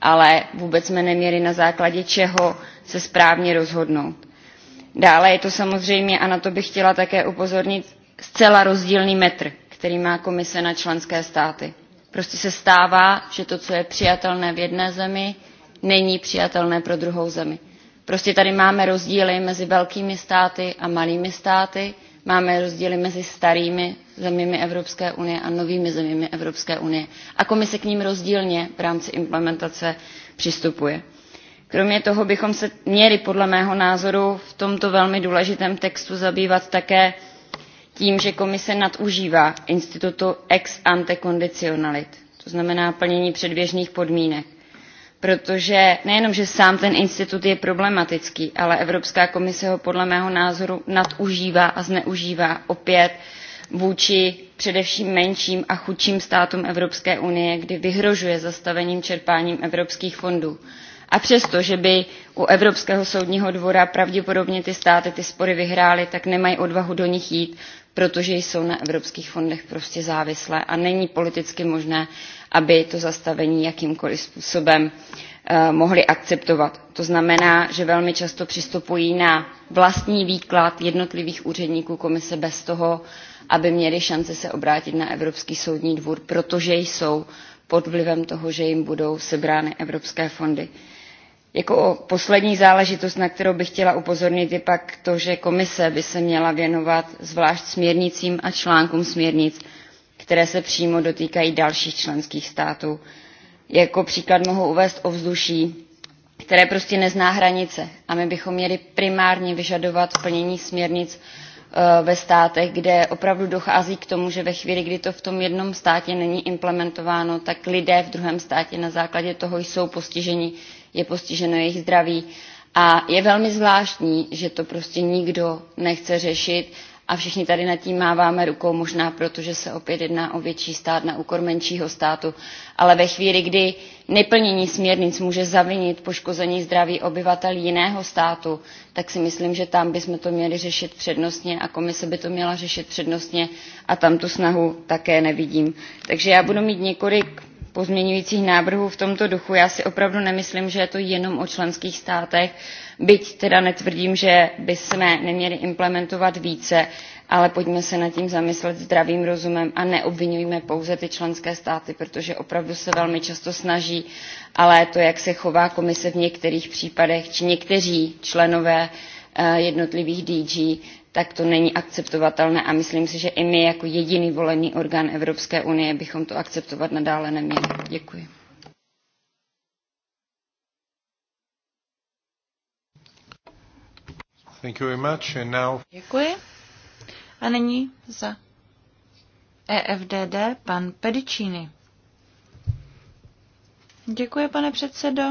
Ale vůbec jsme neměli na základě čeho se správně rozhodnout. Dále je to samozřejmě, a na to bych chtěla také upozornit, zcela rozdílný metr, který má komise na členské státy. Prostě se stává, že to, co je přijatelné v jedné zemi, není přijatelné pro druhou zemi Prostě tady máme rozdíly mezi velkými státy a malými státy, máme rozdíly mezi starými zeměmi Evropské unie a novými zeměmi Evropské unie. A komise k ním rozdílně v rámci implementace přistupuje. Kromě toho bychom se měli podle mého názoru v tomto velmi důležitém textu zabývat také tím, že komise nadužívá institutu ex ante kondicionalit, to znamená plnění předběžných podmínek protože nejenom, že sám ten institut je problematický, ale Evropská komise ho podle mého názoru nadužívá a zneužívá opět vůči především menším a chudším státům Evropské unie, kdy vyhrožuje zastavením čerpáním evropských fondů. A přesto, že by u Evropského soudního dvora pravděpodobně ty státy ty spory vyhrály, tak nemají odvahu do nich jít, protože jsou na evropských fondech prostě závislé a není politicky možné, aby to zastavení jakýmkoliv způsobem eh, mohli akceptovat. To znamená, že velmi často přistupují na vlastní výklad jednotlivých úředníků komise bez toho, aby měli šance se obrátit na Evropský soudní dvůr, protože jsou pod vlivem toho, že jim budou sebrány evropské fondy. Jako poslední záležitost, na kterou bych chtěla upozornit, je pak to, že komise by se měla věnovat zvlášť směrnicím a článkům směrnic, které se přímo dotýkají dalších členských států. Jako příklad mohu uvést ovzduší, které prostě nezná hranice a my bychom měli primárně vyžadovat plnění směrnic eh, ve státech, kde opravdu dochází k tomu, že ve chvíli, kdy to v tom jednom státě není implementováno, tak lidé v druhém státě na základě toho jsou postiženi je postiženo jejich zdraví. A je velmi zvláštní, že to prostě nikdo nechce řešit a všichni tady nad tím máváme rukou, možná proto, že se opět jedná o větší stát na úkor menšího státu, ale ve chvíli, kdy neplnění směrnic může zavinit poškození zdraví obyvatel jiného státu, tak si myslím, že tam bychom to měli řešit přednostně a komise by to měla řešit přednostně a tam tu snahu také nevidím. Takže já budu mít několik pozměňujících návrhů v tomto duchu. Já si opravdu nemyslím, že je to jenom o členských státech, byť teda netvrdím, že bychom neměli implementovat více, ale pojďme se nad tím zamyslet zdravým rozumem a neobviňujme pouze ty členské státy, protože opravdu se velmi často snaží, ale to, jak se chová komise v některých případech, či někteří členové eh, jednotlivých DG, tak to není akceptovatelné a myslím si, že i my jako jediný volený orgán Evropské unie bychom to akceptovat nadále neměli. Děkuji. Thank you very much. And now... Děkuji. A nyní za EFDD pan Pedicini. Děkuji, pane předsedo.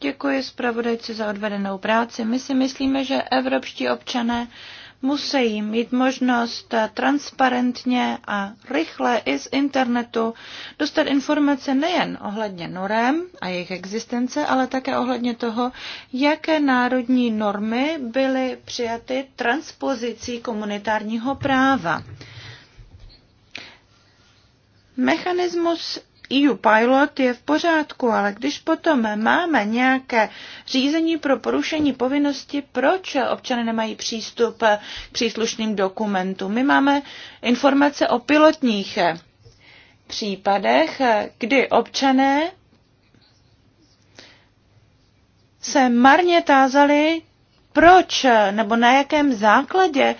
Děkuji zpravodajci za odvedenou práci. My si myslíme, že evropští občané musí mít možnost transparentně a rychle i z internetu dostat informace nejen ohledně norem a jejich existence, ale také ohledně toho, jaké národní normy byly přijaty transpozicí komunitárního práva. Mechanismus EU pilot je v pořádku, ale když potom máme nějaké řízení pro porušení povinnosti, proč občany nemají přístup k příslušným dokumentům? My máme informace o pilotních případech, kdy občané se marně tázali, proč nebo na jakém základě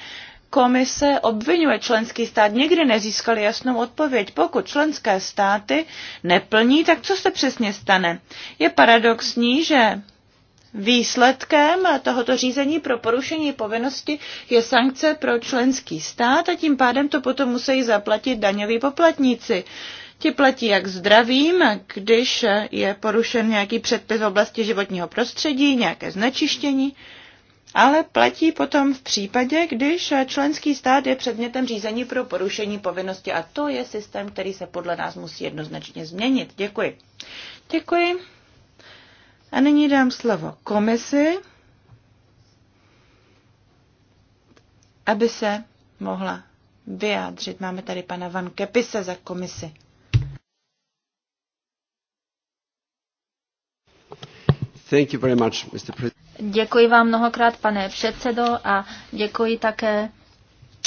komise obvinuje členský stát, nikdy nezískali jasnou odpověď. Pokud členské státy neplní, tak co se přesně stane? Je paradoxní, že Výsledkem tohoto řízení pro porušení povinnosti je sankce pro členský stát a tím pádem to potom musí zaplatit daňoví poplatníci. Ti platí jak zdravím, když je porušen nějaký předpis v oblasti životního prostředí, nějaké znečištění, ale platí potom v případě, když členský stát je předmětem řízení pro porušení povinnosti a to je systém, který se podle nás musí jednoznačně změnit. Děkuji. Děkuji. A nyní dám slovo komisi, aby se mohla vyjádřit. Máme tady pana Van Kepise za komisi. Thank you very much, Mr. President. Děkuji vám mnohokrát, pane předsedo, a děkuji také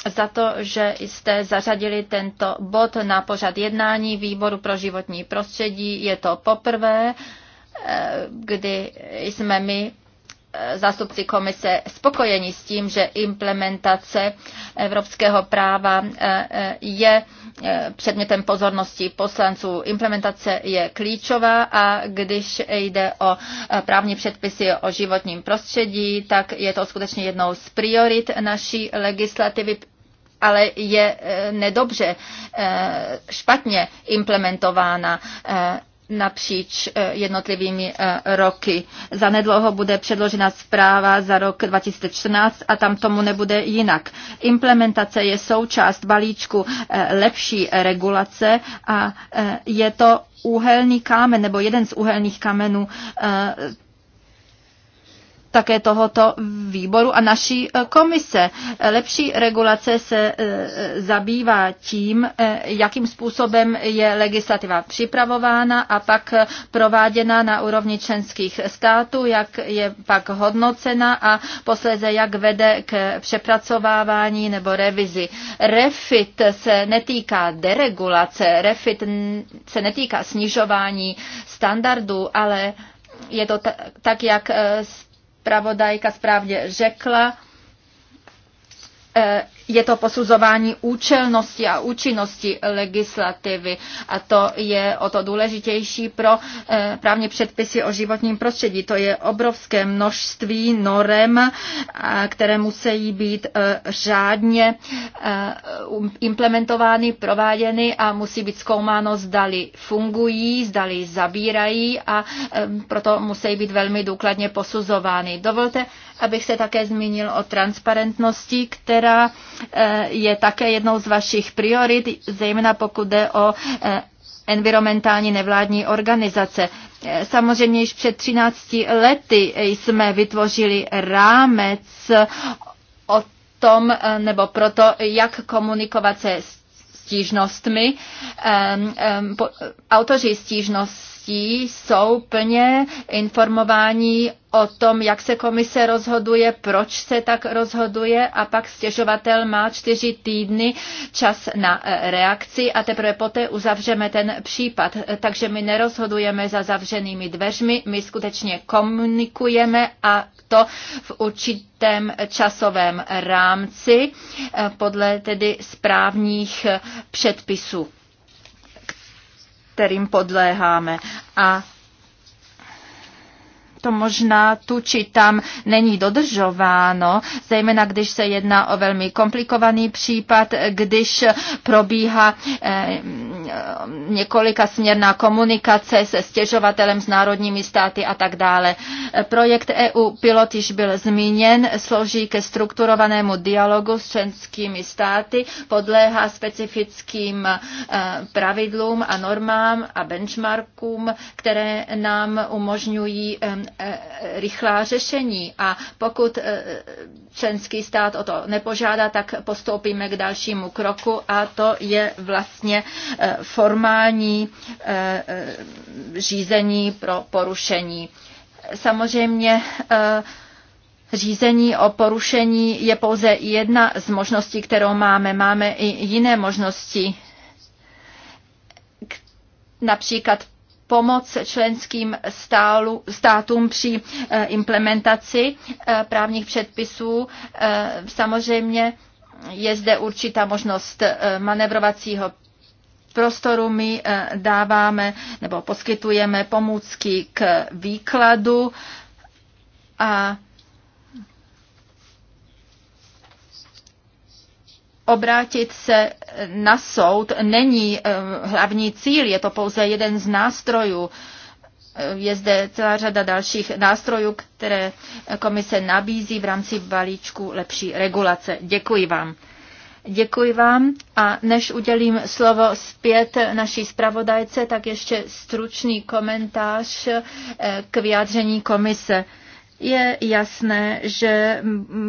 za to, že jste zařadili tento bod na pořad jednání výboru pro životní prostředí. Je to poprvé, eh, kdy jsme my zástupci komise spokojeni s tím, že implementace evropského práva eh, eh, je eh, předmětem pozornosti poslanců. Implementace je klíčová a když jde o právní předpisy o životním prostředí, tak je to skutečně jednou z priorit naší legislativy ale je nedobře, špatně implementována napříč eh, jednotlivými eh, roky. Za nedlouho bude předložena zpráva za rok 2014 a tam tomu nebude jinak. Implementace je součást balíčku eh, lepší regulace a je to úhelný kámen nebo jeden z úhelných kamenů také tohoto výboru a naší e, komise. E, lepší regulace se e, zabývá tím, jakým způsobem je legislativa připravována a pak prováděna na úrovni členských států, jak je pak hodnocena a posléze jak vede k přepracovávání nebo revizi. Refit se netýká deregulace, refit se netýká snižování standardů, ale je to tak, jak zpravodajka správně řekla, eh, je to posuzování účelnosti a účinnosti legislativy a to je o to důležitější pro eh, právní předpisy o životním prostředí. To je obrovské množství norem, eh, které musí být eh, řádně um, implementovány, prováděny a musí být zkoumáno, zdali fungují, zdali zabírají a proto musí být velmi důkladně posuzovány. Dovolte, abych se také zmínil o transparentnosti, která Eh, je také jednou z vašich priorit, zejména pokud jde o eh, environmentální nevládní organizace. Eh, samozřejmě již před 13 lety jsme vytvořili rámec o tom, nebo proto, jak komunikovat se stížnostmi. Autoři stížnost veřejností jsou plně informováni o tom, jak se komise rozhoduje, proč se tak rozhoduje a pak stěžovatel má čtyři týdny čas na eh, reakci a teprve poté uzavřeme ten případ. Takže my nerozhodujeme za zavřenými dveřmi, my skutečně komunikujeme a to v určitém časovém rámci eh, podle tedy správních předpisů kterým podléháme. A to možná tu či tam není dodržováno, zejména když se jedná o velmi komplikovaný případ, když probíhá eh, mm, několika směrná komunikace se stěžovatelem s národními státy a tak dále. Projekt EU Pilot již byl zmíněn, slouží ke strukturovanému dialogu s členskými státy, podléhá specifickým eh, pravidlům a normám a benchmarkům, které nám umožňují eh, Eh, rychlá řešení a pokud eh, členský stát o to nepožádá, tak postoupíme k dalšímu kroku a to je vlastně eh, formální řízení pro porušení. Samozřejmě Řízení o porušení je pouze jedna z možností, kterou máme. Máme i jiné možnosti, například pomoc členským stálu, státům při eh, implementaci eh, právních předpisů. Eh, samozřejmě je zde určitá možnost manevrovacího prostoru my dáváme nebo poskytujeme pomůcky k výkladu a obrátit se na soud není eh, hlavní cíl, je to pouze jeden z nástrojů. Eh, je zde celá řada dalších nástrojů, které komise nabízí v rámci balíčku lepší regulace. Děkuji vám. Děkuji vám a než udělím slovo zpět naší zpravodajce, tak ještě stručný komentář eh, k vyjádření komise. Je jasné, že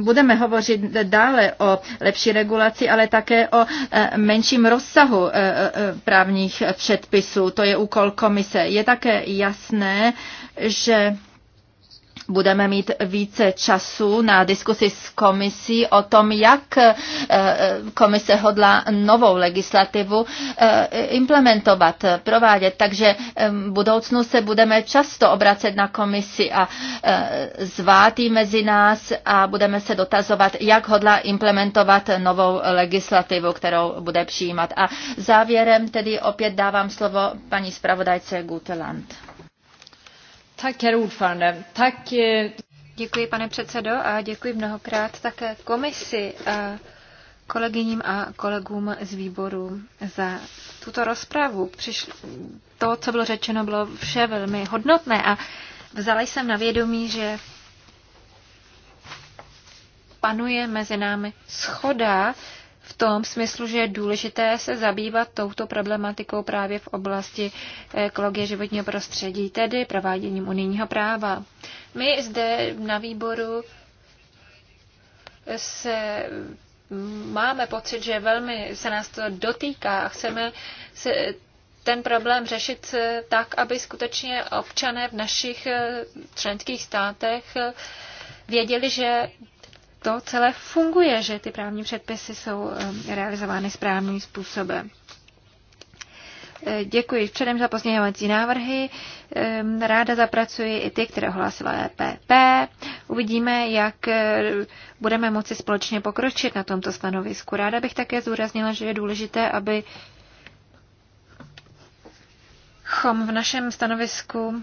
budeme hovořit dále o lepší regulaci, ale také o e, menším rozsahu e, e, právních předpisů. To je úkol komise. Je také jasné, že budeme mít více času na diskusi s komisí o tom, jak eh, eh, komise hodlá novou legislativu eh, implementovat, provádět. Takže v budoucnu se budeme často obracet na komisi a zvát ji mezi nás a budeme se dotazovat, jak hodlá implementovat novou legislativu, kterou bude přijímat. A závěrem tedy opět dávám slovo paní zpravodajce Guteland. Tak, Tak... Eh, děkuji, pane předsedo, a děkuji mnohokrát také komisi a kolegyním a kolegům z výboru za tuto rozpravu. To, co bylo řečeno, bylo vše velmi hodnotné a vzala jsem na vědomí, že panuje mezi námi schoda v tom smyslu, že je důležité se zabývat touto problematikou právě v oblasti ekologie životního prostředí, tedy prováděním unijního práva. My zde na výboru se máme pocit, že velmi se nás to dotýká a chceme se ten problém řešit tak, aby skutečně občané v našich členských státech věděli, že to celé funguje, že ty právní předpisy jsou eh, realizovány správným způsobem. Eh, děkuji předem za pozměňovací návrhy. Eh, ráda zapracuji i ty, které ohlásila EPP. Uvidíme, jak budeme moci společně pokročit na tomto stanovisku. Ráda bych také zúraznila, že je důležité, aby chom v našem stanovisku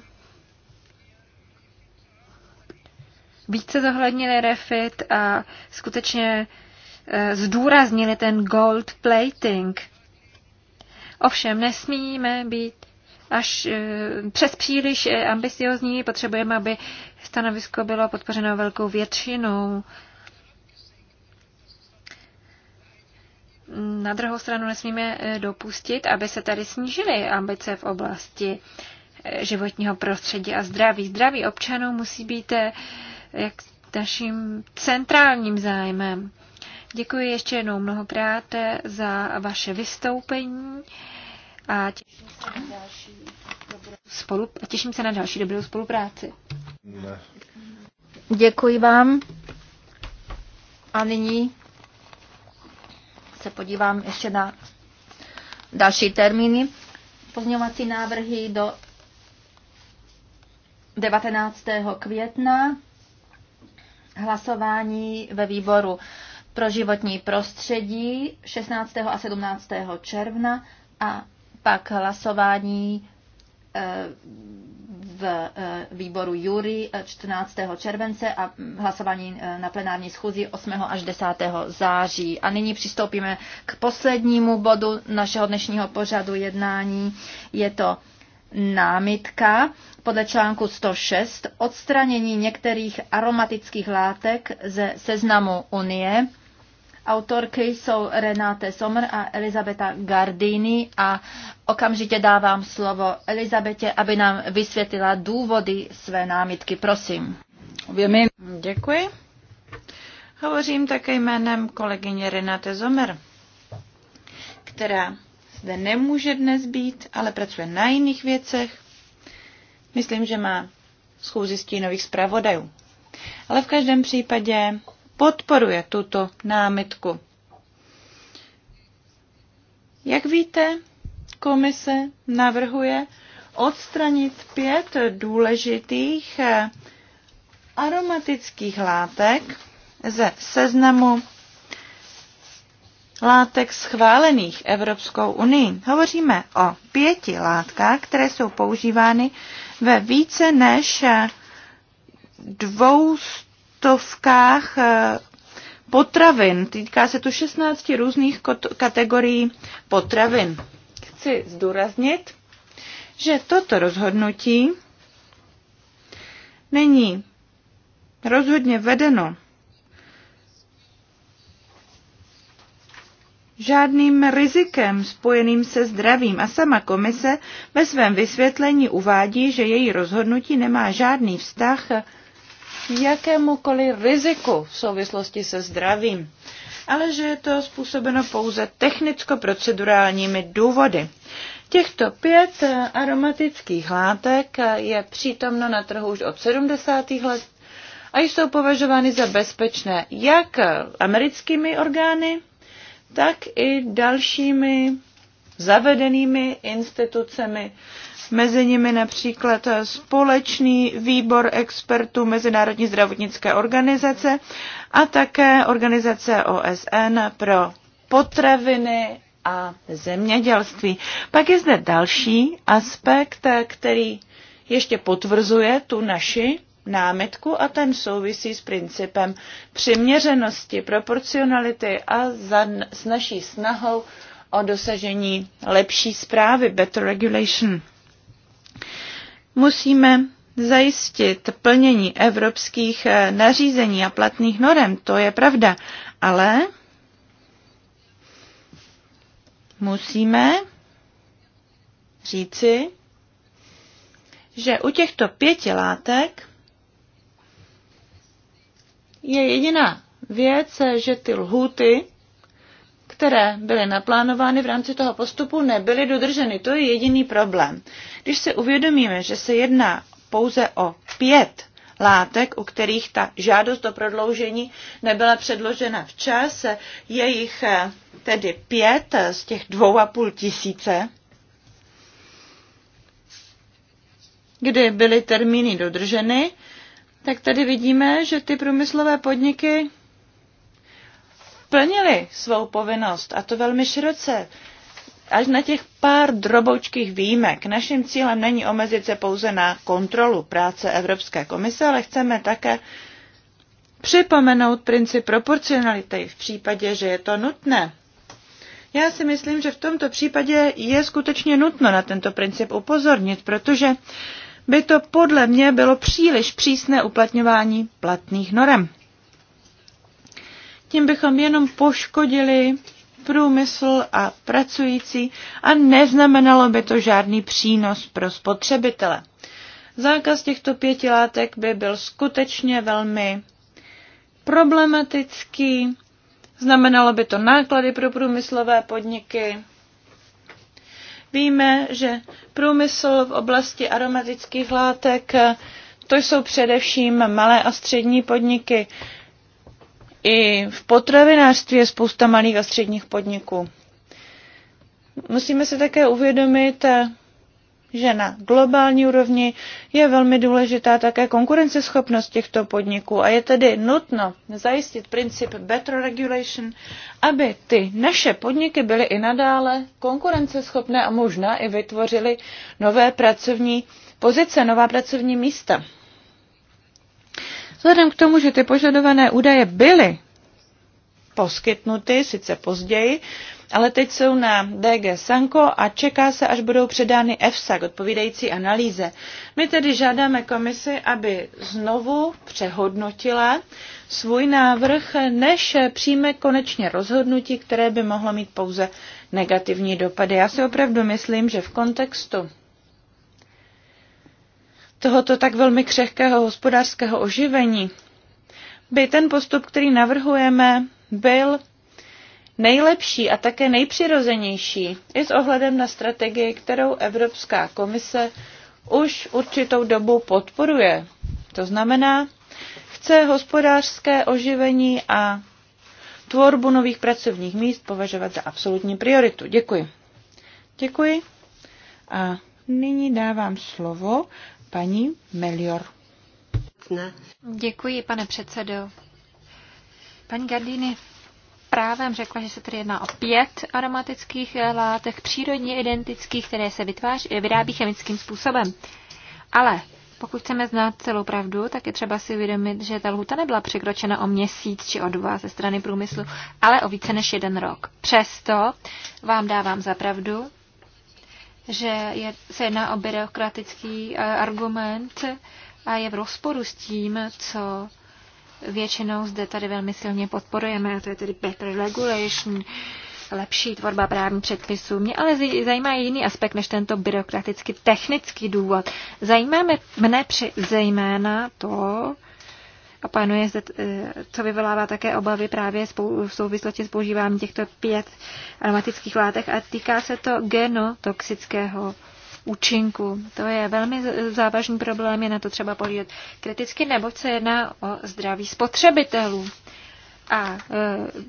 více zohlednili refit a skutečně eh, zdůraznili ten gold plating. Ovšem, nesmíme být až eh, přes příliš eh, ambiciozní, potřebujeme, aby stanovisko bylo podpořeno velkou většinou. Na druhou stranu nesmíme dopustit, aby se tady snížily ambice v oblasti životního prostředí a zdraví. Zdraví občanů musí být jak naším centrálním zájmem. Děkuji ještě jednou mnohokrát za vaše vystoupení a těším se na další dobrou, spolupráci. Děkuji vám. A nyní se podívám ještě na další termíny. Pozměňovací návrhy do 19. května hlasování ve výboru pro životní prostředí 16. a 17. června a pak hlasování eh, v eh, výboru Jury 14. Eh, července a hlasování na plenární schůzi 8. až 10. září. A nyní přistoupíme k poslednímu bodu našeho dnešního pořadu jednání. Je to námitka podle článku 106 odstranění některých aromatických látek ze seznamu Unie. Autorky jsou Renate Sommer a Elizabeta Gardini a okamžitě dávám slovo Elizabetě, aby nám vysvětlila důvody své námitky. Prosím. Děkuji. Hovořím také jménem kolegyně Renate Sommer, která zde nemůže dnes být, ale pracuje na jiných věcech. Myslím, že má schůzi stínových zpravodajů. Ale v každém případě podporuje tuto námitku. Jak víte, komise navrhuje odstranit pět důležitých eh, aromatických látek ze seznamu látek schválených Evropskou unii. Hovoříme o pěti látkách, které jsou používány ve více než dvou stovkách eh, potravin. Týká se tu 16 různých kategorií potravin. Chci zdůraznit, že toto rozhodnutí není rozhodně vedeno žádným rizikem spojeným se zdravím a sama komise ve svém vysvětlení uvádí, že její rozhodnutí nemá žádný vztah k jakémukoliv riziku v souvislosti se zdravím, ale že je to způsobeno pouze technicko-procedurálními důvody. Těchto pět aromatických látek je přítomno na trhu už od 70. let a jsou považovány za bezpečné jak americkými orgány, tak i dalšími zavedenými institucemi. Mezi nimi například společný výbor expertů Mezinárodní zdravotnické organizace a také organizace OSN pro potraviny a zemědělství. Pak je zde další aspekt, který ještě potvrzuje tu naši námitku a ten souvisí s principem přiměřenosti, proporcionality a za, s naší snahou o dosažení lepší zprávy, better regulation. Musíme zajistit plnění evropských eh, nařízení a platných norem, to je pravda, ale musíme říci, že u těchto pěti látek je jediná věc, že ty lhuty, které byly naplánovány v rámci toho postupu, nebyly dodrženy. To je jediný problém. Když se uvědomíme, že se jedná pouze o pět látek, u kterých ta žádost o prodloužení nebyla předložena včas, je jich eh, tedy pět z těch dvou a půl tisíce, kdy byly termíny dodrženy, tak tady vidíme, že ty průmyslové podniky plnily svou povinnost a to velmi široce. Až na těch pár droboučkých výjimek. Naším cílem není omezit se pouze na kontrolu práce Evropské komise, ale chceme také připomenout princip proporcionality v případě, že je to nutné. Já si myslím, že v tomto případě je skutečně nutno na tento princip upozornit, protože by to podle mě bylo příliš přísné uplatňování platných norem. Tím bychom jenom poškodili průmysl a pracující a neznamenalo by to žádný přínos pro spotřebitele. Zákaz těchto pěti látek by byl skutečně velmi problematický, znamenalo by to náklady pro průmyslové podniky, Víme, že průmysl v oblasti aromatických látek, to jsou především malé a střední podniky. I v potravinářství je spousta malých a středních podniků. Musíme se také uvědomit, že na globální úrovni je velmi důležitá také konkurenceschopnost těchto podniků a je tedy nutno zajistit princip better regulation, aby ty naše podniky byly i nadále konkurenceschopné a možná i vytvořily nové pracovní pozice, nová pracovní místa. Vzhledem k tomu, že ty požadované údaje byly poskytnuty, sice později, ale teď jsou na DG Sanko a čeká se, až budou předány EFSA k odpovídající analýze. My tedy žádáme komisi, aby znovu přehodnotila svůj návrh, než přijme konečně rozhodnutí, které by mohlo mít pouze negativní dopady. Já si opravdu myslím, že v kontextu tohoto tak velmi křehkého hospodářského oživení by ten postup, který navrhujeme, byl nejlepší a také nejpřirozenější i s ohledem na strategii, kterou Evropská komise už určitou dobu podporuje. To znamená, chce hospodářské oživení a tvorbu nových pracovních míst považovat za absolutní prioritu. Děkuji. Děkuji. A nyní dávám slovo paní Melior. Děkuji, pane předsedo. Paní Gardini, právem řekla, že se tady jedná o pět aromatických eh, látek, přírodně identických, které se vytváří, eh, vyrábí chemickým způsobem. Ale pokud chceme znát celou pravdu, tak je třeba si uvědomit, že ta lhuta nebyla překročena o měsíc či o dva ze strany průmyslu, ale o více než jeden rok. Přesto vám dávám za pravdu, že je, se jedná o byrokratický eh, argument a je v rozporu s tím, co většinou zde tady velmi silně podporujeme, a to je tedy better regulation, lepší tvorba právních předpisů. Mě ale zajímá jiný aspekt než tento byrokraticky technický důvod. Zajímá mne při, zejména to, a panuje zde, eh, co vyvolává také obavy právě v souvislosti s používáním těchto pět aromatických látek a týká se to genotoxického účinku. To je velmi závažný problém, je na to třeba pohlídat kriticky, neboť se jedná o zdraví spotřebitelů. A e,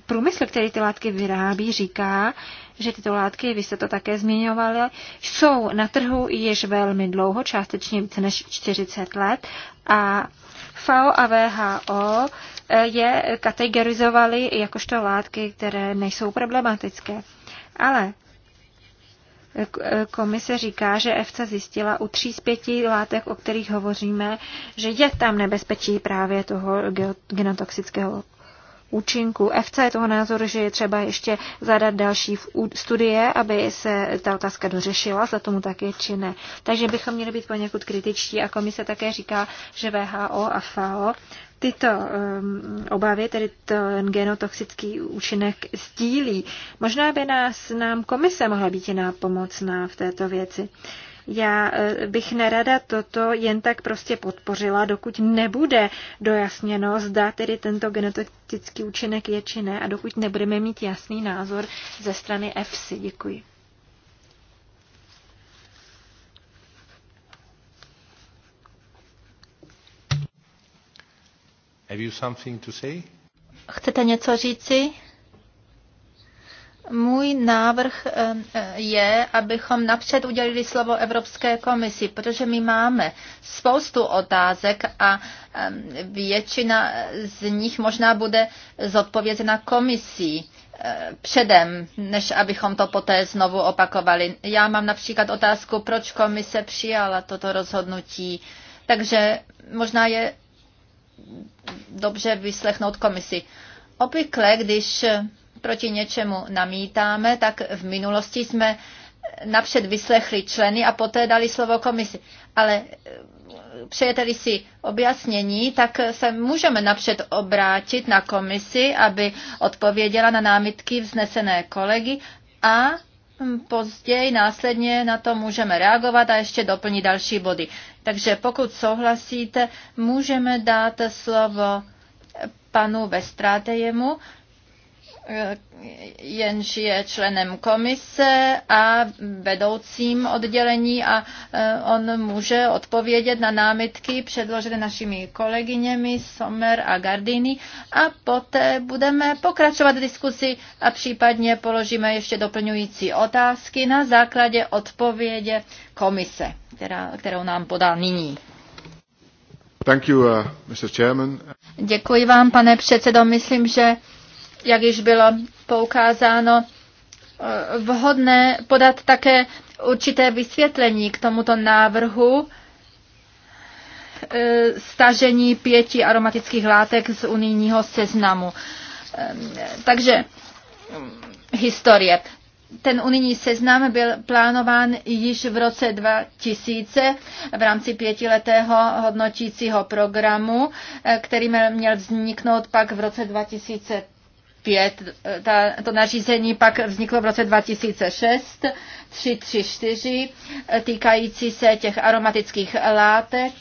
průmysl, který ty látky vyrábí, říká, že tyto látky, vy jste to také zmiňovali, jsou na trhu již velmi dlouho, částečně více než 40 let a FAO a VHO e, je kategorizovali jakožto látky, které nejsou problematické. Ale E, komise říká, že EFSA zjistila u tří z pěti látek, o kterých hovoříme, že je tam nebezpečí právě toho genotoxického účinku. FC je toho názoru, že je třeba ještě zadat další studie, aby se ta otázka dořešila, za tomu tak je či ne. Takže bychom měli být poněkud kritičtí a komise také říká, že VHO a FAO tyto um, obavy, tedy ten genotoxický účinek stílí. Možná by nás nám komise mohla být pomocná v této věci. Já eh, bych nerada toto jen tak prostě podpořila, dokud nebude dojasněno, zda tedy tento genotoxický účinek je či ne a dokud nebudeme mít jasný názor ze strany EFSI. Děkuji. Have you something to say? Chcete něco říci? Můj návrh je, abychom napřed udělili slovo Evropské komisi, protože my máme spoustu otázek a většina z nich možná bude zodpovězena komisí eh, předem, než abychom to poté znovu opakovali. Já mám například otázku, proč komise přijala toto rozhodnutí. Takže možná je dobře vyslechnout komisi. Obvykle, když proti něčemu namítáme, tak v minulosti jsme napřed vyslechli členy a poté dali slovo komisi. Ale eh, přejete-li si objasnění, tak se můžeme napřed obrátit na komisi, aby odpověděla na námitky vznesené kolegy a později následně na to můžeme reagovat a ještě doplnit další body. Takže pokud souhlasíte, můžeme dát slovo panu Vestrátejemu, Eh, jenž je členem komise a vedoucím oddělení a eh, on může odpovědět na námitky předložené našimi kolegyněmi Sommer a Gardini a poté budeme pokračovat v diskusi a případně položíme ještě doplňující otázky na základě odpovědě komise, která, kterou nám podá nyní. Thank you, uh, Mr. Chairman. Děkuji vám, pane předsedo. Myslím, že jak již bylo poukázáno, vhodné podat také určité vysvětlení k tomuto návrhu e, stažení pěti aromatických látek z unijního seznamu. E, takže historie. Ten unijní seznam byl plánován již v roce 2000 v rámci pětiletého hodnotícího programu, e, který měl vzniknout pak v roce 2003. 5. Ta, to nařízení pak vzniklo v roce 2006, 334, týkající se těch aromatických látek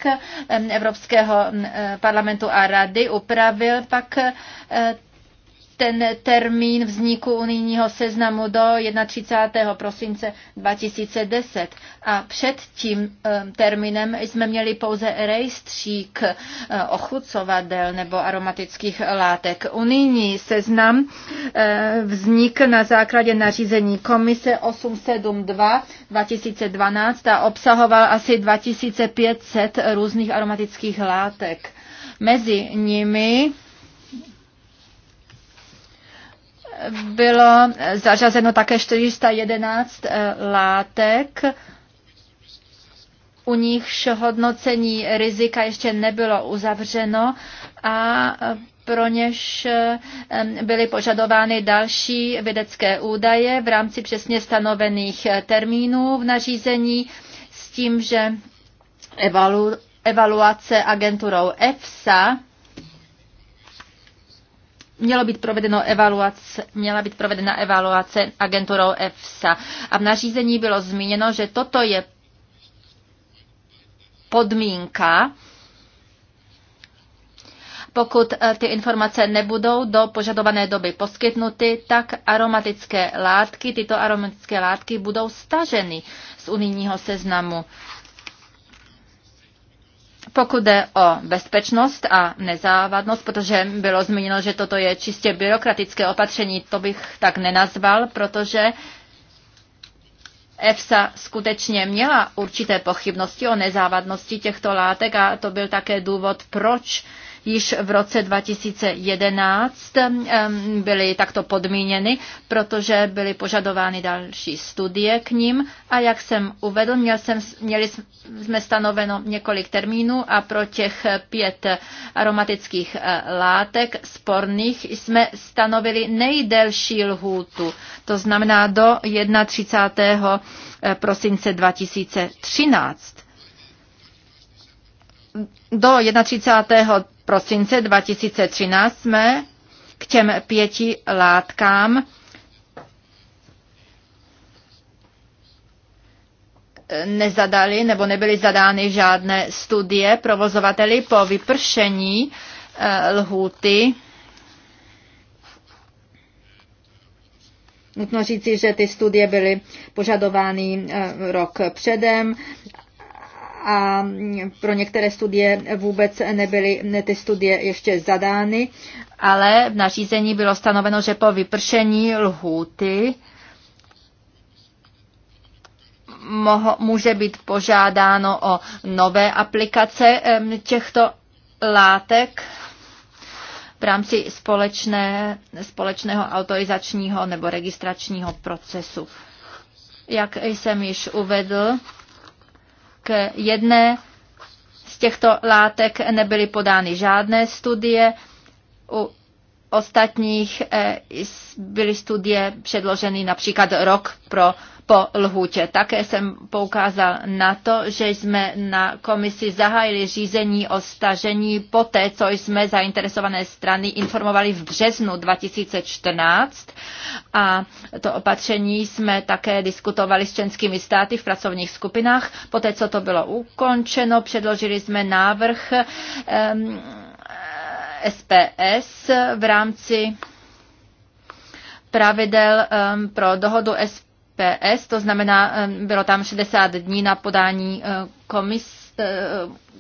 Evropského parlamentu a rady. Upravil pak eh, ten termín vzniku unijního seznamu do 31. prosince 2010. A před tím termínem jsme měli pouze rejstřík eh, ochucovadel nebo aromatických látek. Unijní seznam eh, vznikl na základě nařízení komise 872 2012 a obsahoval asi 2500 různých aromatických látek. Mezi nimi bylo zařazeno také 411 eh, látek, u nichž hodnocení rizika ještě nebylo uzavřeno a eh, pro něž eh, byly požadovány další vědecké údaje v rámci přesně stanovených termínů v nařízení s tím, že evalu, evaluace agenturou EFSA mělo být provedeno evaluace, měla být provedena evaluace agenturou EFSA. A v nařízení bylo zmíněno, že toto je podmínka, pokud eh, ty informace nebudou do požadované doby poskytnuty, tak aromatické látky, tyto aromatické látky budou staženy z unijního seznamu. Pokud jde o bezpečnost a nezávadnost, protože bylo zmíněno, že toto je čistě byrokratické opatření, to bych tak nenazval, protože EFSA skutečně měla určité pochybnosti o nezávadnosti těchto látek a to byl také důvod, proč již v roce 2011 byly takto podmíněny, protože byly požadovány další studie k ním a jak jsem uvedl, měl jsem, měli jsme stanoveno několik termínů a pro těch pět aromatických eh, látek sporných jsme stanovili nejdelší lhůtu, to znamená do 31. prosince 2013 do 31 prosince 2013 jsme k těm pěti látkám eh, nezadali nebo nebyly zadány žádné studie provozovateli po vypršení eh, lhůty. Nutno říci, že ty studie byly požadovány eh, rok předem a pro některé studie vůbec nebyly ty studie ještě zadány, ale v nařízení bylo stanoveno, že po vypršení lhůty může být požádáno o nové aplikace těchto látek v rámci společné, společného autorizačního nebo registračního procesu. Jak jsem již uvedl, k jedné z těchto látek nebyly podány žádné studie, u ostatních eh, byly studie předloženy například rok pro po lhůtě. Také jsem poukázal na to, že jsme na komisi zahájili řízení o stažení poté, co jsme zainteresované strany informovali v březnu 2014 a to opatření jsme také diskutovali s členskými státy v pracovních skupinách. Poté, co to bylo ukončeno, předložili jsme návrh um, SPS v rámci pravidel um, pro dohodu SPS PS, to znamená, bylo tam 60 dní na podání eh, komis, eh,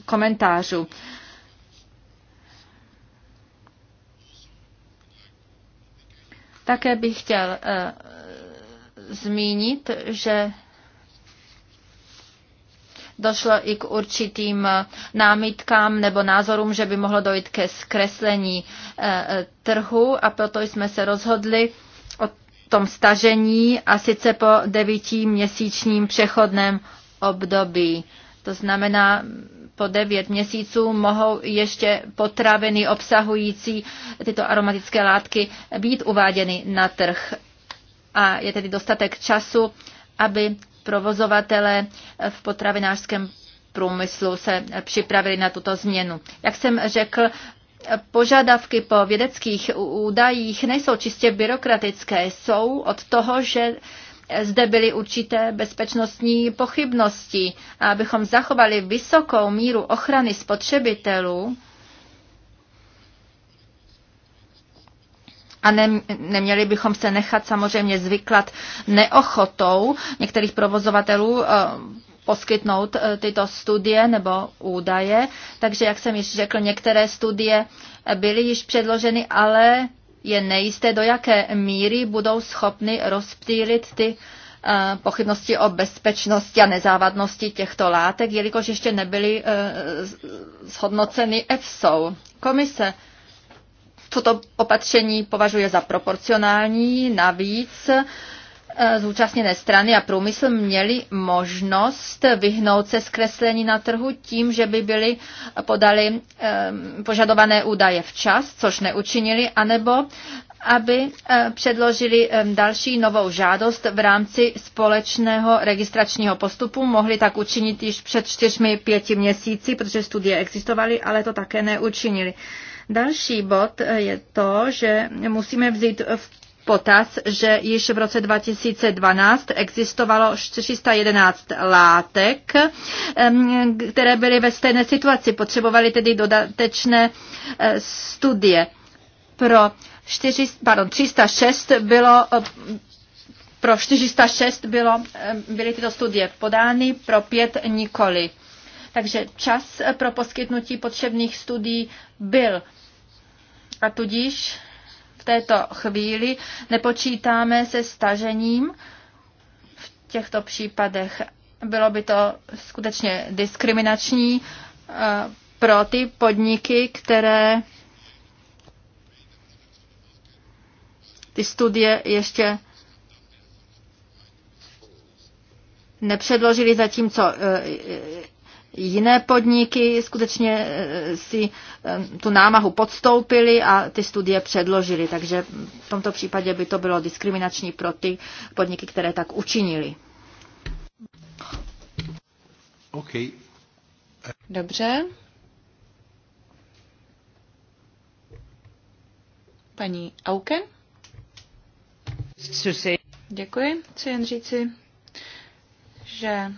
komentářů. Také bych chtěl eh, zmínit, že došlo i k určitým námitkám nebo názorům, že by mohlo dojít ke zkreslení trhu a proto jsme se rozhodli tom stažení a sice po devítiměsíčním přechodném období. To znamená, po devět měsíců mohou ještě potraviny obsahující tyto aromatické látky být uváděny na trh. A je tedy dostatek času, aby provozovatele v potravinářském průmyslu se připravili na tuto změnu. Jak jsem řekl, požadavky po vědeckých údajích nejsou čistě byrokratické, jsou od toho, že zde byly určité bezpečnostní pochybnosti. A abychom zachovali vysokou míru ochrany spotřebitelů, A ne, neměli bychom se nechat samozřejmě zvyklat neochotou některých provozovatelů eh, poskytnout eh, tyto studie nebo údaje. Takže, jak jsem již řekl, některé studie byly již předloženy, ale je nejisté, do jaké míry budou schopny rozptýlit ty eh, pochybnosti o bezpečnosti a nezávadnosti těchto látek, jelikož ještě nebyly shodnoceny eh, EFSOU. Komise toto opatření považuje za proporcionální, navíc E, zúčastněné strany a průmysl měli možnost vyhnout se zkreslení na trhu tím, že by byly podali e, požadované údaje včas, což neučinili, anebo aby e, předložili další novou žádost v rámci společného registračního postupu. Mohli tak učinit již před čtyřmi, pěti měsíci, protože studie existovaly, ale to také neučinili. Další bod je to, že musíme vzít v potaz, že již v roce 2012 existovalo 411 látek, které byly ve stejné situaci, potřebovaly tedy dodatečné eh, studie. Pro 4, pardon, 306 bylo eh, pro 406 bylo, byly tyto studie podány, pro pět nikoli. Takže čas eh, pro poskytnutí potřebných studií byl. A tudíž této chvíli nepočítáme se stažením v těchto případech. Bylo by to skutečně diskriminační eh, pro ty podniky, které ty studie ještě nepředložili, zatímco eh, jiné podniky skutečně eh, si eh, tu námahu podstoupili a ty studie předložili. Takže v tomto případě by to bylo diskriminační pro ty podniky, které tak učinili. Okay. Dobře. Paní Auken? Děkuji. Chci jen říci, že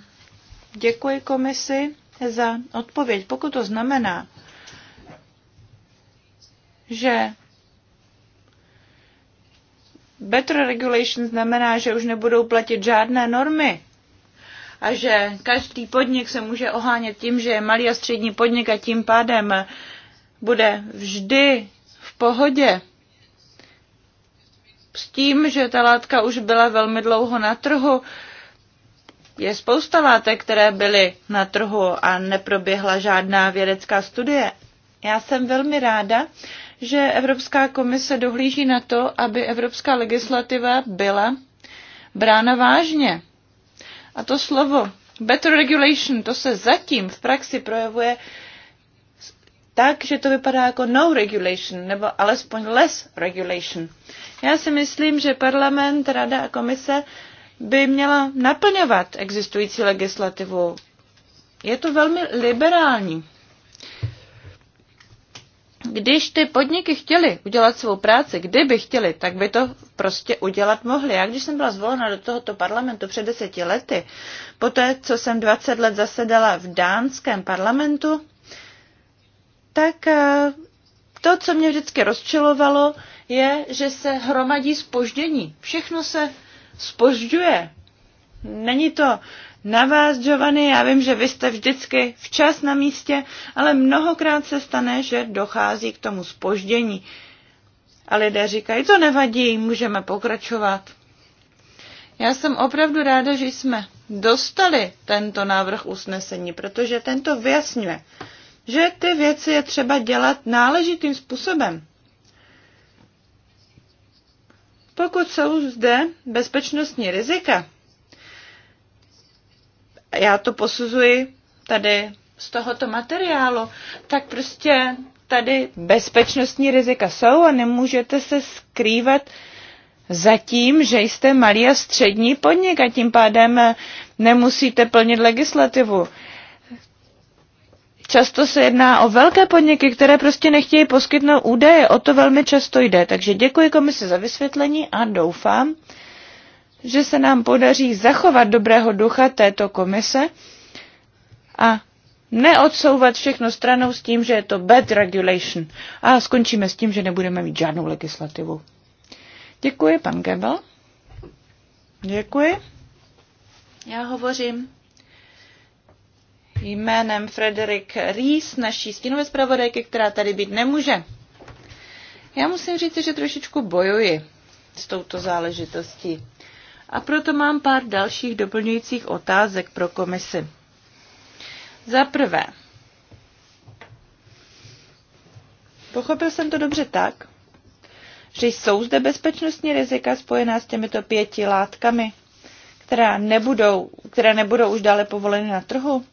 děkuji komisi za odpověď. Pokud to znamená, že better regulation znamená, že už nebudou platit žádné normy a že každý podnik se může ohánět tím, že je malý a střední podnik a tím pádem bude vždy v pohodě. S tím, že ta látka už byla velmi dlouho na trhu, je spousta látek, které byly na trhu a neproběhla žádná vědecká studie. Já jsem velmi ráda, že Evropská komise dohlíží na to, aby evropská legislativa byla brána vážně. A to slovo better regulation, to se zatím v praxi projevuje tak, že to vypadá jako no regulation, nebo alespoň less regulation. Já si myslím, že parlament, rada a komise by měla naplňovat existující legislativu. Je to velmi liberální. Když ty podniky chtěly udělat svou práci, kdyby chtěli, tak by to prostě udělat mohli. Já když jsem byla zvolena do tohoto parlamentu před deseti lety, té, co jsem 20 let zasedala v dánském parlamentu, tak eh, to, co mě vždycky rozčilovalo, je, že se hromadí spoždění. Všechno se spožďuje. Není to na vás, Giovanni, já vím, že vy jste vždycky včas na místě, ale mnohokrát se stane, že dochází k tomu spoždění. A lidé říkají, to nevadí, můžeme pokračovat. Já jsem opravdu ráda, že jsme dostali tento návrh usnesení, protože tento vyjasňuje, že ty věci je třeba dělat náležitým způsobem. Pokud jsou zde bezpečnostní rizika, já to posuzuji tady z tohoto materiálu, tak prostě tady bezpečnostní rizika jsou a nemůžete se skrývat za tím, že jste malý a střední podnik a tím pádem nemusíte plnit legislativu. Často se jedná o velké podniky, které prostě nechtějí poskytnout údaje. O to velmi často jde. Takže děkuji komisi za vysvětlení a doufám, že se nám podaří zachovat dobrého ducha této komise a neodsouvat všechno stranou s tím, že je to bad regulation a skončíme s tím, že nebudeme mít žádnou legislativu. Děkuji, pan Gebel. Děkuji. Já hovořím jménem Frederik Ries, naší stínové zpravodajky, která tady být nemůže. Já musím říct, že trošičku bojuji s touto záležitostí. A proto mám pár dalších doplňujících otázek pro komisi. Za prvé, pochopil jsem to dobře tak, že jsou zde bezpečnostní rizika spojená s těmito pěti látkami, která nebudou, které nebudou už dále povoleny na trhu?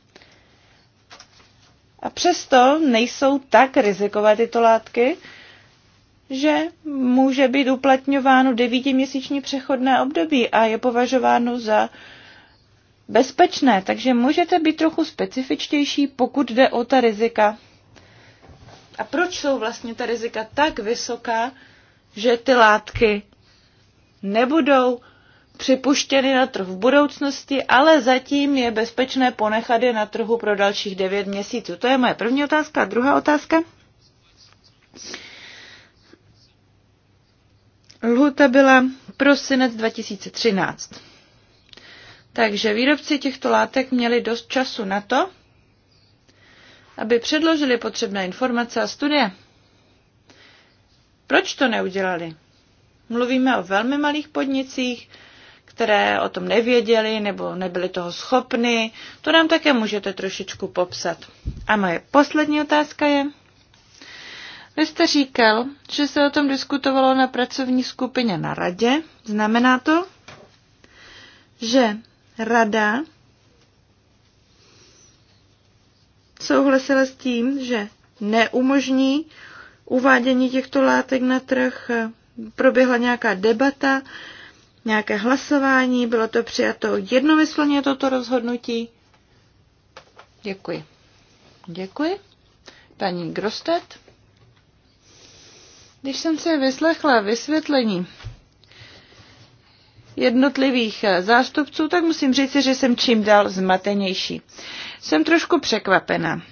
A přesto nejsou tak rizikové tyto látky, že může být uplatňováno devítiměsíční přechodné období a je považováno za bezpečné. Takže můžete být trochu specifičtější, pokud jde o ta rizika. A proč jsou vlastně ta rizika tak vysoká, že ty látky nebudou připuštěny na trh v budoucnosti, ale zatím je bezpečné ponechat je na trhu pro dalších 9 měsíců. To je moje první otázka. A druhá otázka? Lhuta byla prosinec 2013. Takže výrobci těchto látek měli dost času na to, aby předložili potřebné informace a studie. Proč to neudělali? Mluvíme o velmi malých podnicích, které o tom nevěděli nebo nebyli toho schopni. To nám také můžete trošičku popsat. A moje poslední otázka je, vy jste říkal, že se o tom diskutovalo na pracovní skupině na radě. Znamená to, že rada souhlasila s tím, že neumožní uvádění těchto látek na trh. Proběhla nějaká debata nějaké hlasování, bylo to přijato jednomyslně toto rozhodnutí. Děkuji. Děkuji. Paní Grostet. Když jsem si vyslechla vysvětlení jednotlivých zástupců, tak musím říct, že jsem čím dál zmatenější. Jsem trošku překvapena.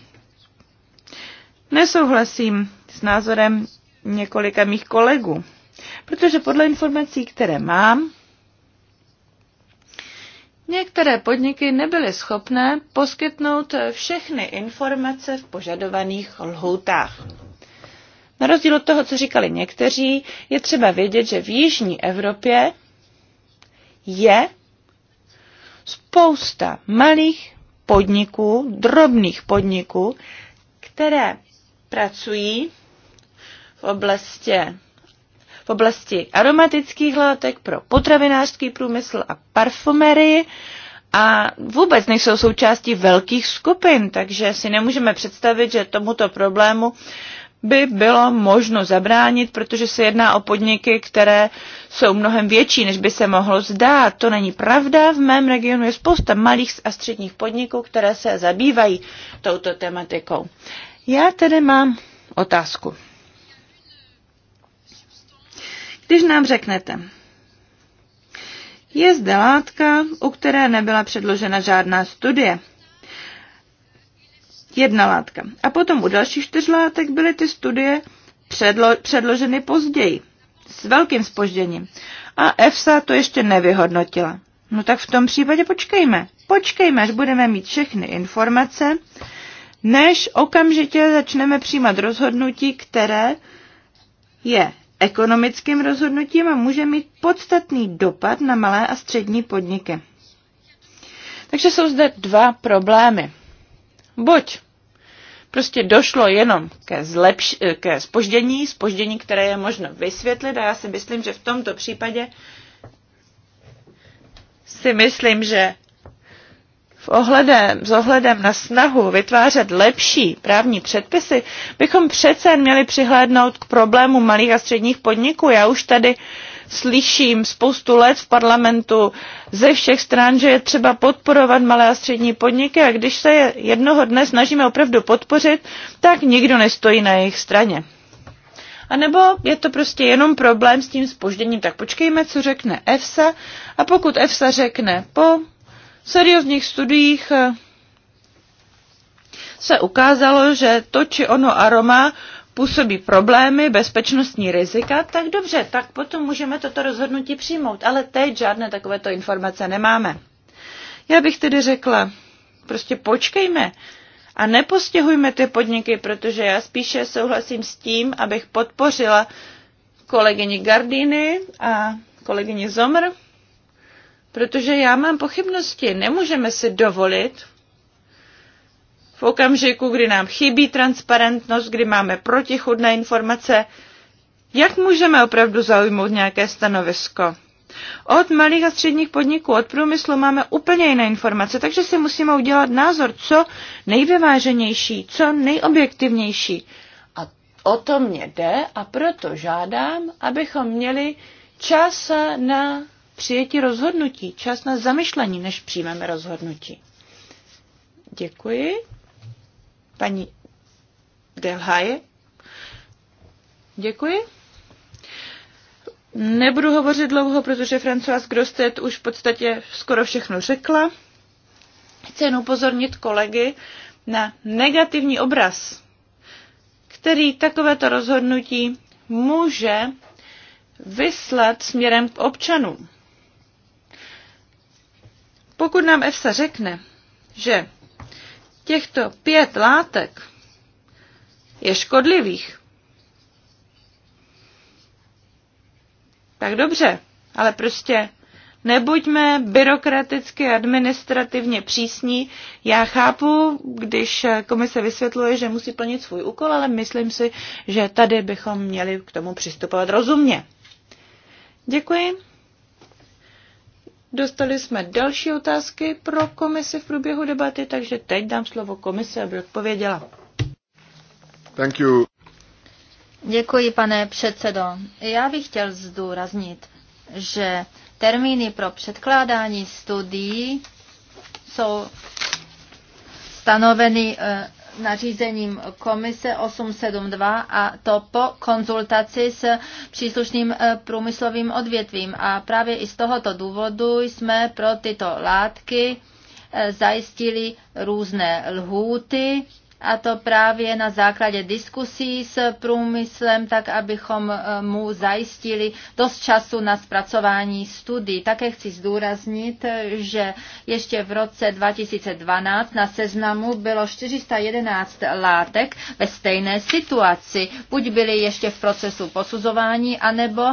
Nesouhlasím s názorem několika mých kolegů, protože podle informací, které mám, Některé podniky nebyly schopné poskytnout všechny informace v požadovaných lhoutách. Na rozdíl od toho, co říkali někteří, je třeba vědět, že v Jižní Evropě je spousta malých podniků, drobných podniků, které pracují v oblasti v oblasti aromatických látek pro potravinářský průmysl a parfumerii a vůbec nejsou součástí velkých skupin, takže si nemůžeme představit, že tomuto problému by bylo možno zabránit, protože se jedná o podniky, které jsou mnohem větší, než by se mohlo zdát. To není pravda. V mém regionu je spousta malých a středních podniků, které se zabývají touto tematikou. Já tedy mám otázku. Když nám řeknete, je zde látka, u které nebyla předložena žádná studie. Jedna látka. A potom u dalších čtyř látek byly ty studie předlo- předloženy později, s velkým spožděním. A EFSA to ještě nevyhodnotila. No tak v tom případě počkejme. Počkejme, až budeme mít všechny informace, než okamžitě začneme přijímat rozhodnutí, které je ekonomickým rozhodnutím a může mít podstatný dopad na malé a střední podniky. Takže jsou zde dva problémy. Buď prostě došlo jenom ke, zlepš- ke spoždění, spoždění, které je možno vysvětlit a já si myslím, že v tomto případě si myslím, že v ohledem, s ohledem na snahu vytvářet lepší právní předpisy, bychom přece měli přihlédnout k problému malých a středních podniků. Já už tady slyším spoustu let v parlamentu ze všech stran, že je třeba podporovat malé a střední podniky a když se je jednoho dne snažíme opravdu podpořit, tak nikdo nestojí na jejich straně. A nebo je to prostě jenom problém s tím spožděním, tak počkejme, co řekne EFSA a pokud EFSA řekne po seriózních studiích eh, se ukázalo, že to či ono aroma působí problémy, bezpečnostní rizika, tak dobře, tak potom můžeme toto rozhodnutí přijmout. Ale teď žádné takovéto informace nemáme. Já bych tedy řekla, prostě počkejme a nepostihujme ty podniky, protože já spíše souhlasím s tím, abych podpořila kolegyni Gardiny a kolegyni Zomr, Protože já mám pochybnosti. Nemůžeme si dovolit v okamžiku, kdy nám chybí transparentnost, kdy máme protichudné informace, jak můžeme opravdu zaujmout nějaké stanovisko. Od malých a středních podniků, od průmyslu máme úplně jiné informace, takže si musíme udělat názor, co nejvyváženější, co nejobjektivnější. A o to mě jde a proto žádám, abychom měli čas na přijetí rozhodnutí, čas na zamyšlení, než přijmeme rozhodnutí. Děkuji. Paní Delhaje. Děkuji. Nebudu hovořit dlouho, protože Françoise Grostet už v podstatě skoro všechno řekla. Chci jen upozornit kolegy na negativní obraz, který takovéto rozhodnutí může vyslat směrem k občanům. Pokud nám EFSA řekne, že těchto pět látek je škodlivých, tak dobře, ale prostě nebuďme byrokraticky administrativně přísní. Já chápu, když komise vysvětluje, že musí plnit svůj úkol, ale myslím si, že tady bychom měli k tomu přistupovat rozumně. Děkuji. Dostali jsme další otázky pro komisi v průběhu debaty, takže teď dám slovo komisi, aby odpověděla. Thank you. Děkuji, pane předsedo. Já bych chtěl zdůraznit, že termíny pro předkládání studií jsou stanoveny eh, nařízením komise 872 a to po konzultaci s příslušným eh, průmyslovým odvětvím. A právě i z tohoto důvodu jsme pro tyto látky eh, zajistili různé lhůty a to právě na základě diskusí s průmyslem, tak abychom e, mu zajistili dost času na zpracování studií. Také chci zdůraznit, e, že ještě v roce 2012 na seznamu bylo 411 látek ve stejné situaci. Buď byly ještě v procesu posuzování, anebo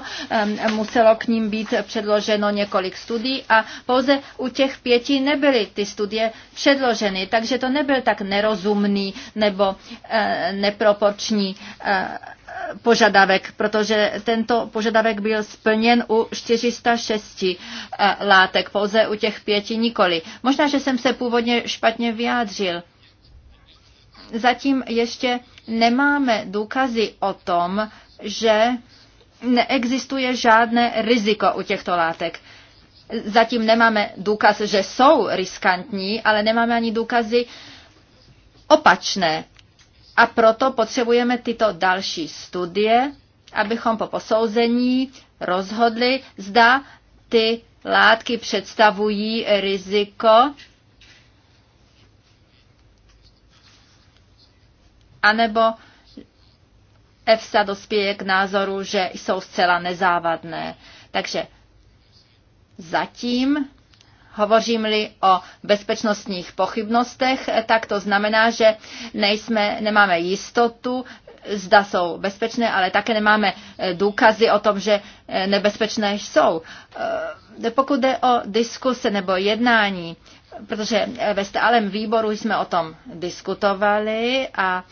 muselo k ním být předloženo několik studií a pouze u těch pěti nebyly ty studie předloženy, takže to nebyl tak nerozumný nebo nebo eh, neproporční eh, požadavek, protože tento požadavek byl splněn u 406 eh, látek, pouze u těch pěti nikoli. Možná, že jsem se původně špatně vyjádřil. Zatím ještě nemáme důkazy o tom, že neexistuje žádné riziko u těchto látek. Zatím nemáme důkaz, že jsou riskantní, ale nemáme ani důkazy, opačné. A proto potřebujeme tyto další studie, abychom po posouzení rozhodli, zda ty látky představují riziko anebo EFSA dospěje k názoru, že jsou zcela nezávadné. Takže zatím Hovořím-li o bezpečnostních pochybnostech, tak to znamená, že nejsme, nemáme jistotu, zda jsou bezpečné, ale také nemáme eh, důkazy o tom, že eh, nebezpečné jsou. Eh, pokud jde o diskuse nebo jednání protože ve stálem výboru jsme o tom diskutovali a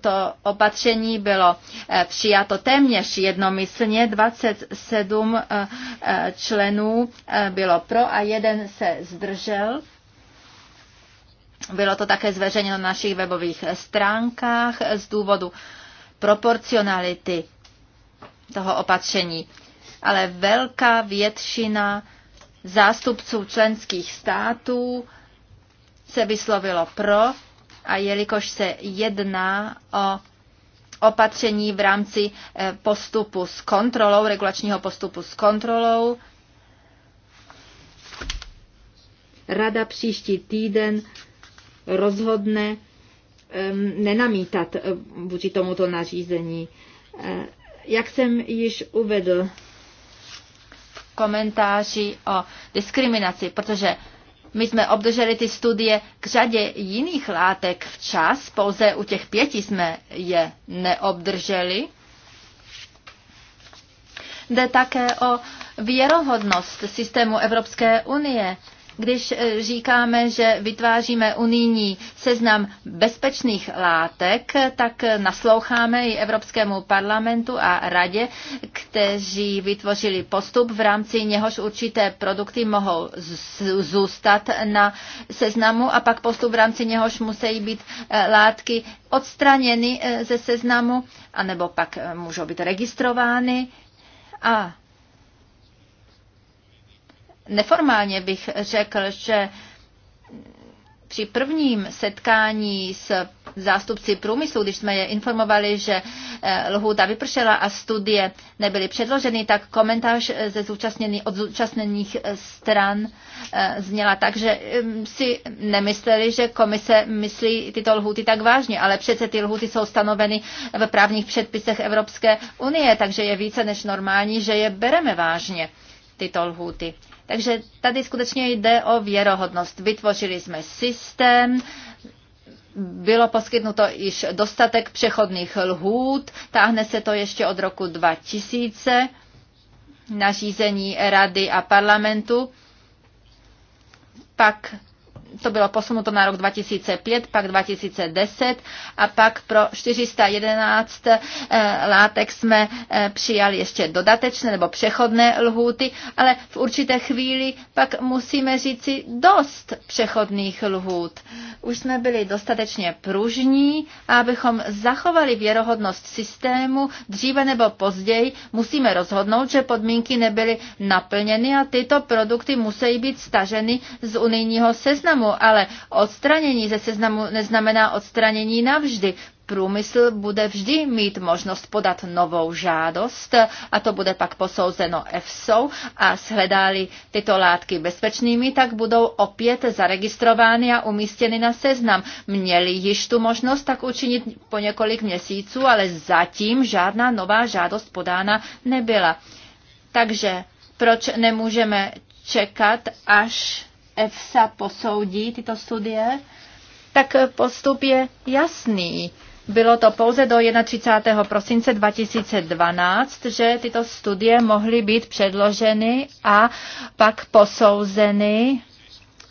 to opatření bylo eh, přijato téměř jednomyslně. 27 eh, eh, členů bylo pro a jeden se zdržel. Bylo to také zveřejněno na našich webových stránkách z důvodu proporcionality toho opatření. Ale velká většina zástupců členských států se vyslovilo pro a jelikož se jedná o opatření v rámci eh, postupu s kontrolou, regulačního postupu s kontrolou, Rada příští týden rozhodne ehm, nenamítat eh, vůči tomuto nařízení. Eh, jak jsem již uvedl, komentáři o diskriminaci, protože my jsme obdrželi ty studie k řadě jiných látek včas, pouze u těch pěti jsme je neobdrželi. Jde také o věrohodnost systému Evropské unie. Když eh, říkáme, že vytváříme unijní seznam bezpečných látek, tak nasloucháme i Evropskému parlamentu a radě, kteří vytvořili postup, v rámci něhož určité produkty mohou zůstat na seznamu a pak postup, v rámci něhož musí být eh, látky odstraněny eh, ze seznamu, anebo pak můžou být registrovány a neformálně bych řekl, že při prvním setkání s zástupci průmyslu, když jsme je informovali, že eh, lhůta vypršela a studie nebyly předloženy, tak komentář eh, ze zúčastněných, od zúčastněných eh, stran zněla tak, že hm, si nemysleli, že komise myslí tyto lhůty tak vážně, ale přece ty lhůty jsou stanoveny v právních předpisech Evropské unie, takže je více než normální, že je bereme vážně tyto lhůty. Takže tady skutečně jde o věrohodnost. Vytvořili jsme systém, bylo poskytnuto již dostatek přechodných lhůt, táhne se to ještě od roku 2000, nařízení Rady a parlamentu. Pak to bylo posunuto na rok 2005, pak 2010 a pak pro 411 eh, látek jsme eh, přijali ještě dodatečné nebo přechodné lhůty, ale v určité chvíli pak musíme říci dost přechodných lhůt. Už jsme byli dostatečně pružní a abychom zachovali věrohodnost systému, dříve nebo později musíme rozhodnout, že podmínky nebyly naplněny a tyto produkty musí být staženy z unijního seznamu seznamu, ale odstranění ze seznamu neznamená odstranění navždy. Průmysl bude vždy mít možnost podat novou žádost a to bude pak posouzeno EFSO a shledáli tyto látky bezpečnými, tak budou opět zaregistrovány a umístěny na seznam. Měli již tu možnost tak učinit po několik měsíců, ale zatím žádná nová žádost podána nebyla. Takže proč nemůžeme čekat, až EFSA posoudí tyto studie, tak postup je jasný. Bylo to pouze do 31. prosince 2012, že tyto studie mohly být předloženy a pak posouzeny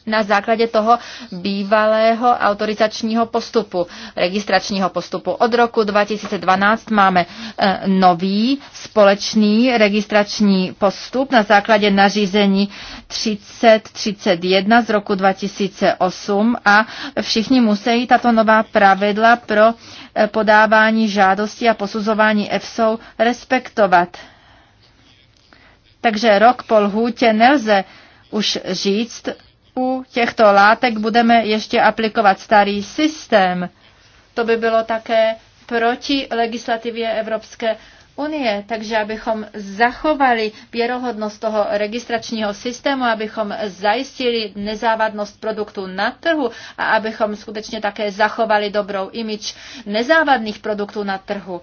na základě toho bývalého autorizačního postupu, registračního postupu. Od roku 2012 máme eh, nový společný registrační postup na základě nařízení 3031 z roku 2008 a všichni musí tato nová pravidla pro eh, podávání žádosti a posuzování EFSO respektovat. Takže rok po lhůtě nelze už říct, u těchto látek budeme ještě aplikovat starý systém. To by bylo také proti legislativě Evropské unie, takže abychom zachovali věrohodnost toho registračního systému, abychom zajistili nezávadnost produktů na trhu a abychom skutečně také zachovali dobrou imič nezávadných produktů na trhu.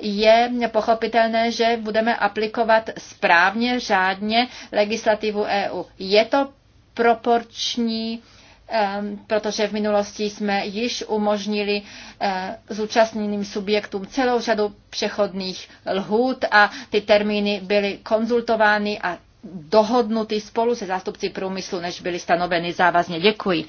Je pochopitelné, že budeme aplikovat správně, řádně legislativu EU. Je to proporční, protože v minulosti jsme již umožnili eh, zúčastněným subjektům celou řadu přechodných lhůt a ty termíny byly konzultovány a dohodnuty spolu se zástupci průmyslu, než byly stanoveny závazně. Děkuji.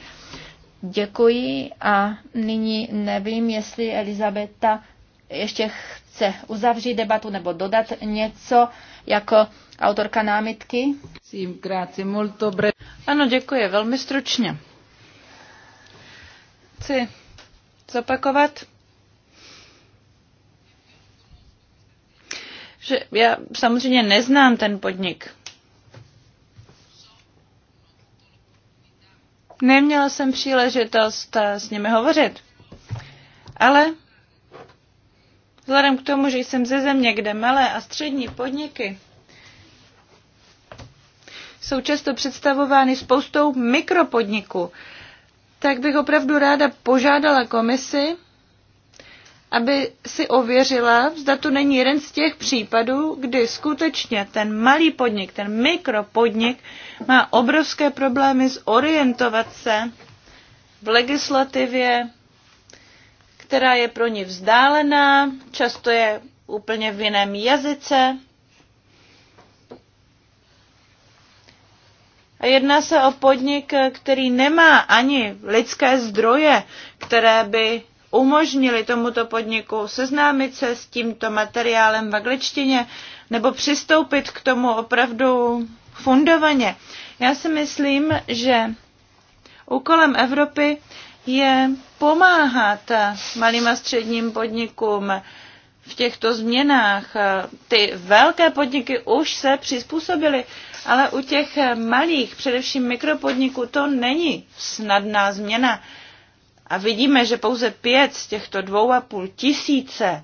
Děkuji a nyní nevím, jestli Elizabeta ještě chce uzavřít debatu nebo dodat něco jako autorka námitky? Ano, děkuji, velmi stručně. Chci zopakovat, že já samozřejmě neznám ten podnik. Neměla jsem příležitost s nimi hovořit. Ale Vzhledem k tomu, že jsem ze země, kde malé a střední podniky jsou často představovány spoustou mikropodniků, tak bych opravdu ráda požádala komisi, aby si ověřila, zda to není jeden z těch případů, kdy skutečně ten malý podnik, ten mikropodnik má obrovské problémy zorientovat se v legislativě která je pro ní vzdálená, často je úplně v jiném jazyce. A jedná se o podnik, který nemá ani lidské zdroje, které by umožnili tomuto podniku seznámit se s tímto materiálem v angličtině nebo přistoupit k tomu opravdu fundovaně. Já si myslím, že úkolem Evropy je pomáhat malým a středním podnikům v těchto změnách. Ty velké podniky už se přizpůsobily, ale u těch malých, především mikropodniků, to není snadná změna. A vidíme, že pouze pět z těchto dvou a půl tisíce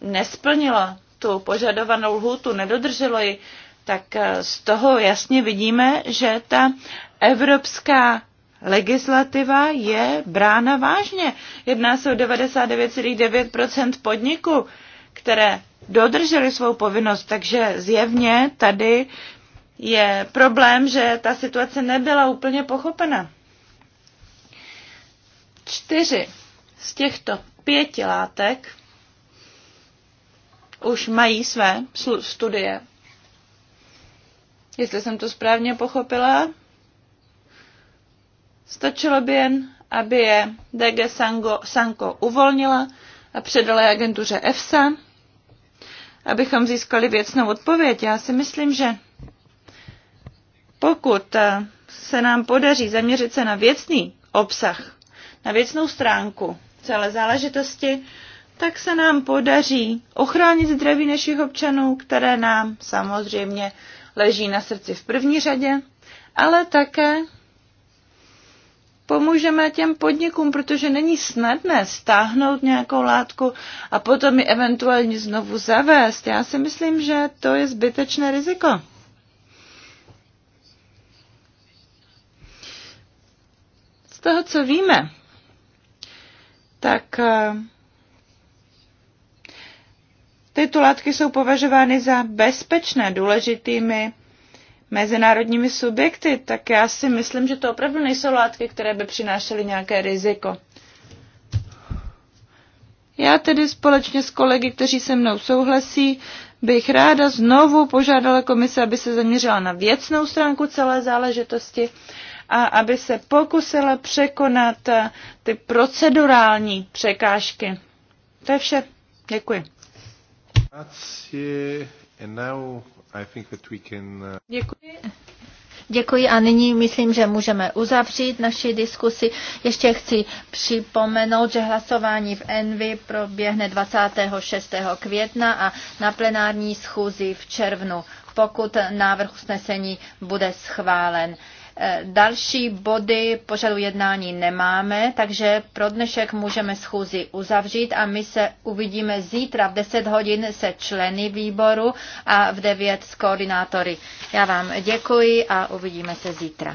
nesplnilo tu požadovanou lhůtu, nedodrželo ji, tak z toho jasně vidíme, že ta evropská legislativa je brána vážně. Jedná se o 99,9 podniků, které dodržely svou povinnost, takže zjevně tady je problém, že ta situace nebyla úplně pochopena. Čtyři z těchto pěti látek už mají své studie. Jestli jsem to správně pochopila, Stačilo by jen, aby je DG Sango, Sanko uvolnila a předala je agentuře EFSA, abychom získali věcnou odpověď. Já si myslím, že pokud eh, se nám podaří zaměřit se na věcný obsah, na věcnou stránku celé záležitosti, tak se nám podaří ochránit zdraví našich občanů, které nám samozřejmě leží na srdci v první řadě, ale také pomůžeme těm podnikům, protože není snadné stáhnout nějakou látku a potom ji eventuálně znovu zavést. Já si myslím, že to je zbytečné riziko. Z toho, co víme, tak eh, tyto látky jsou považovány za bezpečné důležitými mezinárodními subjekty, tak já si myslím, že to opravdu nejsou látky, které by přinášely nějaké riziko. Já tedy společně s kolegy, kteří se mnou souhlasí, bych ráda znovu požádala komise, aby se zaměřila na věcnou stránku celé záležitosti a aby se pokusila překonat eh, ty procedurální překážky. To je vše. Děkuji. Uh, Děkuji. Děkuji a nyní myslím, že můžeme uzavřít naši diskusi. Ještě chci připomenout, že hlasování v Envy proběhne 26. května a na plenární schůzi v červnu, pokud návrh usnesení bude schválen. Další body pořadu jednání nemáme, takže pro dnešek můžeme schůzi uzavřít a my se uvidíme zítra v 10 hodin se členy výboru a v 9 s koordinátory. Já vám děkuji a uvidíme se zítra.